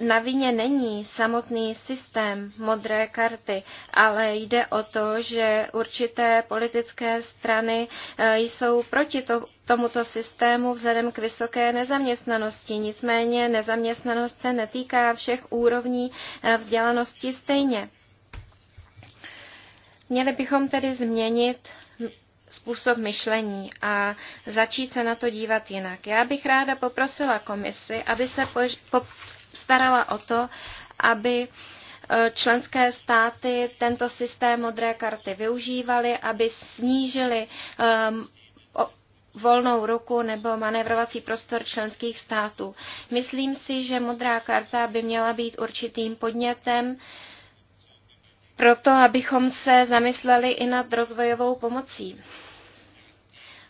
na vině není samotný systém modré karty, ale jde o to, že určité politické strany eh, jsou proti to, tomuto systému vzhledem k vysoké nezaměstnanosti. Nicméně nezaměstnanost se netýká všech úrovní eh, vzdělanosti stejně. Měli bychom tedy změnit způsob myšlení a začít se na to dívat jinak. Já bych ráda poprosila komisi, aby se pož- po- starala o to, aby e, členské státy tento systém modré karty využívaly, aby snížili um, volnou ruku nebo manévrovací prostor členských států. Myslím si, že modrá karta by měla být určitým podnětem proto, abychom se zamysleli i nad rozvojovou pomocí.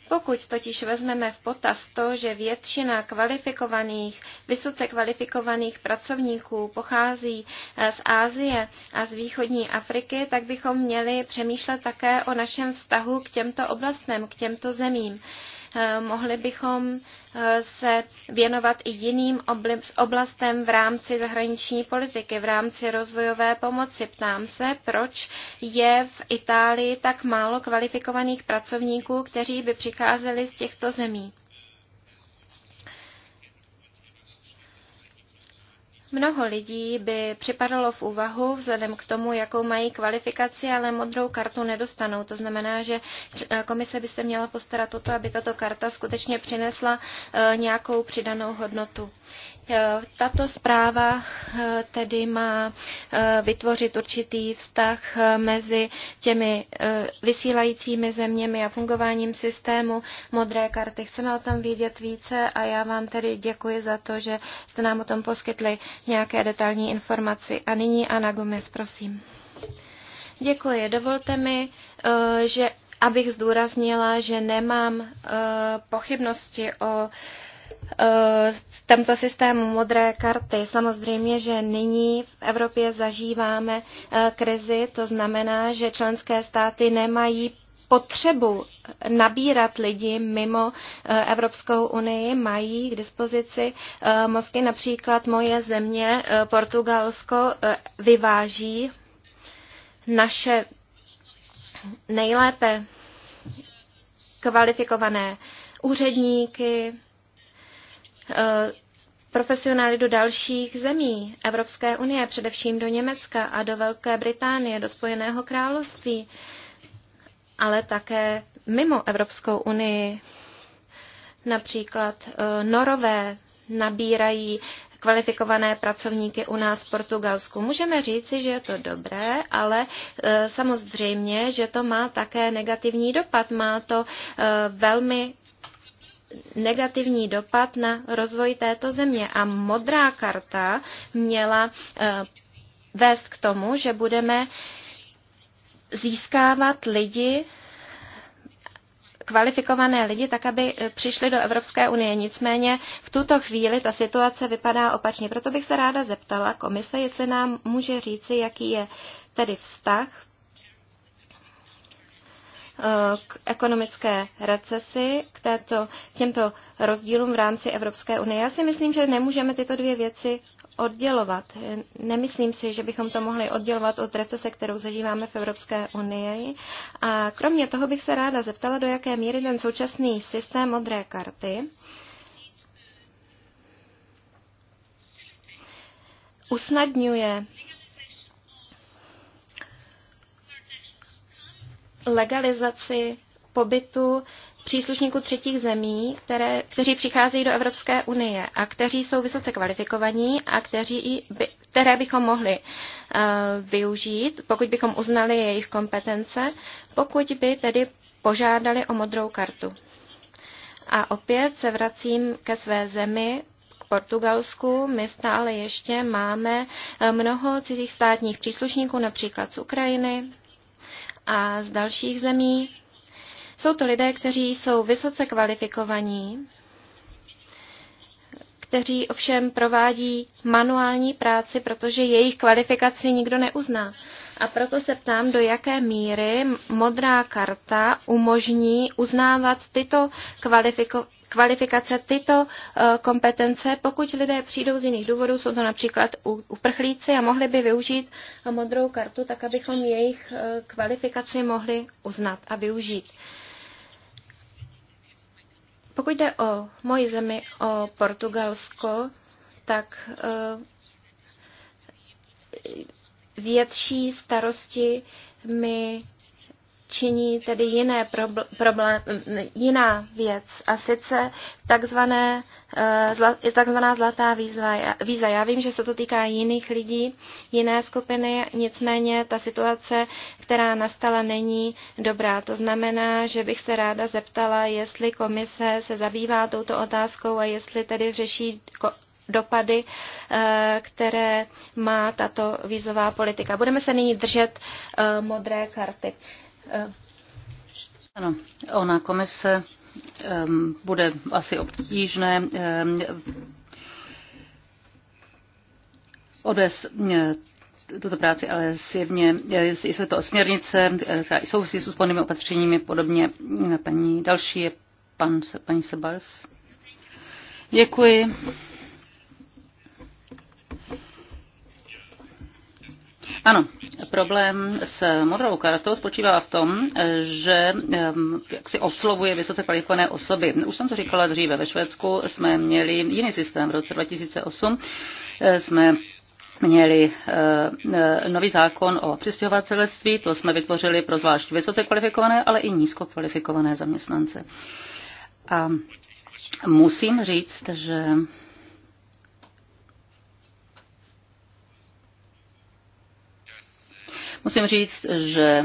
Pokud totiž vezmeme v potaz to, že většina kvalifikovaných, vysoce kvalifikovaných pracovníků pochází eh, z Ázie a z východní Afriky, tak bychom měli přemýšlet také o našem vztahu k těmto oblastem, k těmto zemím. Eh, mohli bychom eh, se věnovat i jiným oblastem v rámci zahraniční politiky, v rámci rozvojové pomoci. Ptám se, proč je v Itálii tak málo kvalifikovaných pracovníků, kteří by přicházeli z těchto zemí. Mnoho lidí by připadalo v úvahu vzhledem k tomu, jakou mají kvalifikaci, ale modrou kartu nedostanou. To znamená, že eh, komise by se měla postarat o to, aby tato karta skutečně přinesla eh, nějakou přidanou hodnotu. Eh, tato zpráva eh, tedy má eh, vytvořit určitý vztah mezi těmi vysílajícími zeměmi a fungováním systému modré karty. Chceme o tom vědět více a já vám tedy děkuji za to, že jste nám o tom poskytli nějaké detailní informaci. A nyní Ana Gomez, prosím. Děkuji. Dovolte mi, že abych zdůraznila, že nemám pochybnosti o Eh, tento systém modré karty. Samozřejmě, že nyní v Evropě zažíváme eh, krizi, to znamená, že členské státy nemají potřebu nabírat lidi mimo eh, Evropskou unii mají k dispozici mozky. Například moje země, Portugalsko, vyváží naše nejlépe kvalifikované úředníky, Eh, profesionály do dalších zemí Evropské unie, především do Německa a do Velké Británie, do Spojeného království, ale také mimo Evropskou unii. Například eh, Norové nabírají kvalifikované pracovníky u nás v Portugalsku. Můžeme říci, že je to dobré, ale eh, samozřejmě, že to má také negativní dopad. Má to velmi negativní dopad na rozvoj této země. A modrá karta měla eh, vést k tomu, že budeme získávat lidi, kvalifikované lidi, tak aby eh, přišli do Evropské unie. Nicméně v tuto chvíli ta situace vypadá opačně. Proto bych se ráda zeptala komise, jestli nám může říci, jaký je tedy vztah k ekonomické recesi, k, této, k těmto rozdílům v rámci Evropské unie. Já si myslím, že nemůžeme tyto dvě věci oddělovat. Nemyslím si, že bychom to mohli oddělovat od recese, kterou zažíváme v Evropské unii. A kromě toho bych se ráda zeptala, do jaké míry ten současný systém modré karty usnadňuje legalizaci pobytu příslušníků třetích zemí, které, kteří přicházejí do Evropské unie a kteří jsou vysoce kvalifikovaní a kteří, které bychom mohli uh, využít, pokud bychom uznali jejich kompetence, pokud by tedy požádali o modrou kartu. A opět se vracím ke své zemi, k Portugalsku. My stále ještě máme eh, mnoho cizích státních příslušníků, například z Ukrajiny, a z dalších zemí. Jsou to lidé, kteří jsou vysoce kvalifikovaní, kteří ovšem provádí manuální práci, protože jejich kvalifikaci nikdo neuzná. A proto se ptám, do jaké míry modrá karta umožní uznávat tyto kvalifiko- kvalifikace tyto eh, kompetence, pokud lidé přijdou z jiných důvodů, jsou to například uprchlíci a mohli by využít modrou kartu, tak abychom jejich eh, kvalifikaci mohli uznat a využít. Pokud jde o moji zemi, o Portugalsko, tak eh, větší starosti mi činí tedy jiné probl- problém, jiná věc a sice takzvané, eh, takzvaná zlatá výzva. víza. Já vím, že se to týká jiných lidí, jiné skupiny, nicméně ta situace, která nastala, není dobrá. To znamená, že bych se ráda zeptala, jestli komise se zabývá touto otázkou a jestli tedy řeší dopady, eh, které má tato vízová politika. Budeme se nyní držet eh, modré karty. Ano, ona komise bude asi obtížné odes tuto práci, ale zjevně jsou to směrnice, která souvisí s úspornými opatřeními, podobně paní další je pan, paní Sebars. Děkuji. Ano, problém s modrou kartou spočívá v tom, že jak si oslovuje vysoce kvalifikované osoby. Už jsem to říkala dříve, ve Švédsku jsme měli jiný systém. V roce 2008 eh, jsme měli eh, eh, nový zákon o přistěhovatelství, to jsme vytvořili pro zvlášť vysoce kvalifikované, ale i nízkokvalifikované zaměstnance. A musím říct, že Musím říct, že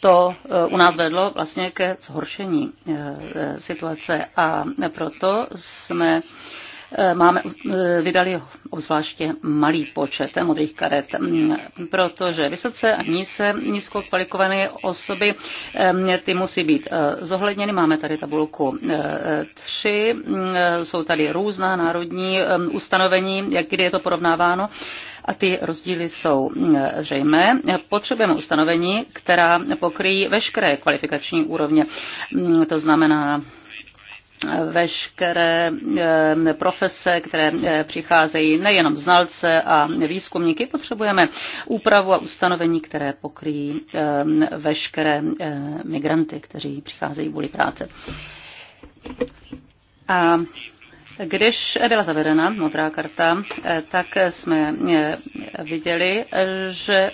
to eh, u nás vedlo vlastně ke zhoršení eh, eh, situace a proto jsme máme, vydali obzvláště malý počet modrých karet, mm, protože vysoce a níze, nízko kvalifikované osoby, ty musí být zohledněny. Máme tady tabulku tři, mm, jsou tady různá národní ustanovení, jak kdy je to porovnáváno a ty rozdíly jsou mm, zřejmé. Potřebujeme ustanovení, která pokryjí veškeré kvalifikační úrovně. Mm, to znamená eh, veškeré eh, profese, které eh, přicházejí nejenom znalce a výzkumníky. Potřebujeme úpravu a ustanovení, které pokryjí veškeré migranty, kteří přicházejí kvůli práce. A když byla zavedena modrá karta, eh, tak jsme eh, viděli, že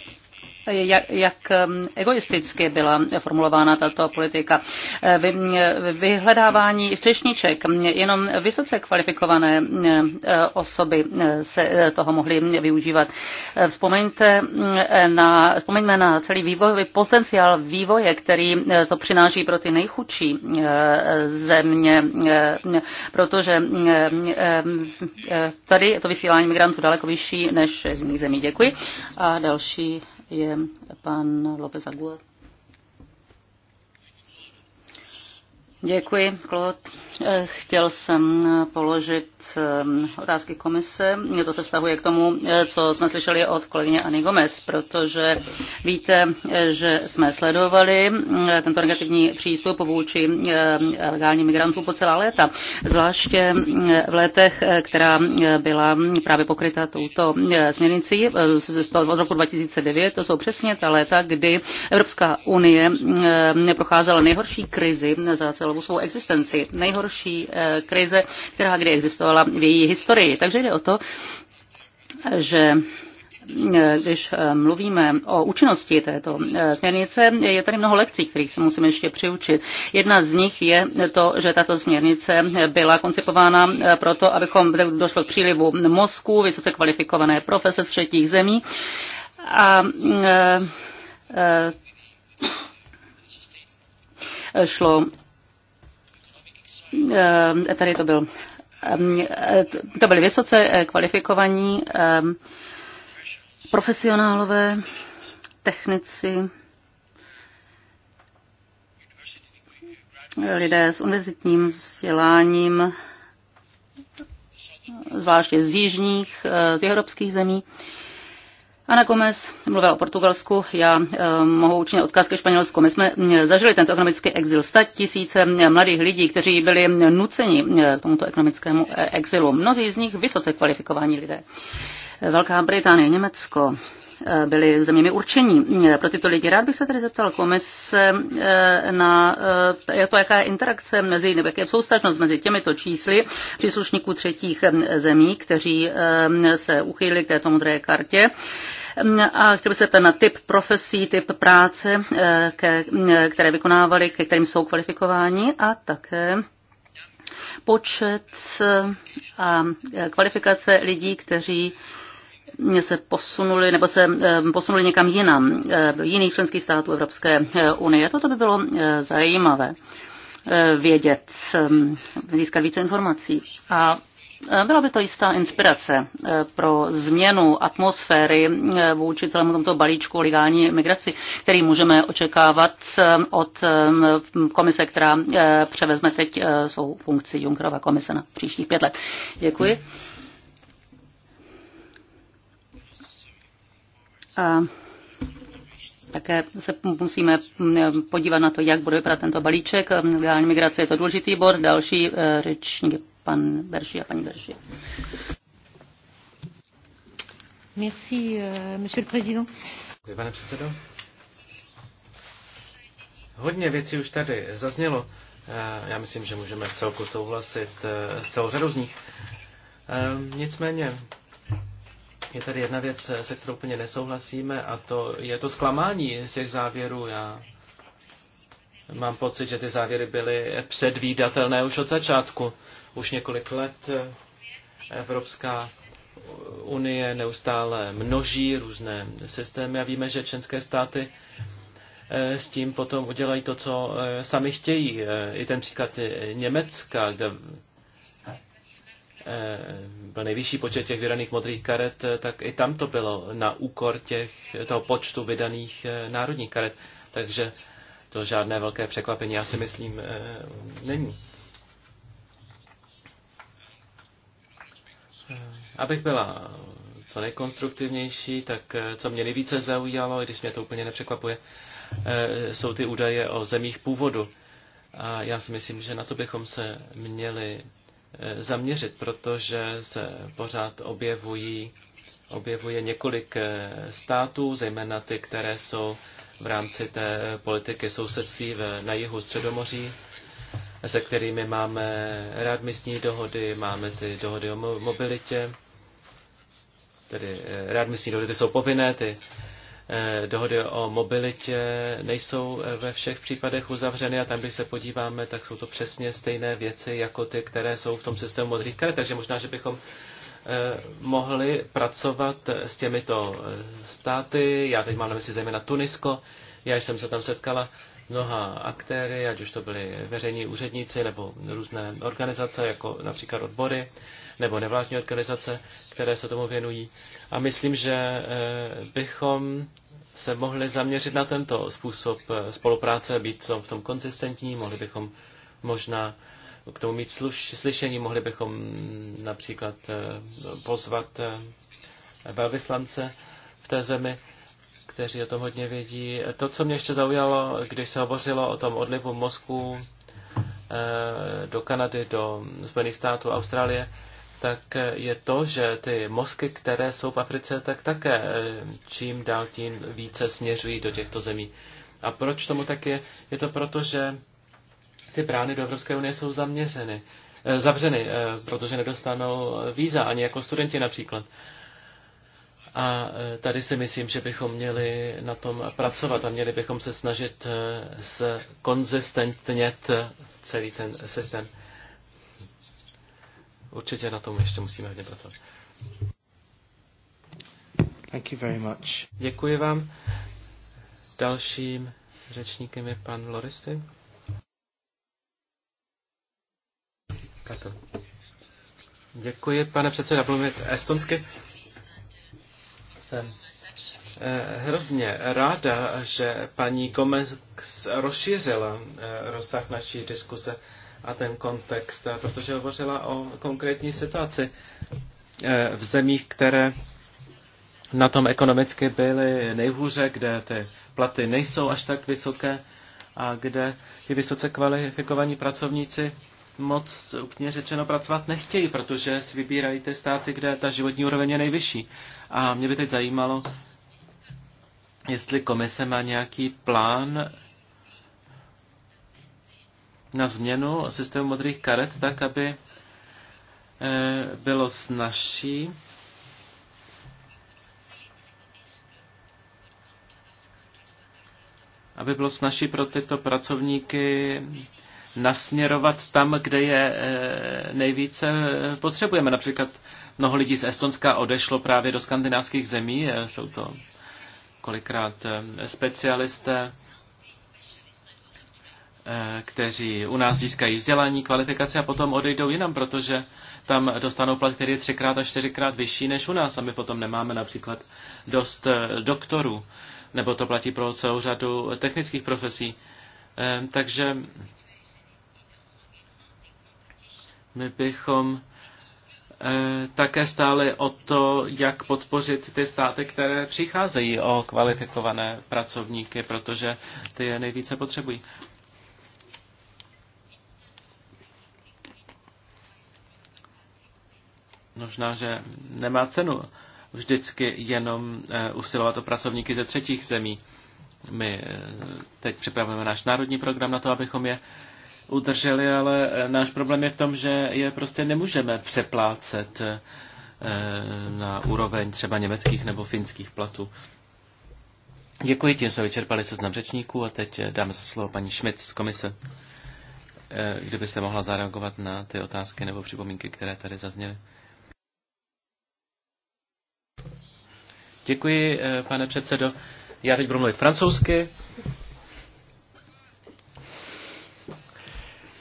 jak, jak um, egoisticky byla formulována tato politika. Eh, vy, eh, vyhledávání střešníček, jenom vysoce kvalifikované eh, osoby se toho mohly využívat. Vzpomeňte na, vzpomeňme na celý vývojový potenciál vývoje, který to přináší pro ty nejchudší země, protože tady to vysílání migrantů daleko vyšší než z jiných zemí. Děkuji. A další je pan López Aguilar. Děkuji, Klot. Eh, chtěl jsem položit ehm, otázky komise. To se vztahuje k tomu, eh, co jsme slyšeli od kolegyně Ani Gomez, protože víte, eh, že jsme sledovali tento negativní přístup vůči legálním migrantům po celá léta, zvláště v letech, která byla právě pokryta touto směrnicí od roku 2009. To jsou přesně ta léta, kdy Evropská unie procházela nejhorší krizi za celou celou svou existenci. Nejhorší eh, krize, která kdy existovala v její historii. Takže jde o to, že eh, když eh, mluvíme o účinnosti této směrnice, je tady mnoho lekcí, kterých se musíme ještě přiučit. Jedna z nich je to, že tato směrnice byla koncipována proto, abychom došlo k přílivu mozku, vysoce kvalifikované profese z třetích zemí. A šlo Eh, tady to byl eh, to byli vysoce kvalifikovaní eh, profesionálové, technici, lidé s univerzitním vzděláním, zvláště z jižních, z evropských zemí. Ana Gomez mluvila o Portugalsku, já e, mohu učinit odkaz ke Španělsku. My jsme eh, zažili tento ekonomický exil. Sta tisíce eh, mladých lidí, kteří byli nuceni k tomuto ekonomickému exilu. Mnozí z nich vysoce kvalifikovaní lidé. Velká Británie, Německo, Eh, byli zeměmi určení eh, pro tyto lidi. Rád bych se tedy zeptal komise eh, na to, jaká je interakce mezi, nebo jaké je soustažnost mezi těmito čísly příslušníků třetích zemí, kteří se uchýlili k této modré kartě. A chtěl bych se ptát na typ profesí, typ práce, které vykonávali, ke kterým jsou kvalifikováni a také počet a kvalifikace lidí, kteří se posunuli nebo se eh, posunuli někam jinam, do eh, jiných členských států Evropské eh, unie. Toto by bylo zajímavé vědět, ehm, získat více informací. A byla by to jistá inspirace pro změnu atmosféry vůči celému tomto balíčku legální migraci, který můžeme očekávat od ehm, komise, která převezme teď svou funkci Junkerova komise na příštích pět let. Děkuji. A také se musíme podívat na to, jak bude vypadat tento balíček. Legální migrace je to důležitý bod. Další e, řečník je pan Berši a paní Berši. Merci, e, monsieur le président. Děkuji, pane předsedo. Hodně věcí už tady zaznělo. E, já myslím, že můžeme celku souhlasit s celou řadou z nich. Nicméně je tady jedna věc, se kterou úplně nesouhlasíme, a to je to zklamání z těch závěrů. Já mám pocit, že ty závěry byly předvídatelné už od začátku. Už několik let Evropská unie neustále množí různé systémy a víme, že členské státy eh, s tím potom udělají to, co eh, sami chtějí. Eh, I ten příklad Německa, kde Eh, byl nejvyšší počet těch vydaných modrých karet, eh, tak i tam to bylo na úkor těch, toho počtu vydaných eh, národních karet. Takže to žádné velké překvapení, já si myslím, není. Abych byla co nejkonstruktivnější, tak co mě nejvíce zaujalo, i když mě to úplně nepřekvapuje, jsou ty údaje o zemích původu. A já si myslím, že na to bychom se měli zaměřit, protože se pořád objevují, objevuje několik eh, států, zejména ty, které jsou v rámci té politiky sousedství na jihu Středomoří, se kterými máme readmisní dohody, máme ty dohody o mobilitě, tedy eh, readmisní dohody ty jsou povinné, ty Eh, dohody o mobilitě nejsou eh, ve všech případech uzavřeny a tam, když se podíváme, tak jsou to přesně stejné věci jako ty, které jsou v tom systému modrých karet. Takže možná, že bychom eh, mohli pracovat s těmito státy. Já teď mám na mysli zejména Tunisko. Já jsem se tam setkala s mnoha aktéry, ať už to byly veřejní úředníci nebo různé organizace, jako například odbory nebo nevládní organizace, které se tomu věnují. A myslím, že eh, bychom se mohli zaměřit na tento způsob eh, spolupráce, být v tom konzistentní, mohli bychom možná k tomu mít sluš, slyšení, mohli bychom například eh, pozvat velvyslance v té zemi, kteří o tom hodně vědí. To, co mě ještě zaujalo, když se hovořilo o tom odlivu mozku do Kanady, do Spojených států, Austrálie, tak je to, že ty mozky, které jsou v Africe, tak také eh, čím dál tím více směřují do těchto zemí. A proč tomu tak je? Je to proto, že ty brány do Evropské unie jsou zaměřeny, eh, zavřeny, eh, protože nedostanou víza, ani jako studenti například. A tady si myslím, že bychom měli na tom pracovat a měli bychom se snažit zkonzistentnět celý ten systém určitě na tom ještě musíme hodně pracovat. Thank you very much. Děkuji vám. Dalším řečníkem je pan Loristy. Děkuji, pane předseda, budu mít estonsky. Jsem eh, hrozně ráda, že paní Gomez rozšířila eh, rozsah naší diskuse a ten kontext, eh, protože hovořila o konkrétní situaci eh, v zemích, které na tom ekonomicky byly nejhůře, kde ty platy nejsou až tak vysoké a kde ti vysoce kvalifikovaní pracovníci moc úplně řečeno pracovat nechtějí, protože si vybírají ty státy, kde ta životní úroveň je nejvyšší. A mě by teď zajímalo, jestli komise má nějaký plán, na změnu systému modrých karet tak, aby e, bylo snažší aby bylo snažší pro tyto pracovníky nasměrovat tam, kde je e, nejvíce potřebujeme. Například mnoho lidí z Estonska odešlo právě do skandinávských zemí, e, jsou to kolikrát specialisté Eh, kteří u nás získají vzdělání, kvalifikaci a potom odejdou jinam, protože tam dostanou plat, který je třikrát a čtyřikrát vyšší než u nás a my potom nemáme například dost eh, doktorů, nebo to platí pro celou řadu technických profesí. Eh, takže my bychom také stáli o to, jak podpořit ty státy, které přicházejí o kvalifikované pracovníky, protože ty je nejvíce potřebují. Možná, že nemá cenu vždycky jenom eh, usilovat o pracovníky ze třetích zemí. My eh, teď připravujeme náš národní program na to, abychom je udrželi, ale eh, náš problém je v tom, že je prostě nemůžeme přeplácet na úroveň třeba německých nebo finských platů. Děkuji, tím jsme vyčerpali seznam řečníků a teď dáme za slovo paní Schmidt z komise, kdybyste mohla zareagovat na ty otázky nebo připomínky, které tady zazněly. Děkuji, eh, pane předsedo. Já teď budu mluvit francouzsky.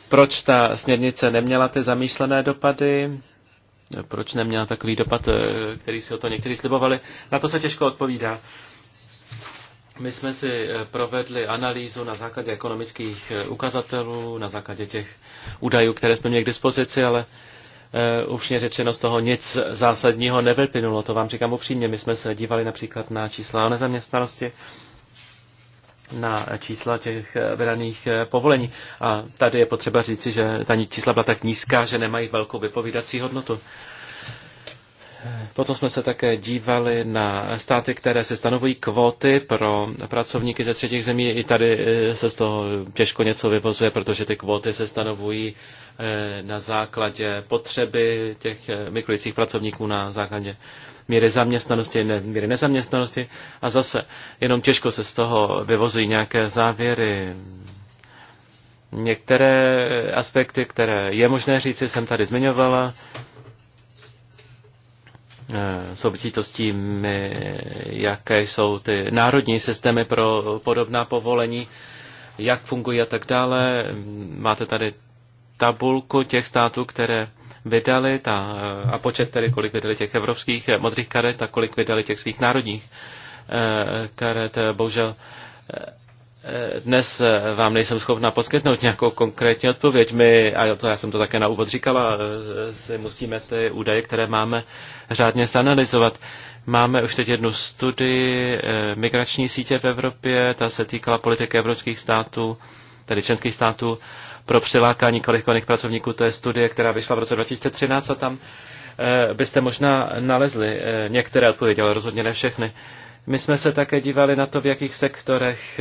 Proč ta směrnice neměla ty zamýšlené dopady? Proč neměla takový dopad, eh, který si o to někteří slibovali? Na to se těžko odpovídá. My jsme si eh, provedli analýzu na základě ekonomických ukazatelů, na základě těch údajů, které jsme měli k dispozici, ale Eh, upřímně řečeno z toho nic zásadního nevyplynulo. To vám říkám upřímně. My jsme se dívali například na čísla o nezaměstnanosti, na čísla těch eh, vydaných eh, povolení. A tady je potřeba říci, že ta čísla byla tak nízká, že nemají velkou vypovídací hodnotu. Potom jsme se také dívali na státy, které si stanovují kvóty pro pracovníky ze třetích zemí. I tady eh, se z toho těžko něco vyvozuje, protože ty kvóty se stanovují eh, na základě potřeby těch migrujících eh, pracovníků, na základě míry zaměstnanosti, ne, míry nezaměstnanosti. A zase jenom těžko se z toho vyvozují nějaké závěry. Některé aspekty, které je možné říci, jsem tady zmiňovala. Eh, souvisí eh, jaké jsou ty národní systémy pro podobná povolení, jak fungují a tak dále. Máte tady tabulku těch států, které vydali ta, eh, a počet tedy, kolik vydali těch evropských modrých karet a kolik vydali těch svých národních karet. Bohužel dnes eh, vám nejsem schopna poskytnout nějakou konkrétní odpověď. My, a to já jsem to také na úvod říkala, eh, si musíme ty údaje, které máme, řádně zanalizovat. Máme už teď jednu studii eh, migrační sítě v Evropě, ta se týkala politiky evropských států, tedy členských států, pro přilákání kvalifikovaných pracovníků. To je studie, která vyšla v roce 2013 a tam byste možná nalezli některé odpovědi, ale rozhodně ne všechny. My jsme se také dívali na to, v jakých sektorech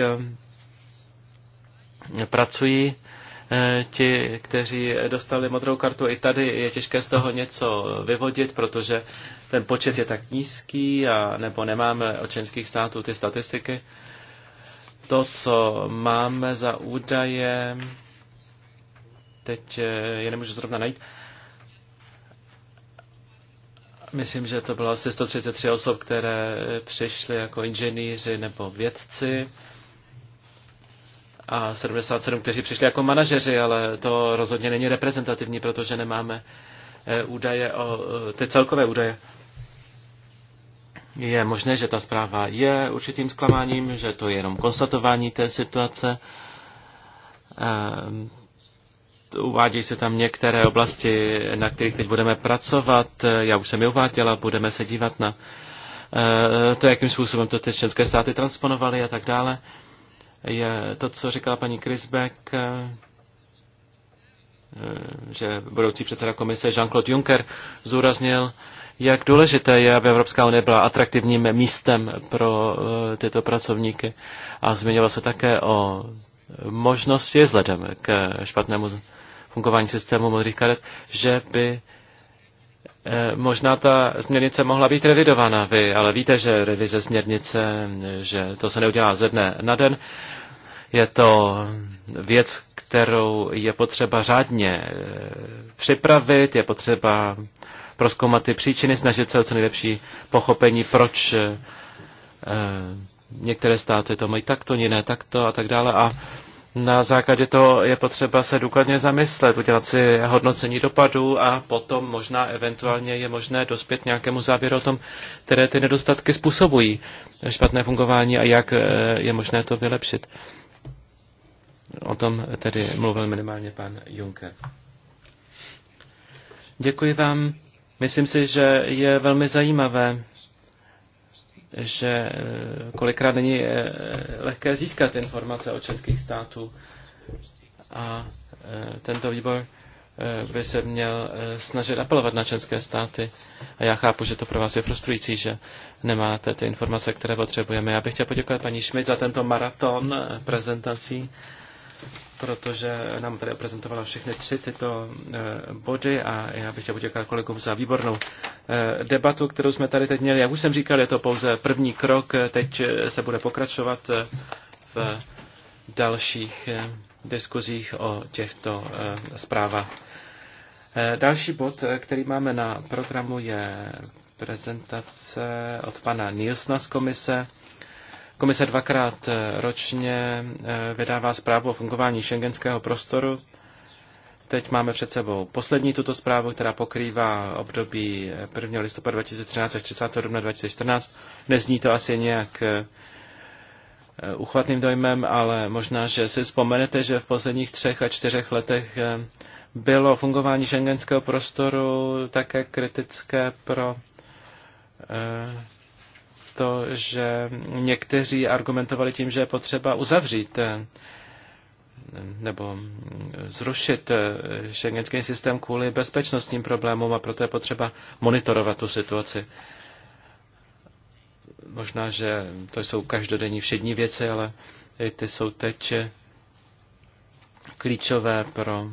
pracují eh, ti, kteří dostali modrou kartu, i tady je těžké z toho něco vyvodit, protože ten počet je tak nízký, a, nebo nemáme od členských států ty statistiky. To, co máme za údaje, teď eh, je nemůžu zrovna najít, Myslím, že to bylo asi 133 osob, které přišly jako inženýři nebo vědci a 77, kteří přišli jako manažeři, ale to rozhodně není reprezentativní, protože nemáme eh, údaje o eh, ty celkové údaje. Je možné, že ta zpráva je určitým zklamáním, že to je jenom konstatování té situace. Eh, uvádějí se tam některé oblasti, na kterých teď budeme pracovat. Já už jsem je uváděla, budeme se dívat na to, jakým způsobem to ty členské státy transponovaly a tak dále je to, co říkala paní Krisbeck, eh, že budoucí předseda komise Jean-Claude Juncker zúraznil, jak důležité je, aby Evropská unie byla atraktivním místem pro eh, tyto pracovníky. A zmiňoval se také o možnosti, vzhledem k špatnému fungování systému modrých karet, že by Eh, možná ta směrnice mohla být revidována vy, ale víte, že revize směrnice, že to se neudělá ze dne na den. Je to věc, kterou je potřeba řádně eh, připravit, je potřeba proskoumat ty příčiny, snažit se o co nejlepší pochopení, proč eh, některé státy to mají takto, jiné takto a tak dále. A na základě toho je potřeba se důkladně zamyslet, udělat si hodnocení dopadů a potom možná eventuálně je možné dospět nějakému závěru o tom, které ty nedostatky způsobují špatné fungování a jak eh, je možné to vylepšit. O tom tedy mluvil minimálně pan Juncker. Děkuji vám. Myslím si, že je velmi zajímavé že eh, kolikrát není eh, lehké získat informace o českých států. A eh, tento výbor by se měl snažit apelovat na členské státy. A já chápu, že to pro vás je frustrující, že nemáte ty informace, které potřebujeme. Já bych chtěl poděkovat paní Šmit za tento maraton prezentací protože nám tady prezentovala všechny tři tyto eh, body a já bych chtěl poděkovat kolegům za výbornou eh, debatu, kterou jsme tady teď měli. Jak už jsem říkal, je to pouze první krok, teď eh, se bude pokračovat v dalších diskuzích o těchto zprávách. Další bod, který máme na programu, je prezentace od pana Nilsna z komise Komise dvakrát eh, ročně eh, vydává zprávu o fungování šengenského prostoru. Teď máme před sebou poslední tuto zprávu, která pokrývá období 1. Eh, listopadu 2013 až 30. dubna 2014. Nezní to asi nějak uchvatným dojmem, ale možná, že si vzpomenete, že v posledních třech a čtyřech letech bylo fungování šengenského prostoru také kritické pro to, že někteří argumentovali tím, že je potřeba uzavřít eh, nebo zrušit šengenský eh, systém kvůli bezpečnostním problémům a proto je potřeba monitorovat tu situaci. Možná, že to jsou každodenní všední věci, ale ty jsou teď eh, klíčové pro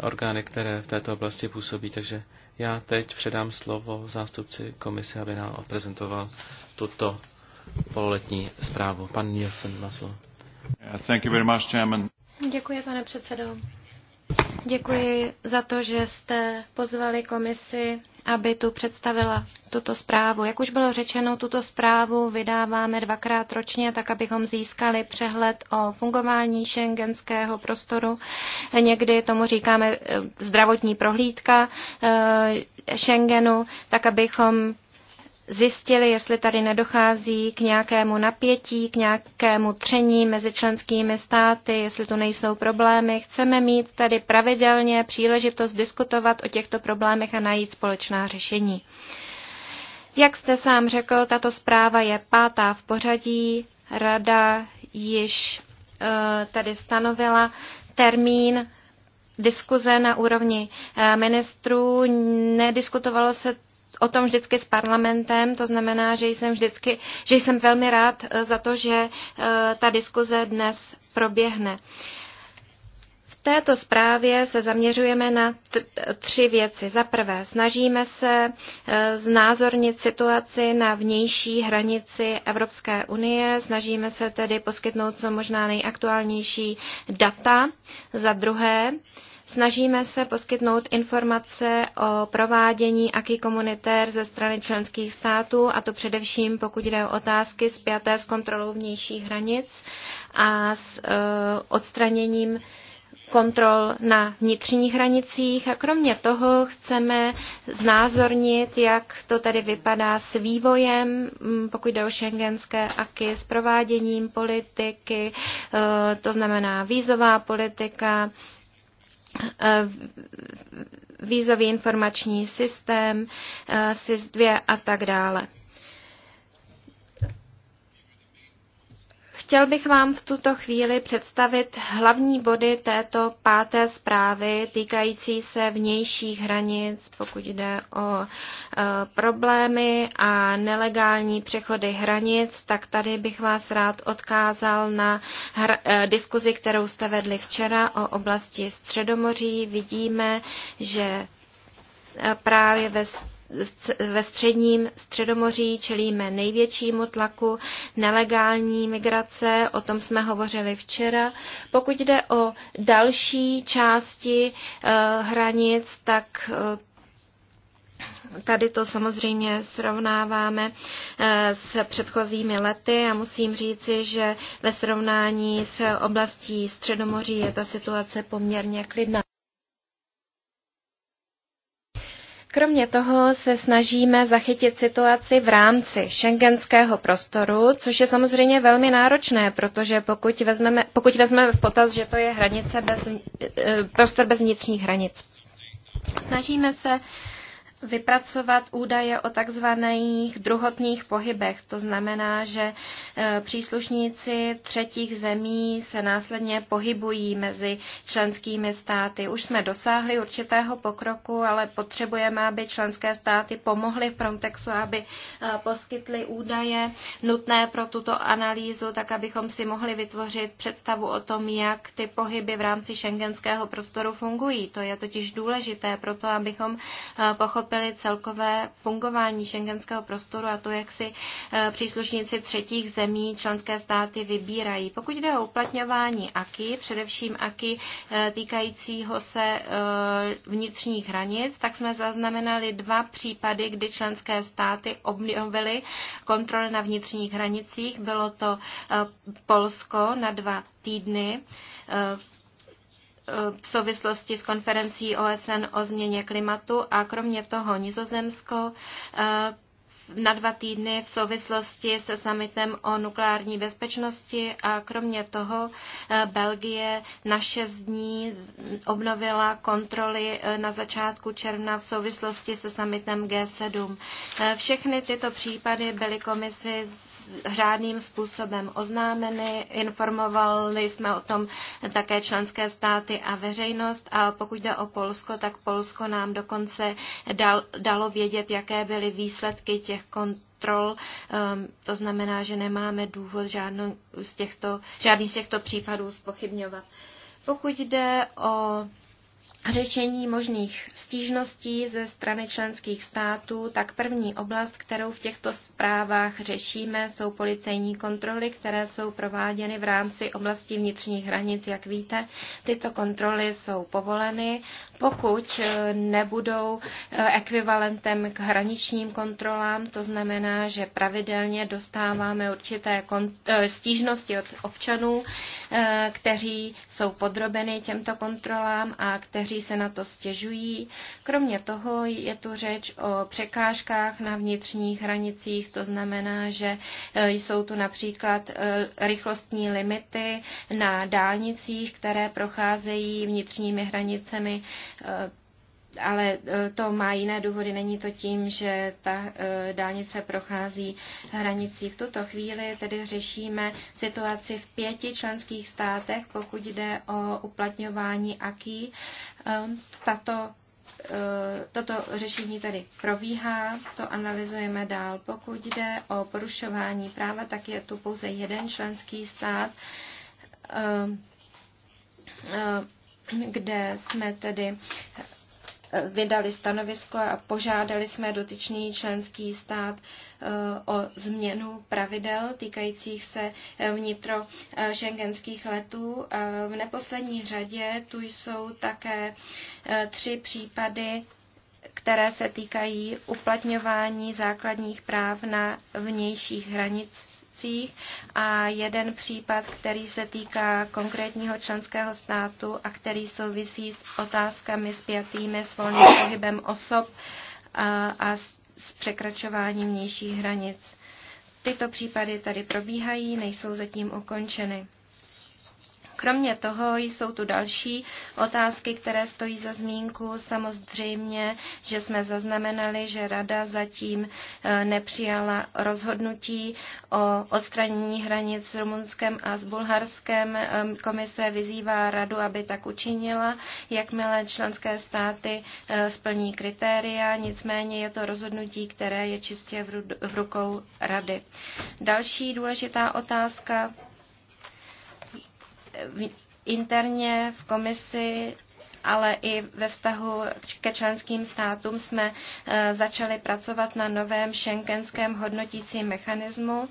orgány, které v této oblasti působí, takže já teď předám slovo zástupci komise, aby nám odprezentoval tuto pololetní zprávu. Pan Nielsen má slovo. Thank you very much, Děkuji, pane předsedo. Děkuji za to, že jste pozvali komisi, aby tu představila tuto zprávu. Jak už bylo řečeno, tuto zprávu vydáváme dvakrát ročně, tak abychom získali přehled o fungování šengenského prostoru. Někdy tomu říkáme eh, zdravotní prohlídka eh, Schengenu, tak abychom zjistili, jestli tady nedochází k nějakému napětí, k nějakému tření mezi členskými státy, jestli tu nejsou problémy. Chceme mít tady pravidelně příležitost diskutovat o těchto problémech a najít společná řešení. Jak jste sám řekl, tato zpráva je pátá v pořadí. Rada již eh, tady stanovila termín diskuze na úrovni eh, ministrů. Nediskutovalo se o tom vždycky s parlamentem, to znamená, že jsem vždycky, že jsem velmi rád eh, za to, že eh, ta diskuze dnes proběhne. V této zprávě se zaměřujeme na tři věci. Za prvé, snažíme se eh, znázornit situaci na vnější hranici Evropské unie, snažíme se tedy poskytnout co možná nejaktuálnější data. Za druhé, Snažíme se poskytnout informace o provádění aký komunitér ze strany členských států, a to především pokud jde o otázky spjaté s kontrolou vnějších hranic a s e, odstraněním kontrol na vnitřních hranicích a kromě toho chceme znázornit, jak to tady vypadá s vývojem, pokud jde o šengenské aky, s prováděním politiky, e, to znamená vízová politika, Eh, vízový informační systém, eh, SIS-2 a tak dále. Chtěl bych vám v tuto chvíli představit hlavní body této páté zprávy týkající se vnějších hranic, pokud jde o e, problémy a nelegální přechody hranic, tak tady bych vás rád odkázal na hra, e, diskuzi, kterou jste vedli včera o oblasti Středomoří. Vidíme, že e, právě ve ve středním středomoří čelíme největšímu tlaku nelegální migrace, o tom jsme hovořili včera. Pokud jde o další části eh, hranic, tak eh, Tady to samozřejmě srovnáváme eh, s předchozími lety a musím říci, že ve srovnání s oblastí Středomoří je ta situace poměrně klidná. Kromě toho se snažíme zachytit situaci v rámci šengenského prostoru, což je samozřejmě velmi náročné, protože pokud vezmeme, pokud vezmeme v potaz, že to je hranice bez, eh, prostor bez vnitřních hranic. Snažíme se vypracovat údaje o takzvaných druhotných pohybech. To znamená, že e, příslušníci třetích zemí se následně pohybují mezi členskými státy. Už jsme dosáhli určitého pokroku, ale potřebujeme, aby členské státy pomohly v Frontexu, aby e, poskytly údaje nutné pro tuto analýzu, tak abychom si mohli vytvořit představu o tom, jak ty pohyby v rámci šengenského prostoru fungují. To je totiž důležité pro to, abychom e, pochopili, pochopili celkové fungování šengenského prostoru a to, jak si e, příslušníci třetích zemí členské státy vybírají. Pokud jde o uplatňování AKI, především AKI e, týkajícího se e, vnitřních hranic, tak jsme zaznamenali dva případy, kdy členské státy obnovily kontroly na vnitřních hranicích. Bylo to Polsko na dva týdny. V v souvislosti s konferencí OSN o změně klimatu a kromě toho Nizozemsko eh, na dva týdny v souvislosti se summitem o nukleární bezpečnosti a kromě toho eh, Belgie na šest dní obnovila kontroly eh, na začátku června v souvislosti se summitem G7. Všechny tyto případy byly komisi řádným způsobem oznámeny. Informovali jsme o tom také členské státy a veřejnost a pokud jde o Polsko, tak Polsko nám dokonce dal, dalo vědět, jaké byly výsledky těch kontrol. Ehm, to znamená, že nemáme důvod z těchto, žádný z těchto případů spochybňovat. Pokud jde o řešení možných stížností ze strany členských států, tak první oblast, kterou v těchto zprávách řešíme, jsou policejní kontroly, které jsou prováděny v rámci oblasti vnitřních hranic. Jak víte, tyto kontroly jsou povoleny, pokud eh, nebudou eh, ekvivalentem k hraničním kontrolám. To znamená, že pravidelně dostáváme určité eh, stížnosti od občanů, kteří jsou podrobeni těmto kontrolám a kteří kteří se na to stěžují. Kromě toho je tu řeč o překážkách na vnitřních hranicích, to znamená, že e, jsou tu například e, rychlostní limity na dálnicích, které procházejí vnitřními hranicemi e, ale e, to má jiné důvody. Není to tím, že ta e, dálnice prochází hranicí. V tuto chvíli tedy řešíme situaci v pěti členských státech, pokud jde o uplatňování AKI. E, tato Toto řešení tedy probíhá, to analyzujeme dál. Pokud jde o porušování práva, tak je tu pouze jeden členský stát, kde jsme tedy vydali stanovisko a požádali jsme dotyčný členský stát eh, o změnu pravidel týkajících se eh, vnitro šengenských eh, letů. V neposlední řadě tu jsou také tři případy které se týkají uplatňování základních práv na vnějších hranicích sankcích a jeden případ, který se týká konkrétního členského státu a který souvisí s otázkami spjatými s volným pohybem osob a, a s překračováním vnějších hranic. Tyto případy tady probíhají, nejsou zatím ukončeny. Kromě toho jsou tu další otázky, které stojí za zmínku. Samozřejmě, že jsme zaznamenali, že Rada zatím eh, nepřijala rozhodnutí o odstranění hranic s Rumunskem a s Bulharskem. Ehm, komise vyzývá Radu, aby tak učinila, jakmile členské státy eh, splní kritéria. Nicméně je to rozhodnutí, které je čistě v rukou Rady. Další důležitá otázka interně v komisi, ale i ve vztahu ke členským státům jsme eh, začali pracovat na novém šenkenském hodnotícím mechanismu.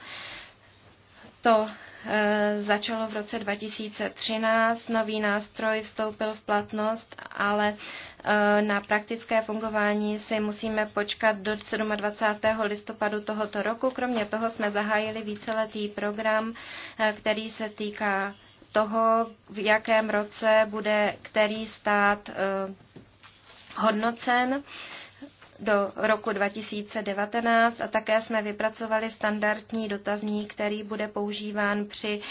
To eh, začalo v roce 2013, nový nástroj vstoupil v platnost, ale eh, na praktické fungování si musíme počkat do 27. listopadu tohoto roku. Kromě toho jsme zahájili víceletý program, který se týká toho, v jakém roce bude který stát eh, hodnocen do roku 2019 a také jsme vypracovali standardní dotazník, který bude používán při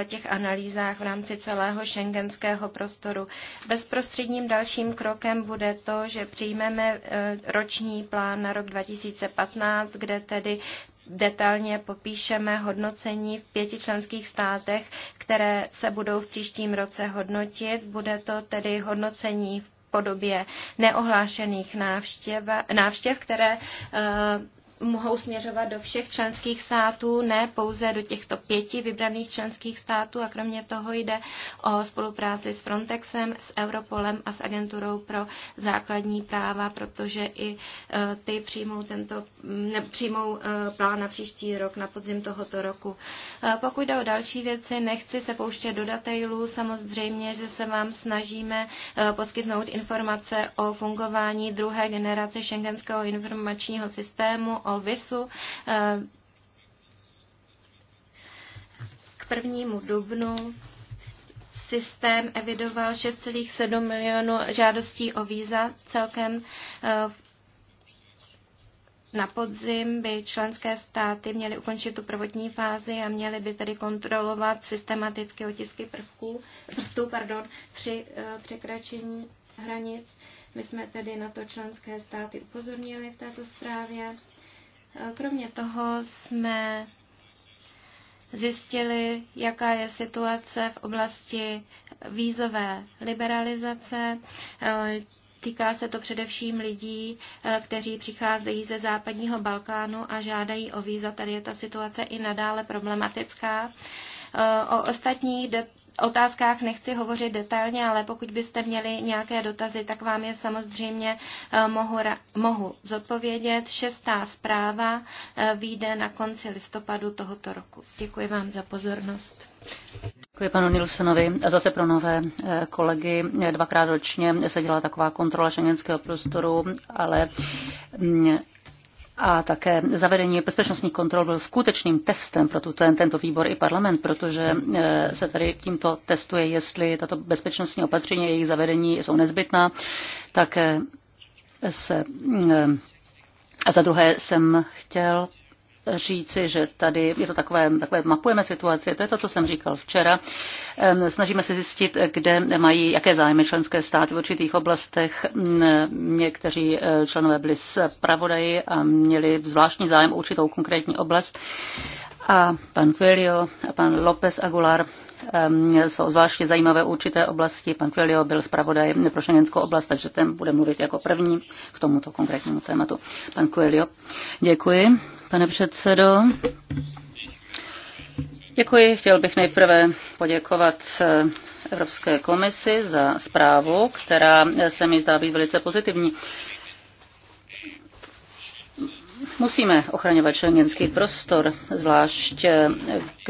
eh, těch analýzách v rámci celého šengenského prostoru. Bezprostředním dalším krokem bude to, že přijmeme eh, roční plán na rok 2015, kde tedy detailně popíšeme hodnocení v pěti členských státech, které se budou v příštím roce hodnotit. Bude to tedy hodnocení v podobě neohlášených návštěv, návštěv které eh, mohou směřovat do všech členských států, ne pouze do těchto pěti vybraných členských států a kromě toho jde o spolupráci s Frontexem, s Europolem a s agenturou pro základní práva, protože i e, ty přijmou, tento, ne, přijmou e, plán na příští rok, na podzim tohoto roku. E, pokud jde o další věci, nechci se pouštět do detailů, samozřejmě, že se vám snažíme poskytnout informace o fungování druhé generace šengenského informačního systému, o VISu eh, k prvnímu dubnu systém evidoval 6,7 milionů žádostí o víza. Celkem eh, na podzim by členské státy měly ukončit tu prvotní fázi a měly by tedy kontrolovat systematicky otisky prvků, prstů pardon, při eh, překračení hranic. My jsme tedy na to členské státy upozornili v této zprávě. Eh, kromě toho jsme zjistili, jaká je situace v oblasti vízové liberalizace. Eh, týká se to především lidí, eh, kteří přicházejí ze západního Balkánu a žádají o víza. Tady je ta situace i nadále problematická. O ostatních otázkách nechci hovořit detailně, ale pokud byste měli nějaké dotazy, tak vám je samozřejmě eh, mohu, mohu zodpovědět. Šestá zpráva eh, vyjde na konci listopadu tohoto roku. Děkuji vám za pozornost. Děkuji panu Nilsenovi. Zase pro nové eh, kolegy dvakrát ročně se dělá taková kontrola šengenského prostoru, ale mm, a také zavedení bezpečnostních kontrol byl skutečným testem pro tuto, tento výbor i parlament, protože e, se tady tímto testuje, jestli tato bezpečnostní opatření a jejich zavedení jsou nezbytná. Také se, e, a za druhé jsem chtěl říci, že tady je to takové, takové mapujeme situaci, to je to, co jsem říkal včera. Snažíme se zjistit, kde mají, jaké zájmy členské státy v určitých oblastech. Někteří e, členové byli zpravodaji a měli zvláštní zájem o určitou konkrétní oblast a pan Coelho a pan López Aguilar jsou zvláště zajímavé určité oblasti. Pan Coelho byl zpravodaj pro šengenskou oblast, takže ten bude mluvit jako první k tomuto konkrétnímu tématu. Pan Coelho. Děkuji, pane předsedo. Děkuji. Chtěl bych nejprve poděkovat eh, Evropské komisi za zprávu, která se mi zdá být velice pozitivní. Musíme ochraňovat šengenský prostor, zvlášť eh,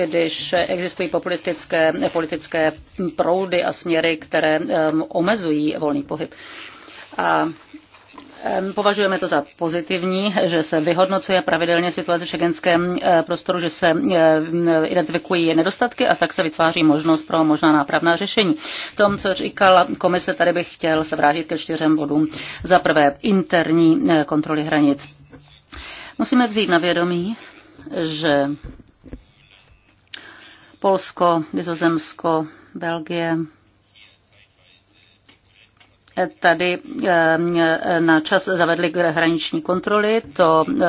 když existují populistické politické proudy a směry, které eh, omezují volný pohyb. A Považujeme to za pozitivní, že se vyhodnocuje pravidelně situace v šegenském eh, prostoru, že se identifikují nedostatky a tak se vytváří možnost pro možná nápravná řešení. V tom, co říkala komise, tady bych chtěl se vrátit ke čtyřem bodům. Za prvé interní kontroly hranic Musíme vzít na vědomí, že Polsko, Nizozemsko, Belgie, eh, tady eh, na čas zavedli hraniční kontroly, to eh,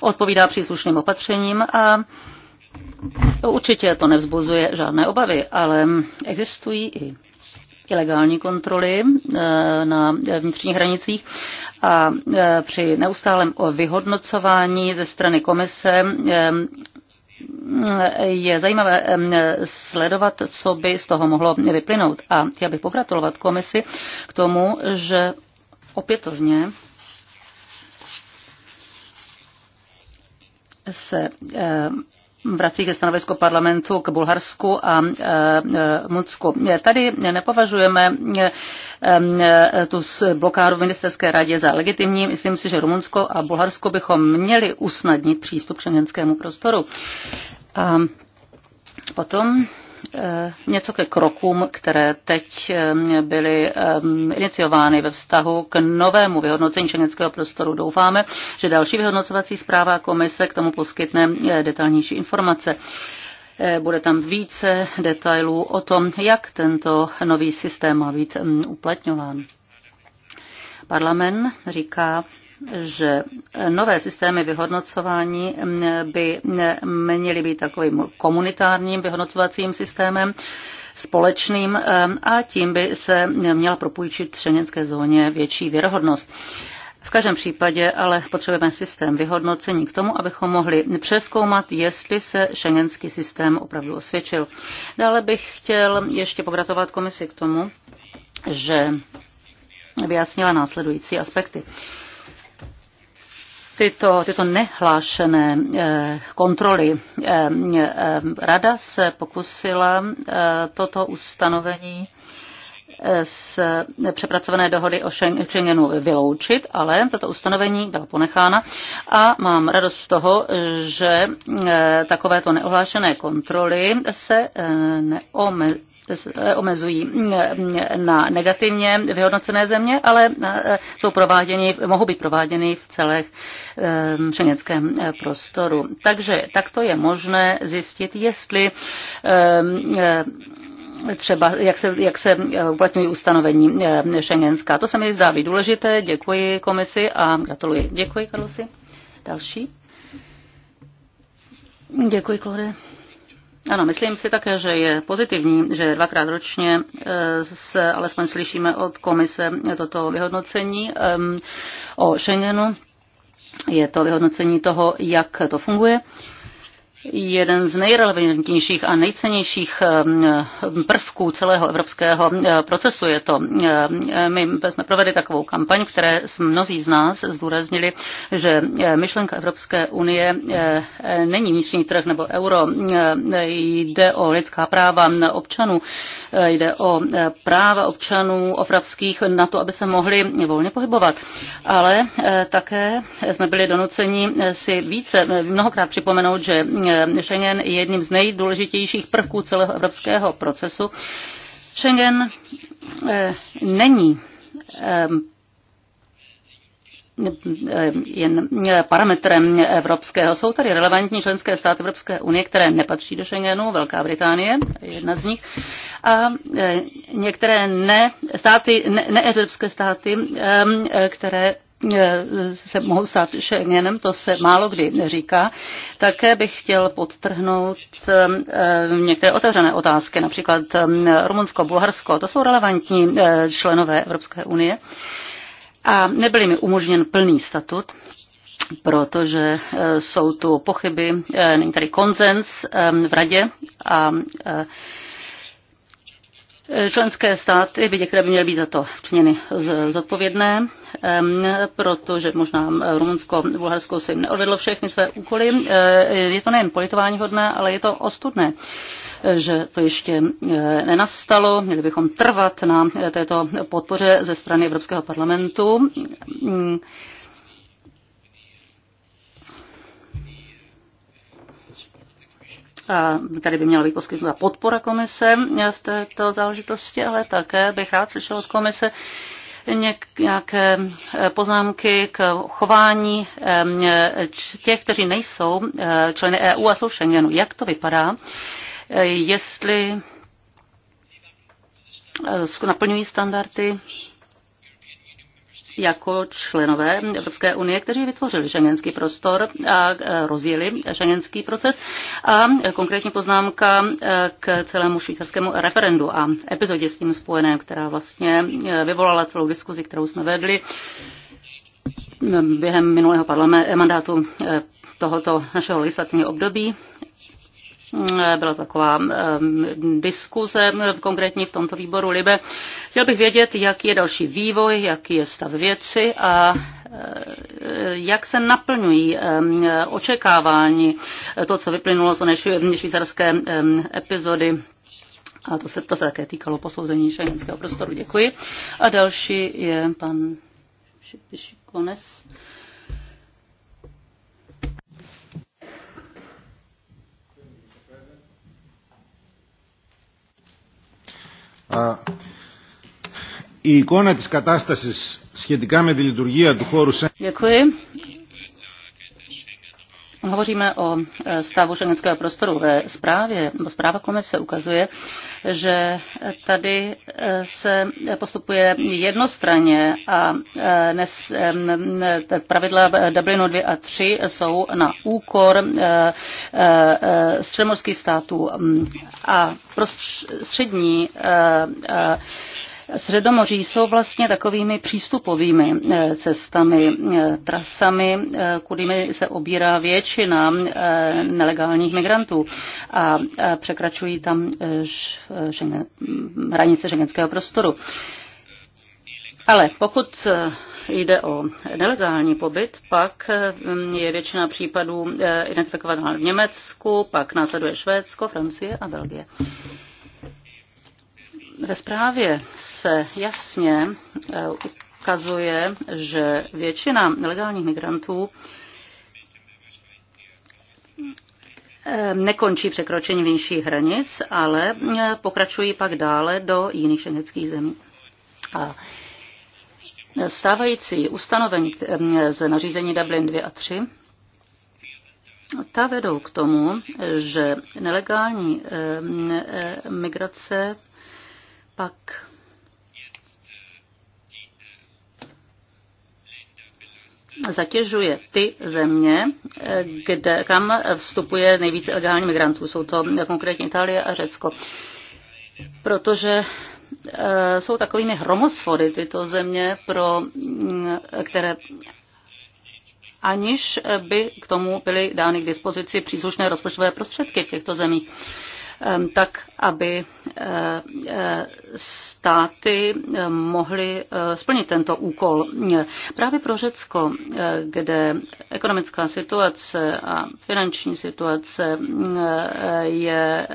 odpovídá příslušným opatřením a určitě to nevzbuzuje žádné obavy, ale existují i ilegální kontroly eh, na vnitřních hranicích a eh, při neustálém vyhodnocování ze strany komise eh, je zajímavé sledovat, co by z toho mohlo vyplynout. A já bych pogratulovat komisi k tomu, že opětovně se vrací ke stanovisku parlamentu k Bulharsku a e, e, Mucku. Tady nepovažujeme e, tu blokádu v ministerské radě za legitimní. Myslím si, že Rumunsko a Bulharsko bychom měli usnadnit přístup k šengenskému prostoru. A potom Eh, něco ke krokům, které teď eh, byly eh, iniciovány ve vztahu k novému vyhodnocení šengenského prostoru. Doufáme, že další vyhodnocovací zpráva komise k tomu poskytne detailnější informace. Bude tam více detailů o tom, jak tento nový systém má být mm, uplatňován. Parlament říká, že nové systémy vyhodnocování by měly být takovým komunitárním vyhodnocovacím systémem, společným a tím by se měla propůjčit šengenské zóně větší věrohodnost. V každém případě ale potřebujeme systém vyhodnocení k tomu, abychom mohli přeskoumat, jestli se šengenský systém opravdu osvědčil. Dále bych chtěl ještě pogratulovat komisi k tomu, že vyjasnila následující aspekty tyto, tyto nehlášené eh, kontroly. Eh, eh, rada se pokusila toto ustanovení z přepracované dohody o Schengenu vyloučit, ale tato ustanovení byla ponechána a mám radost z toho, že e, takovéto neohlášené kontroly se e, neomezují omezují e, na negativně vyhodnocené země, ale jsou prováděny, mohou být prováděny v celém šengenském prostoru. Takže takto je možné zjistit, jestli třeba jak se, jak se eh, uplatňují ustanovení eh, Schengenská. To se mi zdá být důležité. Děkuji komisi a gratuluji. Děkuji, Karlosi. Další. Děkuji, Klore. Ano, myslím si také, že je pozitivní, že dvakrát ročně eh, se alespoň slyšíme od komise toto vyhodnocení o Schengenu. Je to vyhodnocení toho, jak to funguje jeden z nejrelevantnějších a nejcennějších prvků celého evropského procesu. Je to, my jsme provedli takovou kampaň, které mnozí z nás zdůraznili, že myšlenka Evropské unie není vnitřní trh nebo euro, jde o lidská práva občanů Eh, jde o eh, práva občanů ofravských na to, aby se mohli volně pohybovat. Ale eh, také jsme byli donuceni si více, mnohokrát připomenout, že Schengen je jedním z nejdůležitějších prvků celého evropského procesu. Schengen není jen eh, parametrem evropského. Jsou tady relevantní členské státy Evropské unie, které nepatří do Schengenu, Velká Británie, jedna z nich, a eh, některé ne, státy, ne, ne evropské státy, eh, které se mohou stát Schengenem, to se málo kdy říká. Také bych chtěl podtrhnout některé otevřené otázky, například Rumunsko, Bulharsko, to jsou relevantní členové Evropské unie a nebyl mi umožněn plný statut protože e, jsou tu pochyby, e, není tady konzens e, v radě a Členské státy by některé by měly být za to činěny zodpovědné, protože možná Rumunsko, Bulharsko si neodvedlo všechny své úkoly. Je to nejen politování hodné, ale je to ostudné že to ještě e, nenastalo. Měli bychom trvat na e, této podpoře ze strany Evropského parlamentu. Mm. A tady by měla být poskytnuta podpora komise e, v této záležitosti, ale také bych rád slyšel od komise, nějaké poznámky k chování těch, kteří nejsou členy EU a jsou Schengenu. Jak to vypadá jestli eh, naplňují standardy jako členové Evropské unie, kteří vytvořili šengenský prostor a eh, rozjeli šengenský proces. A eh, konkrétní poznámka k celému švýcarskému referendu a epizodě s tím spojené, která vlastně vyvolala celou diskuzi, kterou jsme vedli mm, během minulého mandátu tohoto našeho legislativního období Eh, byla taková eh, diskuze eh, konkrétně v tomto výboru Libe. Chtěl bych vědět, jaký je další vývoj, jaký je stav věci a jak se naplňují očekávání to, co vyplynulo z oné švýcarské epizody a to se, to se také týkalo posouzení šengenského prostoru. Děkuji. A další je pan Kones. Η εικόνα της κατάστασης σχετικά με τη λειτουργία του χώρου Děkuji. Hovoříme o e, stavu šengenského prostoru. Ve zprávě, nebo zpráva komise ukazuje, že tady e, se postupuje jednostranně a dnes e, pravidla Dublinu 2 a 3 jsou na úkor středomorských států a prostřední Středomoří jsou vlastně takovými přístupovými eh, cestami, eh, trasami, eh, kudy se obírá většina nelegálních migrantů a překračují tam mm, hranice ženského prostoru. Ale pokud jde o nelegální pobyt, pak je většina případů identifikovaná v Německu, pak následuje Švédsko, Francie a Belgie. Ve zprávě se jasně e, ukazuje, že většina nelegálních migrantů e, nekončí překročení vnějších hranic, ale e, pokračují pak dále do jiných šengenských zemí. A stávající ustanovení z nařízení Dublin 2 a 3 ta vedou k tomu, že nelegální migrace pak zatěžuje ty země, kde, kam vstupuje nejvíce ilegálních migrantů. Jsou to konkrétně Itálie a Řecko. Protože eh, jsou takovými hromosfory tyto země, pro mm, které aniž by k tomu byly dány k dispozici příslušné rozpočtové prostředky v těchto zemích tak aby eh, eh, státy eh, mohly splnit tento úkol. Právě pro Řecko, kde ekonomická situace a finanční situace je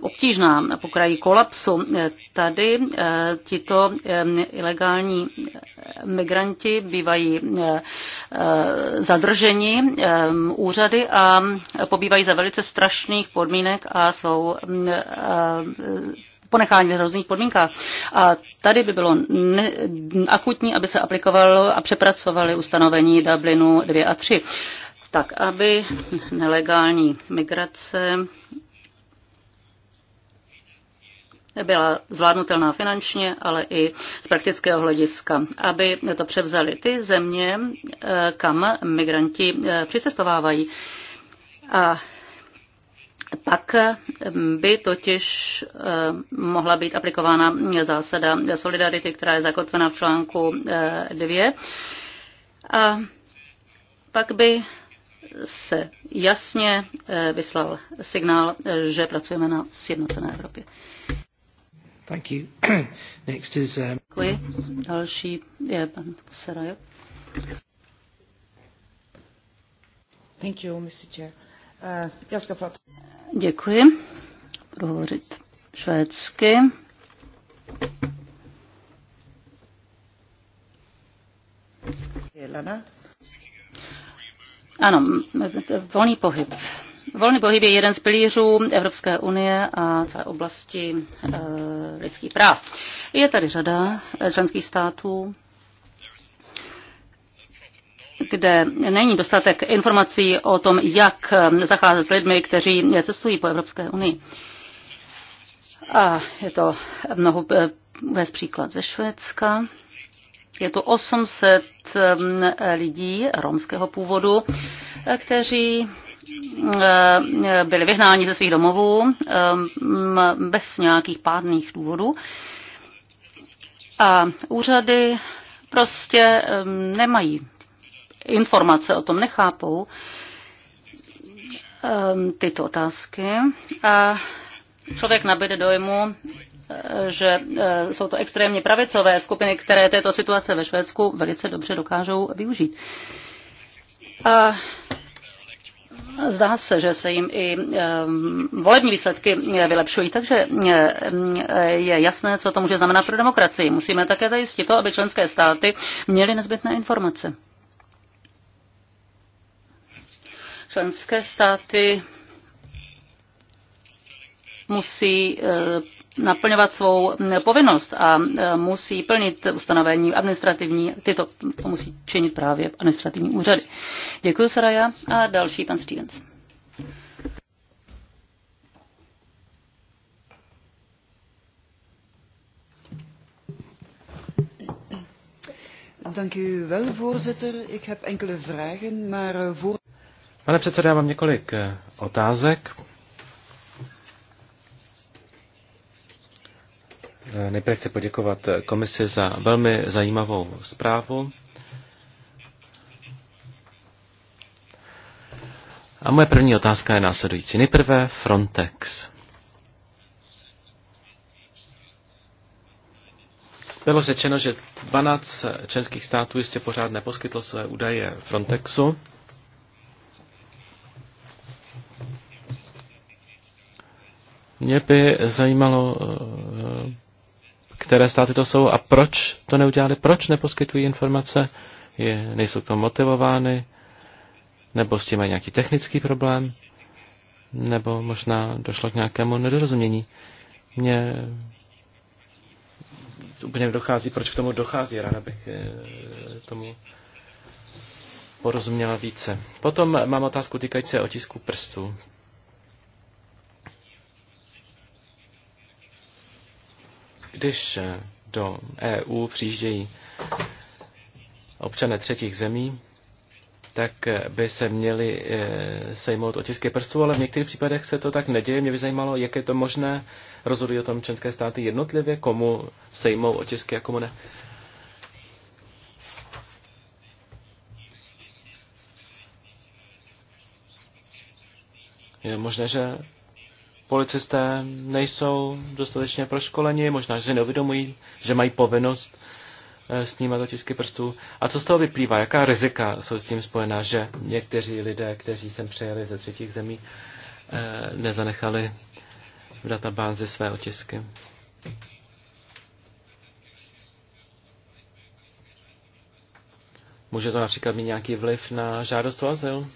obtížná po kraji kolapsu, tady tito ilegální migranti bývají zadrženi úřady a pobývají za velice strašných podmínek a a jsou mm, e, ponechání v hrozných podmínkách. A tady by bylo ne, akutní, aby se aplikovalo a přepracovali ustanovení Dublinu 2 a 3, tak aby nelegální migrace byla zvládnutelná finančně, ale i z praktického hlediska, aby to převzali ty země, e, kam migranti e, přicestovávají. A pak mm, by totiž eh, mohla být aplikována zásada solidarity, která je zakotvena v článku 2. Eh, A pak by se jasně eh, vyslal signál, že pracujeme na sjednocené Evropě. Thank you. [CLEARS THROAT] Next is, um... Děkuji. Další je pan Serajo. Thank you, Mr. Chair. Eh, jag ska prata. Děkuji. Budu hovořit švédsky. Ano, volný pohyb. Volný pohyb je jeden z pilířů Evropské unie a celé oblasti e, lidských práv. Je tady řada členských států, kde není dostatek informací o tom, jak eh, zacházet s lidmi, kteří eh, cestují po Evropské unii. A je to mnoho bez eh, příklad ze Švédska. Je tu 800 lidí romského původu, kteří byli vyhnáni ze svých domovů bez nějakých pádných důvodů. A úřady prostě nemají informace o tom nechápou ehm, tyto otázky. A člověk nabede dojmu, eh, že eh, jsou to extrémně pravicové skupiny, které této situace ve Švédsku velice dobře dokážou využít. A Zdá se, že se jim i ehm, volební výsledky eh, vylepšují, takže je jasné, co to může znamenat pro demokracii. Musíme také zajistit to, aby členské státy měly nezbytné informace. Členské státy musí eh, naplňovat svou eh, povinnost a eh, musí plnit ustanovení administrativní, tyto to musí činit právě administrativní úřady. Děkuji, Saraja. A další, pan Stevens. Dank u wel, voorzitter. Ik heb enkele vragen, maar voor... Pane předsedo, já mám několik eh, otázek. Eh, nejprve chci poděkovat eh, komisi za velmi zajímavou zprávu. A moje první otázka je následující. Nejprve Frontex. Bylo řečeno, že 12 členských států jistě pořád neposkytlo své údaje Frontexu. Mě by zajímalo, eh, které státy to jsou a proč to neudělali, proč neposkytují informace, je, nejsou k tomu motivovány, nebo s tím mají nějaký technický problém, nebo možná došlo k nějakému nedorozumění. Mně úplně dochází, proč k tomu dochází, ráda bych eh, tomu porozuměla více. Potom mám otázku týkající se otisku prstů. Když eh, do EU přijíždějí občané třetích zemí, tak eh, by se měli eh, sejmout otisky prstů, ale v některých případech se to tak neděje. Mě by zajímalo, jak je to možné. Rozhodují o tom členské státy jednotlivě, komu sejmou otisky a komu ne. Je možné, že policisté nejsou dostatečně proškoleni, možná, že si neuvědomují, že mají povinnost eh, snímat otisky prstů. A co z toho vyplývá? Jaká rizika jsou s tím spojená, že někteří lidé, kteří sem přejeli ze třetích zemí, eh, nezanechali v databázi své otisky? Může to například mít nějaký vliv na žádost o azyl?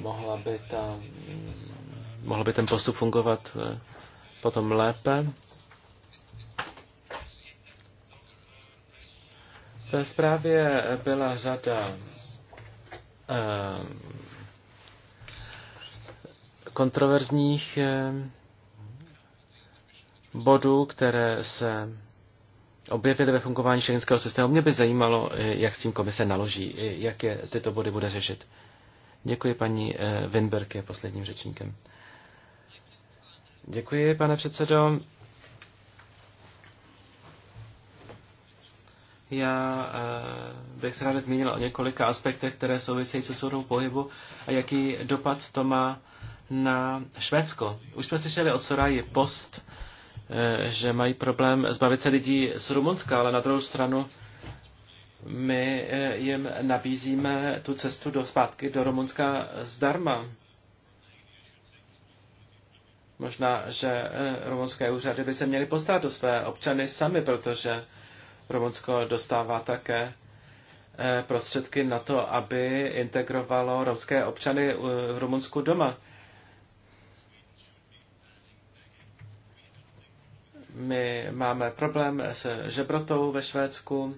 mohla by ta, mohl by ten postup fungovat eh, potom lépe. Ve zprávě byla řada eh, kontroverzních eh, bodů, které se objevily ve fungování šengenského systému. Mě by zajímalo, jak s tím komise naloží, jak je tyto body bude řešit. Děkuji, paní eh, Winberg je posledním řečníkem. Děkuji, pane předsedo. Já eh, bych se rád zmínil o několika aspektech, které souvisejí se svobodou pohybu a jaký dopad to má na Švédsko. Už jsme slyšeli od Soraji Post, eh, že mají problém zbavit se lidí z Rumunska, ale na druhou stranu my eh, jim nabízíme tu cestu do zpátky do Rumunska zdarma. Možná, že eh, rumunské úřady by se měly postarat o své občany sami, protože Rumunsko dostává také eh, prostředky na to, aby integrovalo romské občany v Rumunsku doma. My máme problém se žebrotou ve Švédsku.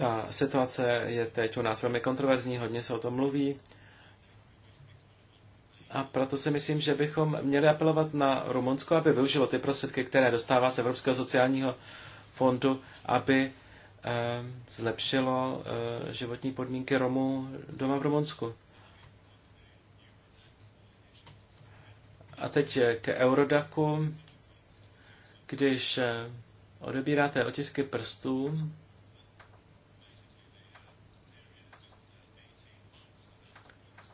Ta situace je teď u nás velmi kontroverzní, hodně se o tom mluví. A proto si myslím, že bychom měli apelovat na Rumunsko, aby využilo ty prostředky, které dostává z Evropského sociálního fondu, aby eh, zlepšilo eh, životní podmínky Romů doma v Rumunsku. A teď eh, k Eurodaku. Když odebíráte otisky prstů,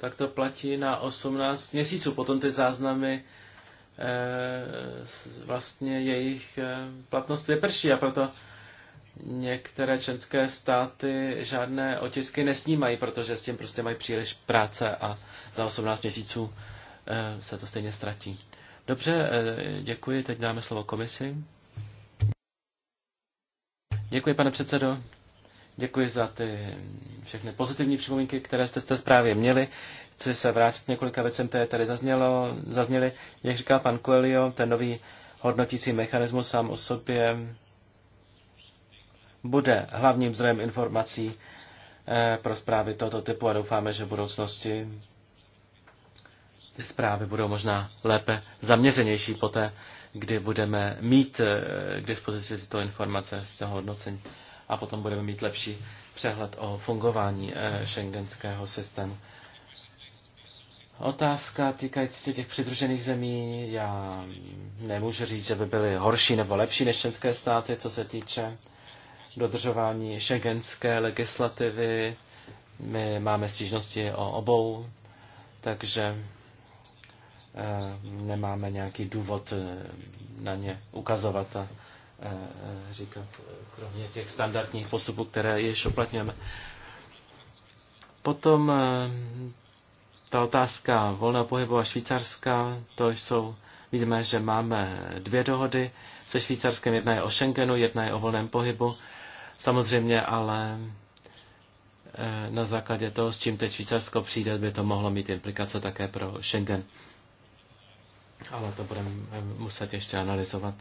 tak to platí na 18 měsíců. Potom ty záznamy eh, vlastně jejich eh, platnost vyprší a proto některé členské státy žádné otisky nesnímají, protože s tím prostě mají příliš práce a za 18 měsíců eh, se to stejně ztratí. Dobře, děkuji. Teď dáme slovo komisi. Děkuji, pane předsedo. Děkuji za ty všechny pozitivní připomínky, které jste v té zprávě měli. Chci se vrátit k několika věcem, které tady zaznělo, zazněly. Jak říká pan Coelho, ten nový hodnotící mechanismus sám o sobě bude hlavním zdrojem informací eh, pro zprávy tohoto typu a doufáme, že v budoucnosti ty zprávy budou možná lépe zaměřenější poté, kdy budeme mít eh, k dispozici tyto informace z toho hodnocení a potom budeme mít lepší přehled o fungování eh, šengenského systému. Otázka týkající se těch přidružených zemí, já nemůžu říct, že by byly horší nebo lepší než členské státy, co se týče dodržování šengenské legislativy. My máme stížnosti o obou, takže eh, nemáme nějaký důvod eh, na ně ukazovat a Eh, eh, říkat, eh, kromě těch standardních postupů, které již uplatňujeme. Potom ta otázka volného pohybu a Švýcarska, to jsou, vidíme, že máme dvě dohody se Švýcarskem, jedna je o Schengenu, jedna je o volném pohybu, samozřejmě, ale na základě toho, s čím teď Švýcarsko přijde, by to mohlo mít implikace také pro Schengen. Ale to budeme muset ještě analyzovat.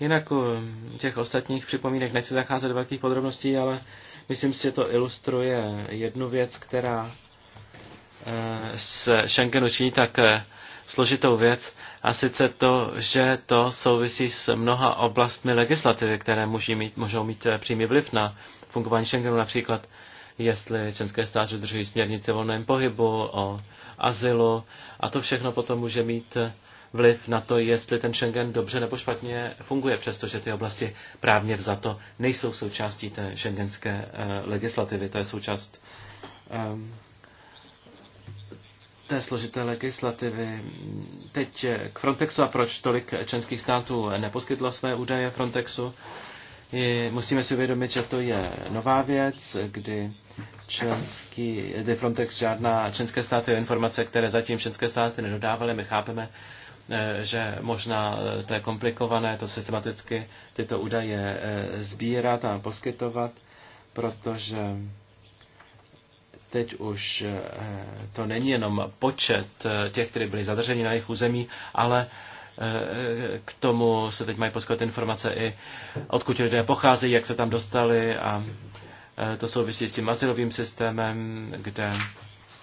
Jinak u eh, těch ostatních připomínek nechci zacházet do velkých podrobností, ale myslím si, že to ilustruje jednu věc, která eh, z Schengenu činí tak eh, složitou věc, a sice to, že to souvisí s mnoha oblastmi legislativy, které můžou mít, můžou mít přímý vliv na fungování Schengenu, například jestli členské státy udržují směrnice o volném pohybu, o azylu, a to všechno potom může mít vliv na to, jestli ten Schengen dobře nebo špatně funguje, přestože ty oblasti právně vzato nejsou součástí té šengenské eh, legislativy. To je součást eh, té složité legislativy. Teď k Frontexu a proč tolik členských států neposkytlo své údaje Frontexu. Musíme si uvědomit, že to je nová věc, kdy, členský, kdy Frontex žádná členské státy o informace, které zatím členské státy nedodávaly. My chápeme, Eh, že možná eh, to je komplikované, to systematicky tyto údaje eh, sbírat a poskytovat, protože teď už to není jenom počet těch, kteří byli zadrženi na jejich území, ale k tomu se teď mají poskytovat informace i odkud lidé pocházejí, jak se tam dostali a to souvisí s tím asilovým systémem, kde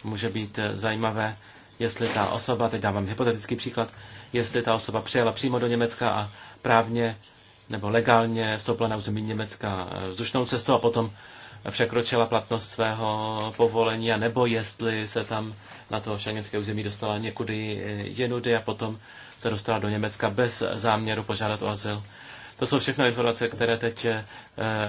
může být zajímavé jestli ta osoba, teď dávám hypotetický příklad, jestli ta osoba přijela přímo do Německa a právně nebo legálně vstoupila na území Německa eh, vzdušnou cestou a potom překročila platnost svého povolení, a nebo jestli se tam na to šengenské území dostala někudy eh, jenudy a potom se dostala do Německa bez záměru požádat o azyl to jsou všechno informace, které teď eh,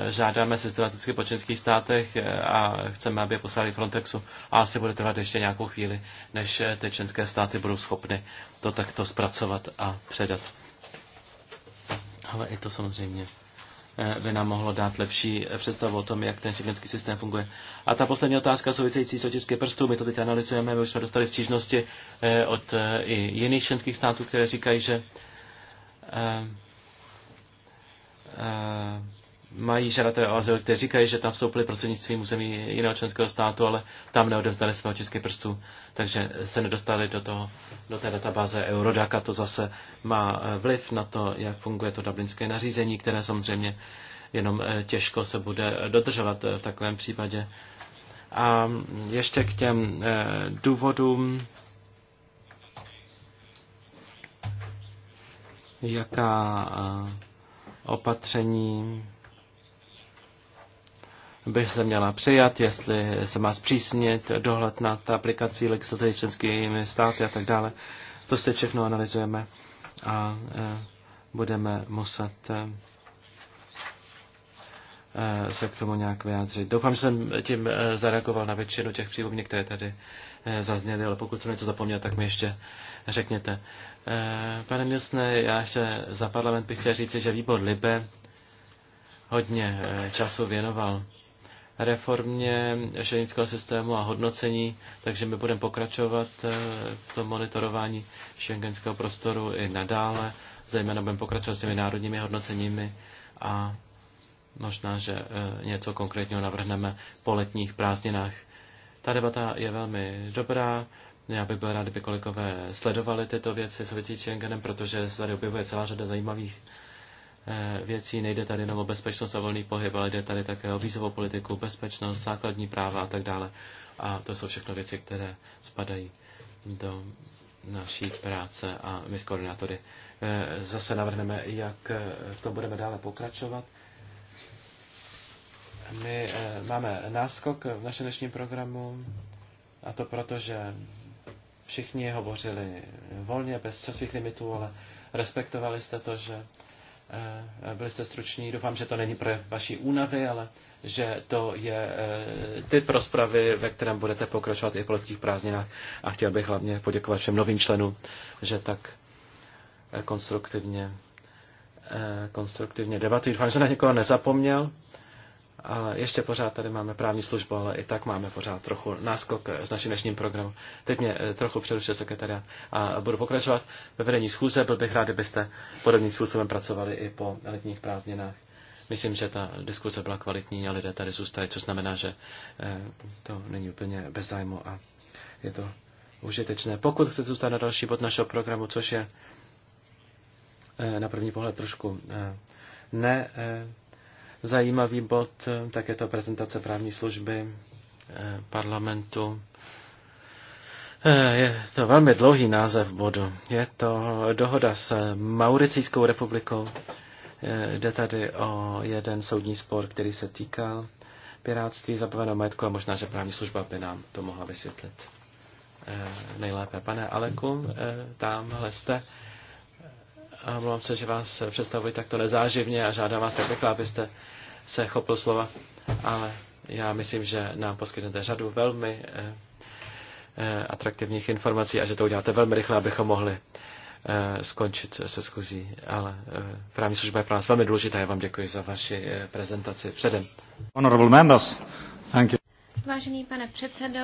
žádáme systematicky po členských státech eh, a chceme, aby je poslali Frontexu. A asi bude trvat ještě nějakou chvíli, než eh, ty členské státy budou schopny to takto zpracovat a předat. Ale i to samozřejmě by nám mohlo dát lepší představu o tom, jak ten šengenský systém funguje. A ta poslední otázka související s otisky prstů, my to teď analyzujeme, my už jsme dostali stížnosti od i jiných členských států, které říkají, že mají žadatelé o azyl, kteří říkají, že tam vstoupili prostřednictvím území jiného členského státu, ale tam neodevzdali své otisky prstů, takže se nedostali do, toho, do té databáze Eurodac a to zase má eh, vliv na to, jak funguje to dublinské nařízení, které samozřejmě jenom eh, těžko se bude dodržovat eh, v takovém případě. A ještě k těm důvodům, jaká opatření by se měla přijat, jestli se má zpřísnit dohled nad aplikací legislativy členskými státy a tak dále. To se všechno analyzujeme a e, budeme muset e, Eh, se k tomu nějak vyjádřit. Doufám, že jsem tím eh, zareagoval na většinu těch přílomní, které tady eh, zazněly, ale pokud jsem něco zapomněl, tak mi ještě řekněte. Pane Nilsne, já ještě za parlament bych chtěl říci, že výbor Libe hodně času věnoval reformě šednického systému a hodnocení, takže my budeme pokračovat v tom monitorování šengenského prostoru i nadále, zejména budeme pokračovat s těmi národními hodnoceními a Možná, že eh, něco konkrétního navrhneme po letních prázdninách. Ta debata je velmi dobrá. Já bych byl rád, kdyby kolegové sledovali tyto věci souvisící s Schengenem, protože se tady objevuje celá řada zajímavých eh, věcí. Nejde tady jenom o bezpečnost a volný pohyb, ale jde tady také o vízovou politiku, bezpečnost, základní práva a tak dále. A to jsou všechno věci, které spadají do naší práce a my s koordinátory eh, zase navrhneme, jak v tom budeme dále pokračovat. My eh, máme náskok v našem dnešním programu a to proto, že všichni hovořili volně, bez časových limitů, ale respektovali jste to, že eh, byli jste struční. Doufám, že to není pro vaší únavy, ale že to je eh, typ rozpravy, ve kterém budete pokračovat i po letních prázdninách. A chtěl bych hlavně poděkovat všem novým členům, že tak konstruktivně, konstruktivně debatují. Doufám, že na někoho nezapomněl. A ještě pořád tady máme právní službu, ale i tak máme pořád trochu náskok eh, s naším dnešním programem. Teď mě eh, trochu přerušil sekretariat a budu pokračovat ve vedení schůze. Byl bych rád, kdybyste podobným způsobem pracovali i po letních prázdninách. Myslím, že ta diskuse byla kvalitní a lidé tady zůstají, což znamená, že eh, to není úplně bez zájmu a je to užitečné. Pokud chcete zůstat na další bod našeho programu, což je na první pohled trošku ne zajímavý bod, tak je to prezentace právní služby eh, parlamentu. Eh, je to velmi dlouhý název bodu. Je to dohoda s Mauricijskou republikou. Eh, jde tady o jeden soudní spor, který se týkal pirátství, zabaveného majetku a možná, že právní služba by nám to mohla vysvětlit nejlépe. Pane Aleku, tamhle jste. A mluvám se, že vás představuji takto nezáživně a žádám vás tak rychle, abyste se chopil slova, ale já myslím, že nám poskytnete řadu velmi eh, eh, atraktivních informací a že to uděláte velmi rychle, abychom mohli eh, skončit se schůzí. Ale právní služba je pro nás velmi důležitá. Já vám děkuji za vaši prezentaci předem. Honorable members, thank you. Vážený pane předsedo,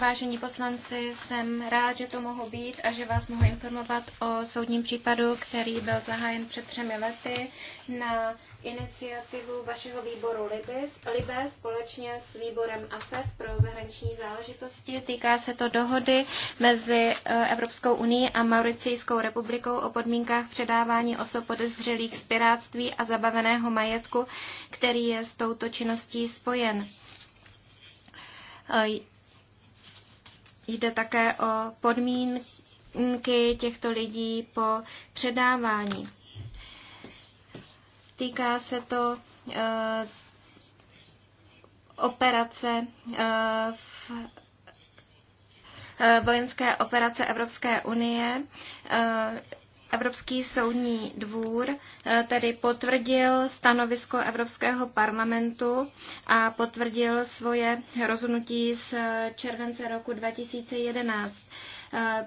Vážení poslanci, jsem rád, že to mohu být a že vás mohu informovat o soudním případu, který byl zahájen před třemi lety na iniciativu vašeho výboru Libes, Libe společně s výborem AFET pro zahraniční záležitosti. Týká se to dohody mezi eh, Evropskou unii a Mauricijskou republikou o podmínkách předávání osob podezřelých z piráctví a zabaveného majetku, který je s touto činností spojen. Eh, Jde také o podmínky těchto lidí po předávání. Týká se to uh, operace uh, v eh, vojenské operace Evropské unie. Uh, Evropský soudní dvůr eh, tedy potvrdil stanovisko Evropského parlamentu a potvrdil svoje rozhodnutí z eh, července roku 2011. Eh,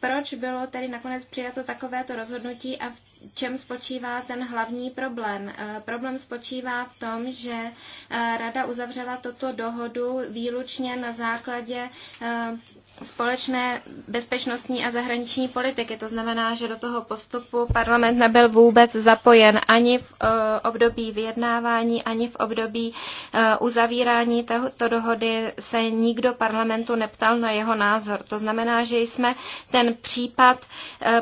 proč bylo tedy nakonec přijato takovéto rozhodnutí a v čem spočívá ten hlavní problém. Eh, problém spočívá v tom, že eh, Rada uzavřela toto dohodu výlučně na základě eh, společné bezpečnostní a zahraniční politiky. To znamená, že do toho postupu parlament nebyl vůbec zapojen ani v období vyjednávání, ani v období uzavírání této dohody se nikdo parlamentu neptal na jeho názor. To znamená, že jsme ten případ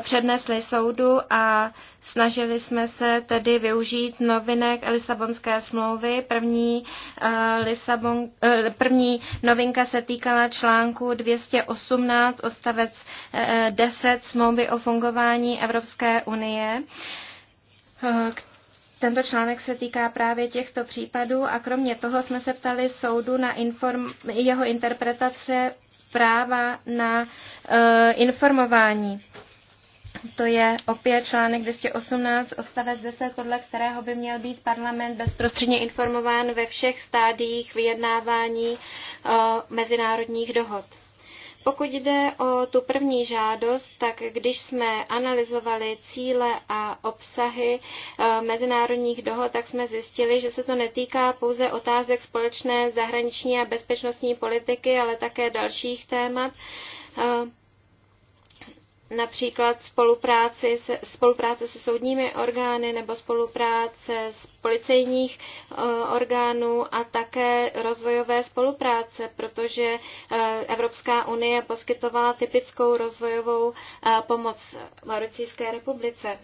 přednesli soudu a Snažili jsme se tedy využít novinek Lisabonské smlouvy. První, uh, Lisabon, uh, první novinka se týkala článku 218 odstavec uh, eh, 10 smlouvy o fungování Evropské unie. Uh, tento článek se týká právě těchto případů a kromě toho jsme se ptali soudu na inform, jeho interpretace práva na uh, informování. To je opět článek 218 odstavec 10, podle kterého by měl být parlament bezprostředně informován ve všech stádiích vyjednávání e, mezinárodních dohod. Pokud jde o tu první žádost, tak když jsme analyzovali cíle a obsahy e, mezinárodních dohod, tak jsme zjistili, že se to netýká pouze otázek společné zahraniční a bezpečnostní politiky, ale také dalších témat. E, například spolupráci se, spolupráce se soudními orgány nebo spolupráce s policejních eh, orgánů a také rozvojové spolupráce, protože eh, Evropská unie poskytovala typickou rozvojovou eh, pomoc Mauricijské republice.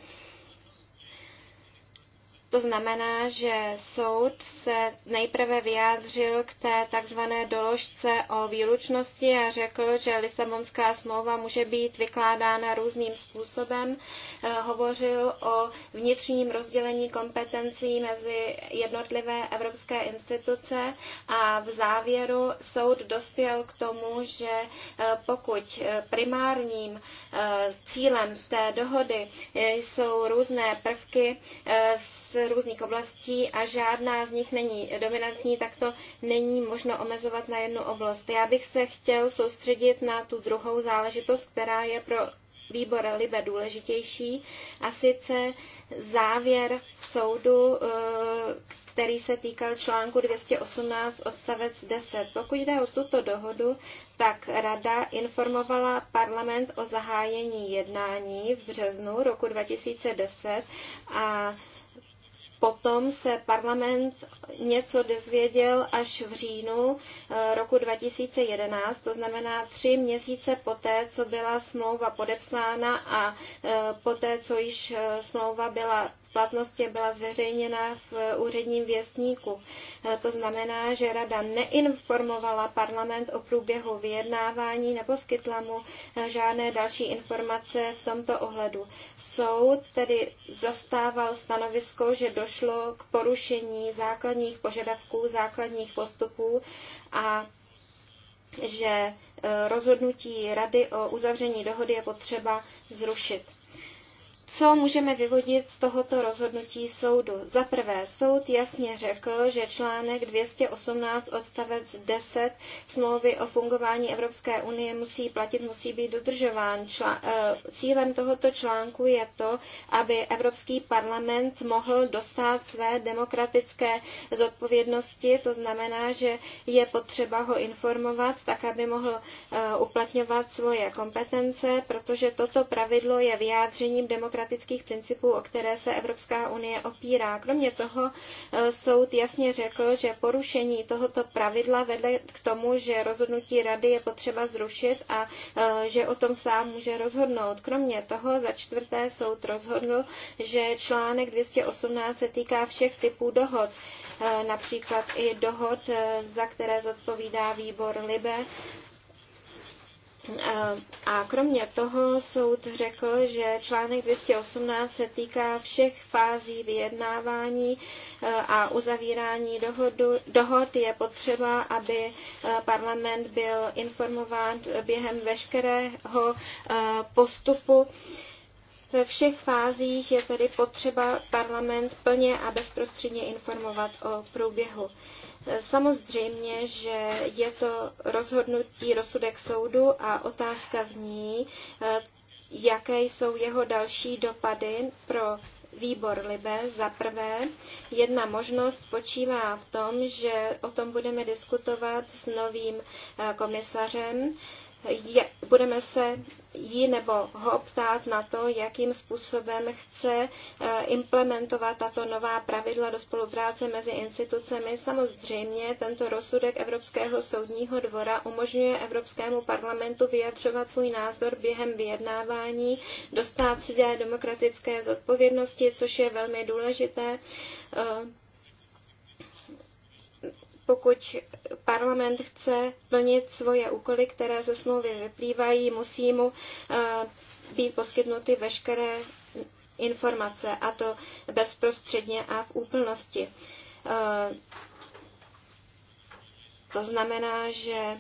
To znamená, že soud se nejprve vyjádřil k té takzvané doložce o výlučnosti a řekl, že Lisabonská smlouva může být vykládána různým způsobem. Eh, hovořil o vnitřním rozdělení kompetencí mezi jednotlivé evropské instituce a v závěru soud dospěl k tomu, že eh, pokud eh, primárním cílem té dohody jsou různé prvky, s různých oblastí a žádná z nich není dominantní, tak to není možno omezovat na jednu oblast. Já bych se chtěl soustředit na tu druhou záležitost, která je pro výbor Libe důležitější, a sice závěr soudu, eh, který se týkal článku 218 odstavec 10. Pokud jde o tuto dohodu, tak Rada informovala parlament o zahájení jednání v březnu roku 2010 a potom se parlament něco dozvěděl až v říjnu eh, roku 2011, to znamená tři měsíce poté, co byla smlouva podepsána a eh, poté, co již eh, smlouva byla platnosti byla zveřejněna v úředním věstníku. Eh, to znamená, že rada neinformovala parlament o průběhu vyjednávání, neposkytla mu eh, žádné další informace v tomto ohledu. Soud tedy zastával stanovisko, že došlo k porušení základních požadavků, základních postupů a že eh, rozhodnutí Rady o uzavření dohody je potřeba zrušit. Co můžeme vyvodit z tohoto rozhodnutí soudu? Za prvé, soud jasně řekl, že článek 218 odstavec 10 smlouvy o fungování Evropské unie musí platit, musí být dodržován. Člán, eh, cílem tohoto článku je to, aby Evropský parlament mohl dostat své demokratické zodpovědnosti, to znamená, že je potřeba ho informovat, tak aby mohl eh, uplatňovat svoje kompetence, protože toto pravidlo je vyjádřením demokratické demokratických principů, o které se Evropská unie opírá. Kromě toho eh, soud jasně řekl, že porušení tohoto pravidla vedle k tomu, že rozhodnutí rady je potřeba zrušit a eh, že o tom sám může rozhodnout. Kromě toho za čtvrté soud rozhodl, že článek 218 se týká všech typů dohod eh, například i dohod, za které zodpovídá výbor Libe, a kromě toho soud řekl, že článek 218 se týká všech fází vyjednávání e, a uzavírání dohodu, dohod. Je potřeba, aby e, parlament byl informován během veškerého e, postupu. Ve všech fázích je tedy potřeba parlament plně a bezprostředně informovat o průběhu Samozřejmě, že je to rozhodnutí rozsudek soudu a otázka zní, eh, jaké jsou jeho další dopady pro výbor Libe. Za prvé, jedna možnost spočívá v tom, že o tom budeme diskutovat s novým eh, komisařem je, budeme se jí nebo ho ptát na to, jakým způsobem chce eh, implementovat tato nová pravidla do spolupráce mezi institucemi. Samozřejmě tento rozsudek Evropského soudního dvora umožňuje Evropskému parlamentu vyjadřovat svůj názor během vyjednávání, dostat své demokratické zodpovědnosti, což je velmi důležité. Eh, pokud parlament chce plnit svoje úkoly, které ze smlouvy vyplývají, musí mu eh, být poskytnuty veškeré informace, a to bezprostředně a v úplnosti eh, to znamená, že e,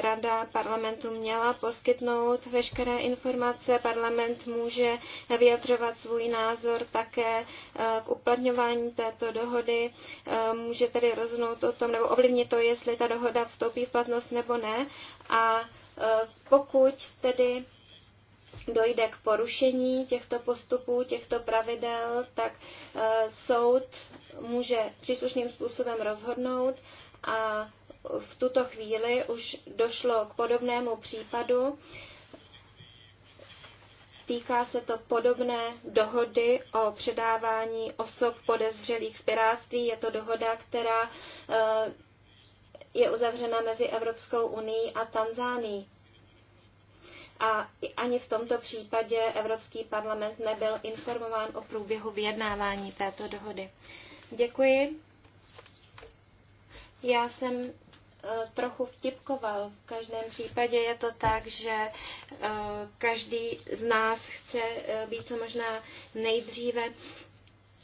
Rada parlamentu měla poskytnout veškeré informace, parlament může vyjadřovat svůj názor také e, k uplatňování této dohody, e, může tedy rozhodnout o tom nebo ovlivnit to, jestli ta dohoda vstoupí v platnost nebo ne. A pokud tedy dojde k porušení těchto postupů, těchto pravidel, tak soud může příslušným způsobem rozhodnout a v tuto chvíli už došlo k podobnému případu. Týká se to podobné dohody o předávání osob podezřelých z piráctví. Je to dohoda, která eh, je uzavřena mezi Evropskou unii a Tanzánií. A ani v tomto případě Evropský parlament nebyl informován o průběhu vyjednávání této dohody. Děkuji. Já jsem Eh, trochu vtipkoval. V každém případě je to tak, že eh, každý z nás chce eh, být co možná nejdříve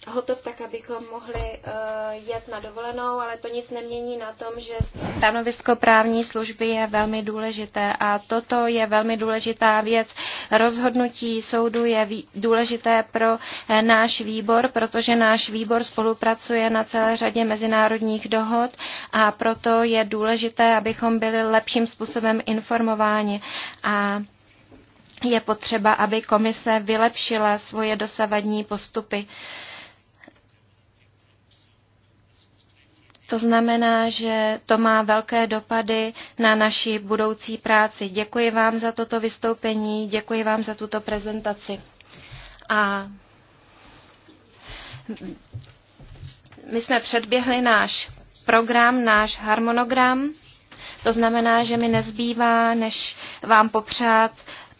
hotov, tak abychom mohli eh, jet na dovolenou, ale to nic nemění na tom, že stanovisko právní služby je velmi důležité a toto je velmi důležitá věc. Rozhodnutí soudu je důležité pro eh, náš výbor, protože náš výbor spolupracuje na celé řadě mezinárodních dohod a proto je důležité, abychom byli lepším způsobem informováni. A je potřeba, aby komise vylepšila svoje dosavadní postupy. Uh, To znamená, že to má velké dopady na naši budoucí práci. Děkuji vám za toto vystoupení, děkuji vám za tuto prezentaci. A my jsme předběhli náš program, náš harmonogram. To znamená, že mi nezbývá, než vám popřát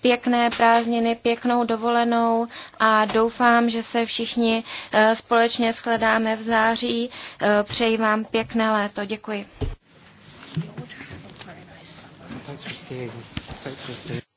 pěkné prázdniny, pěknou dovolenou a doufám, že se všichni eh, společně shledáme v září. Eh, přeji vám pěkné léto. Děkuji. Thanks for staying. Thanks for staying.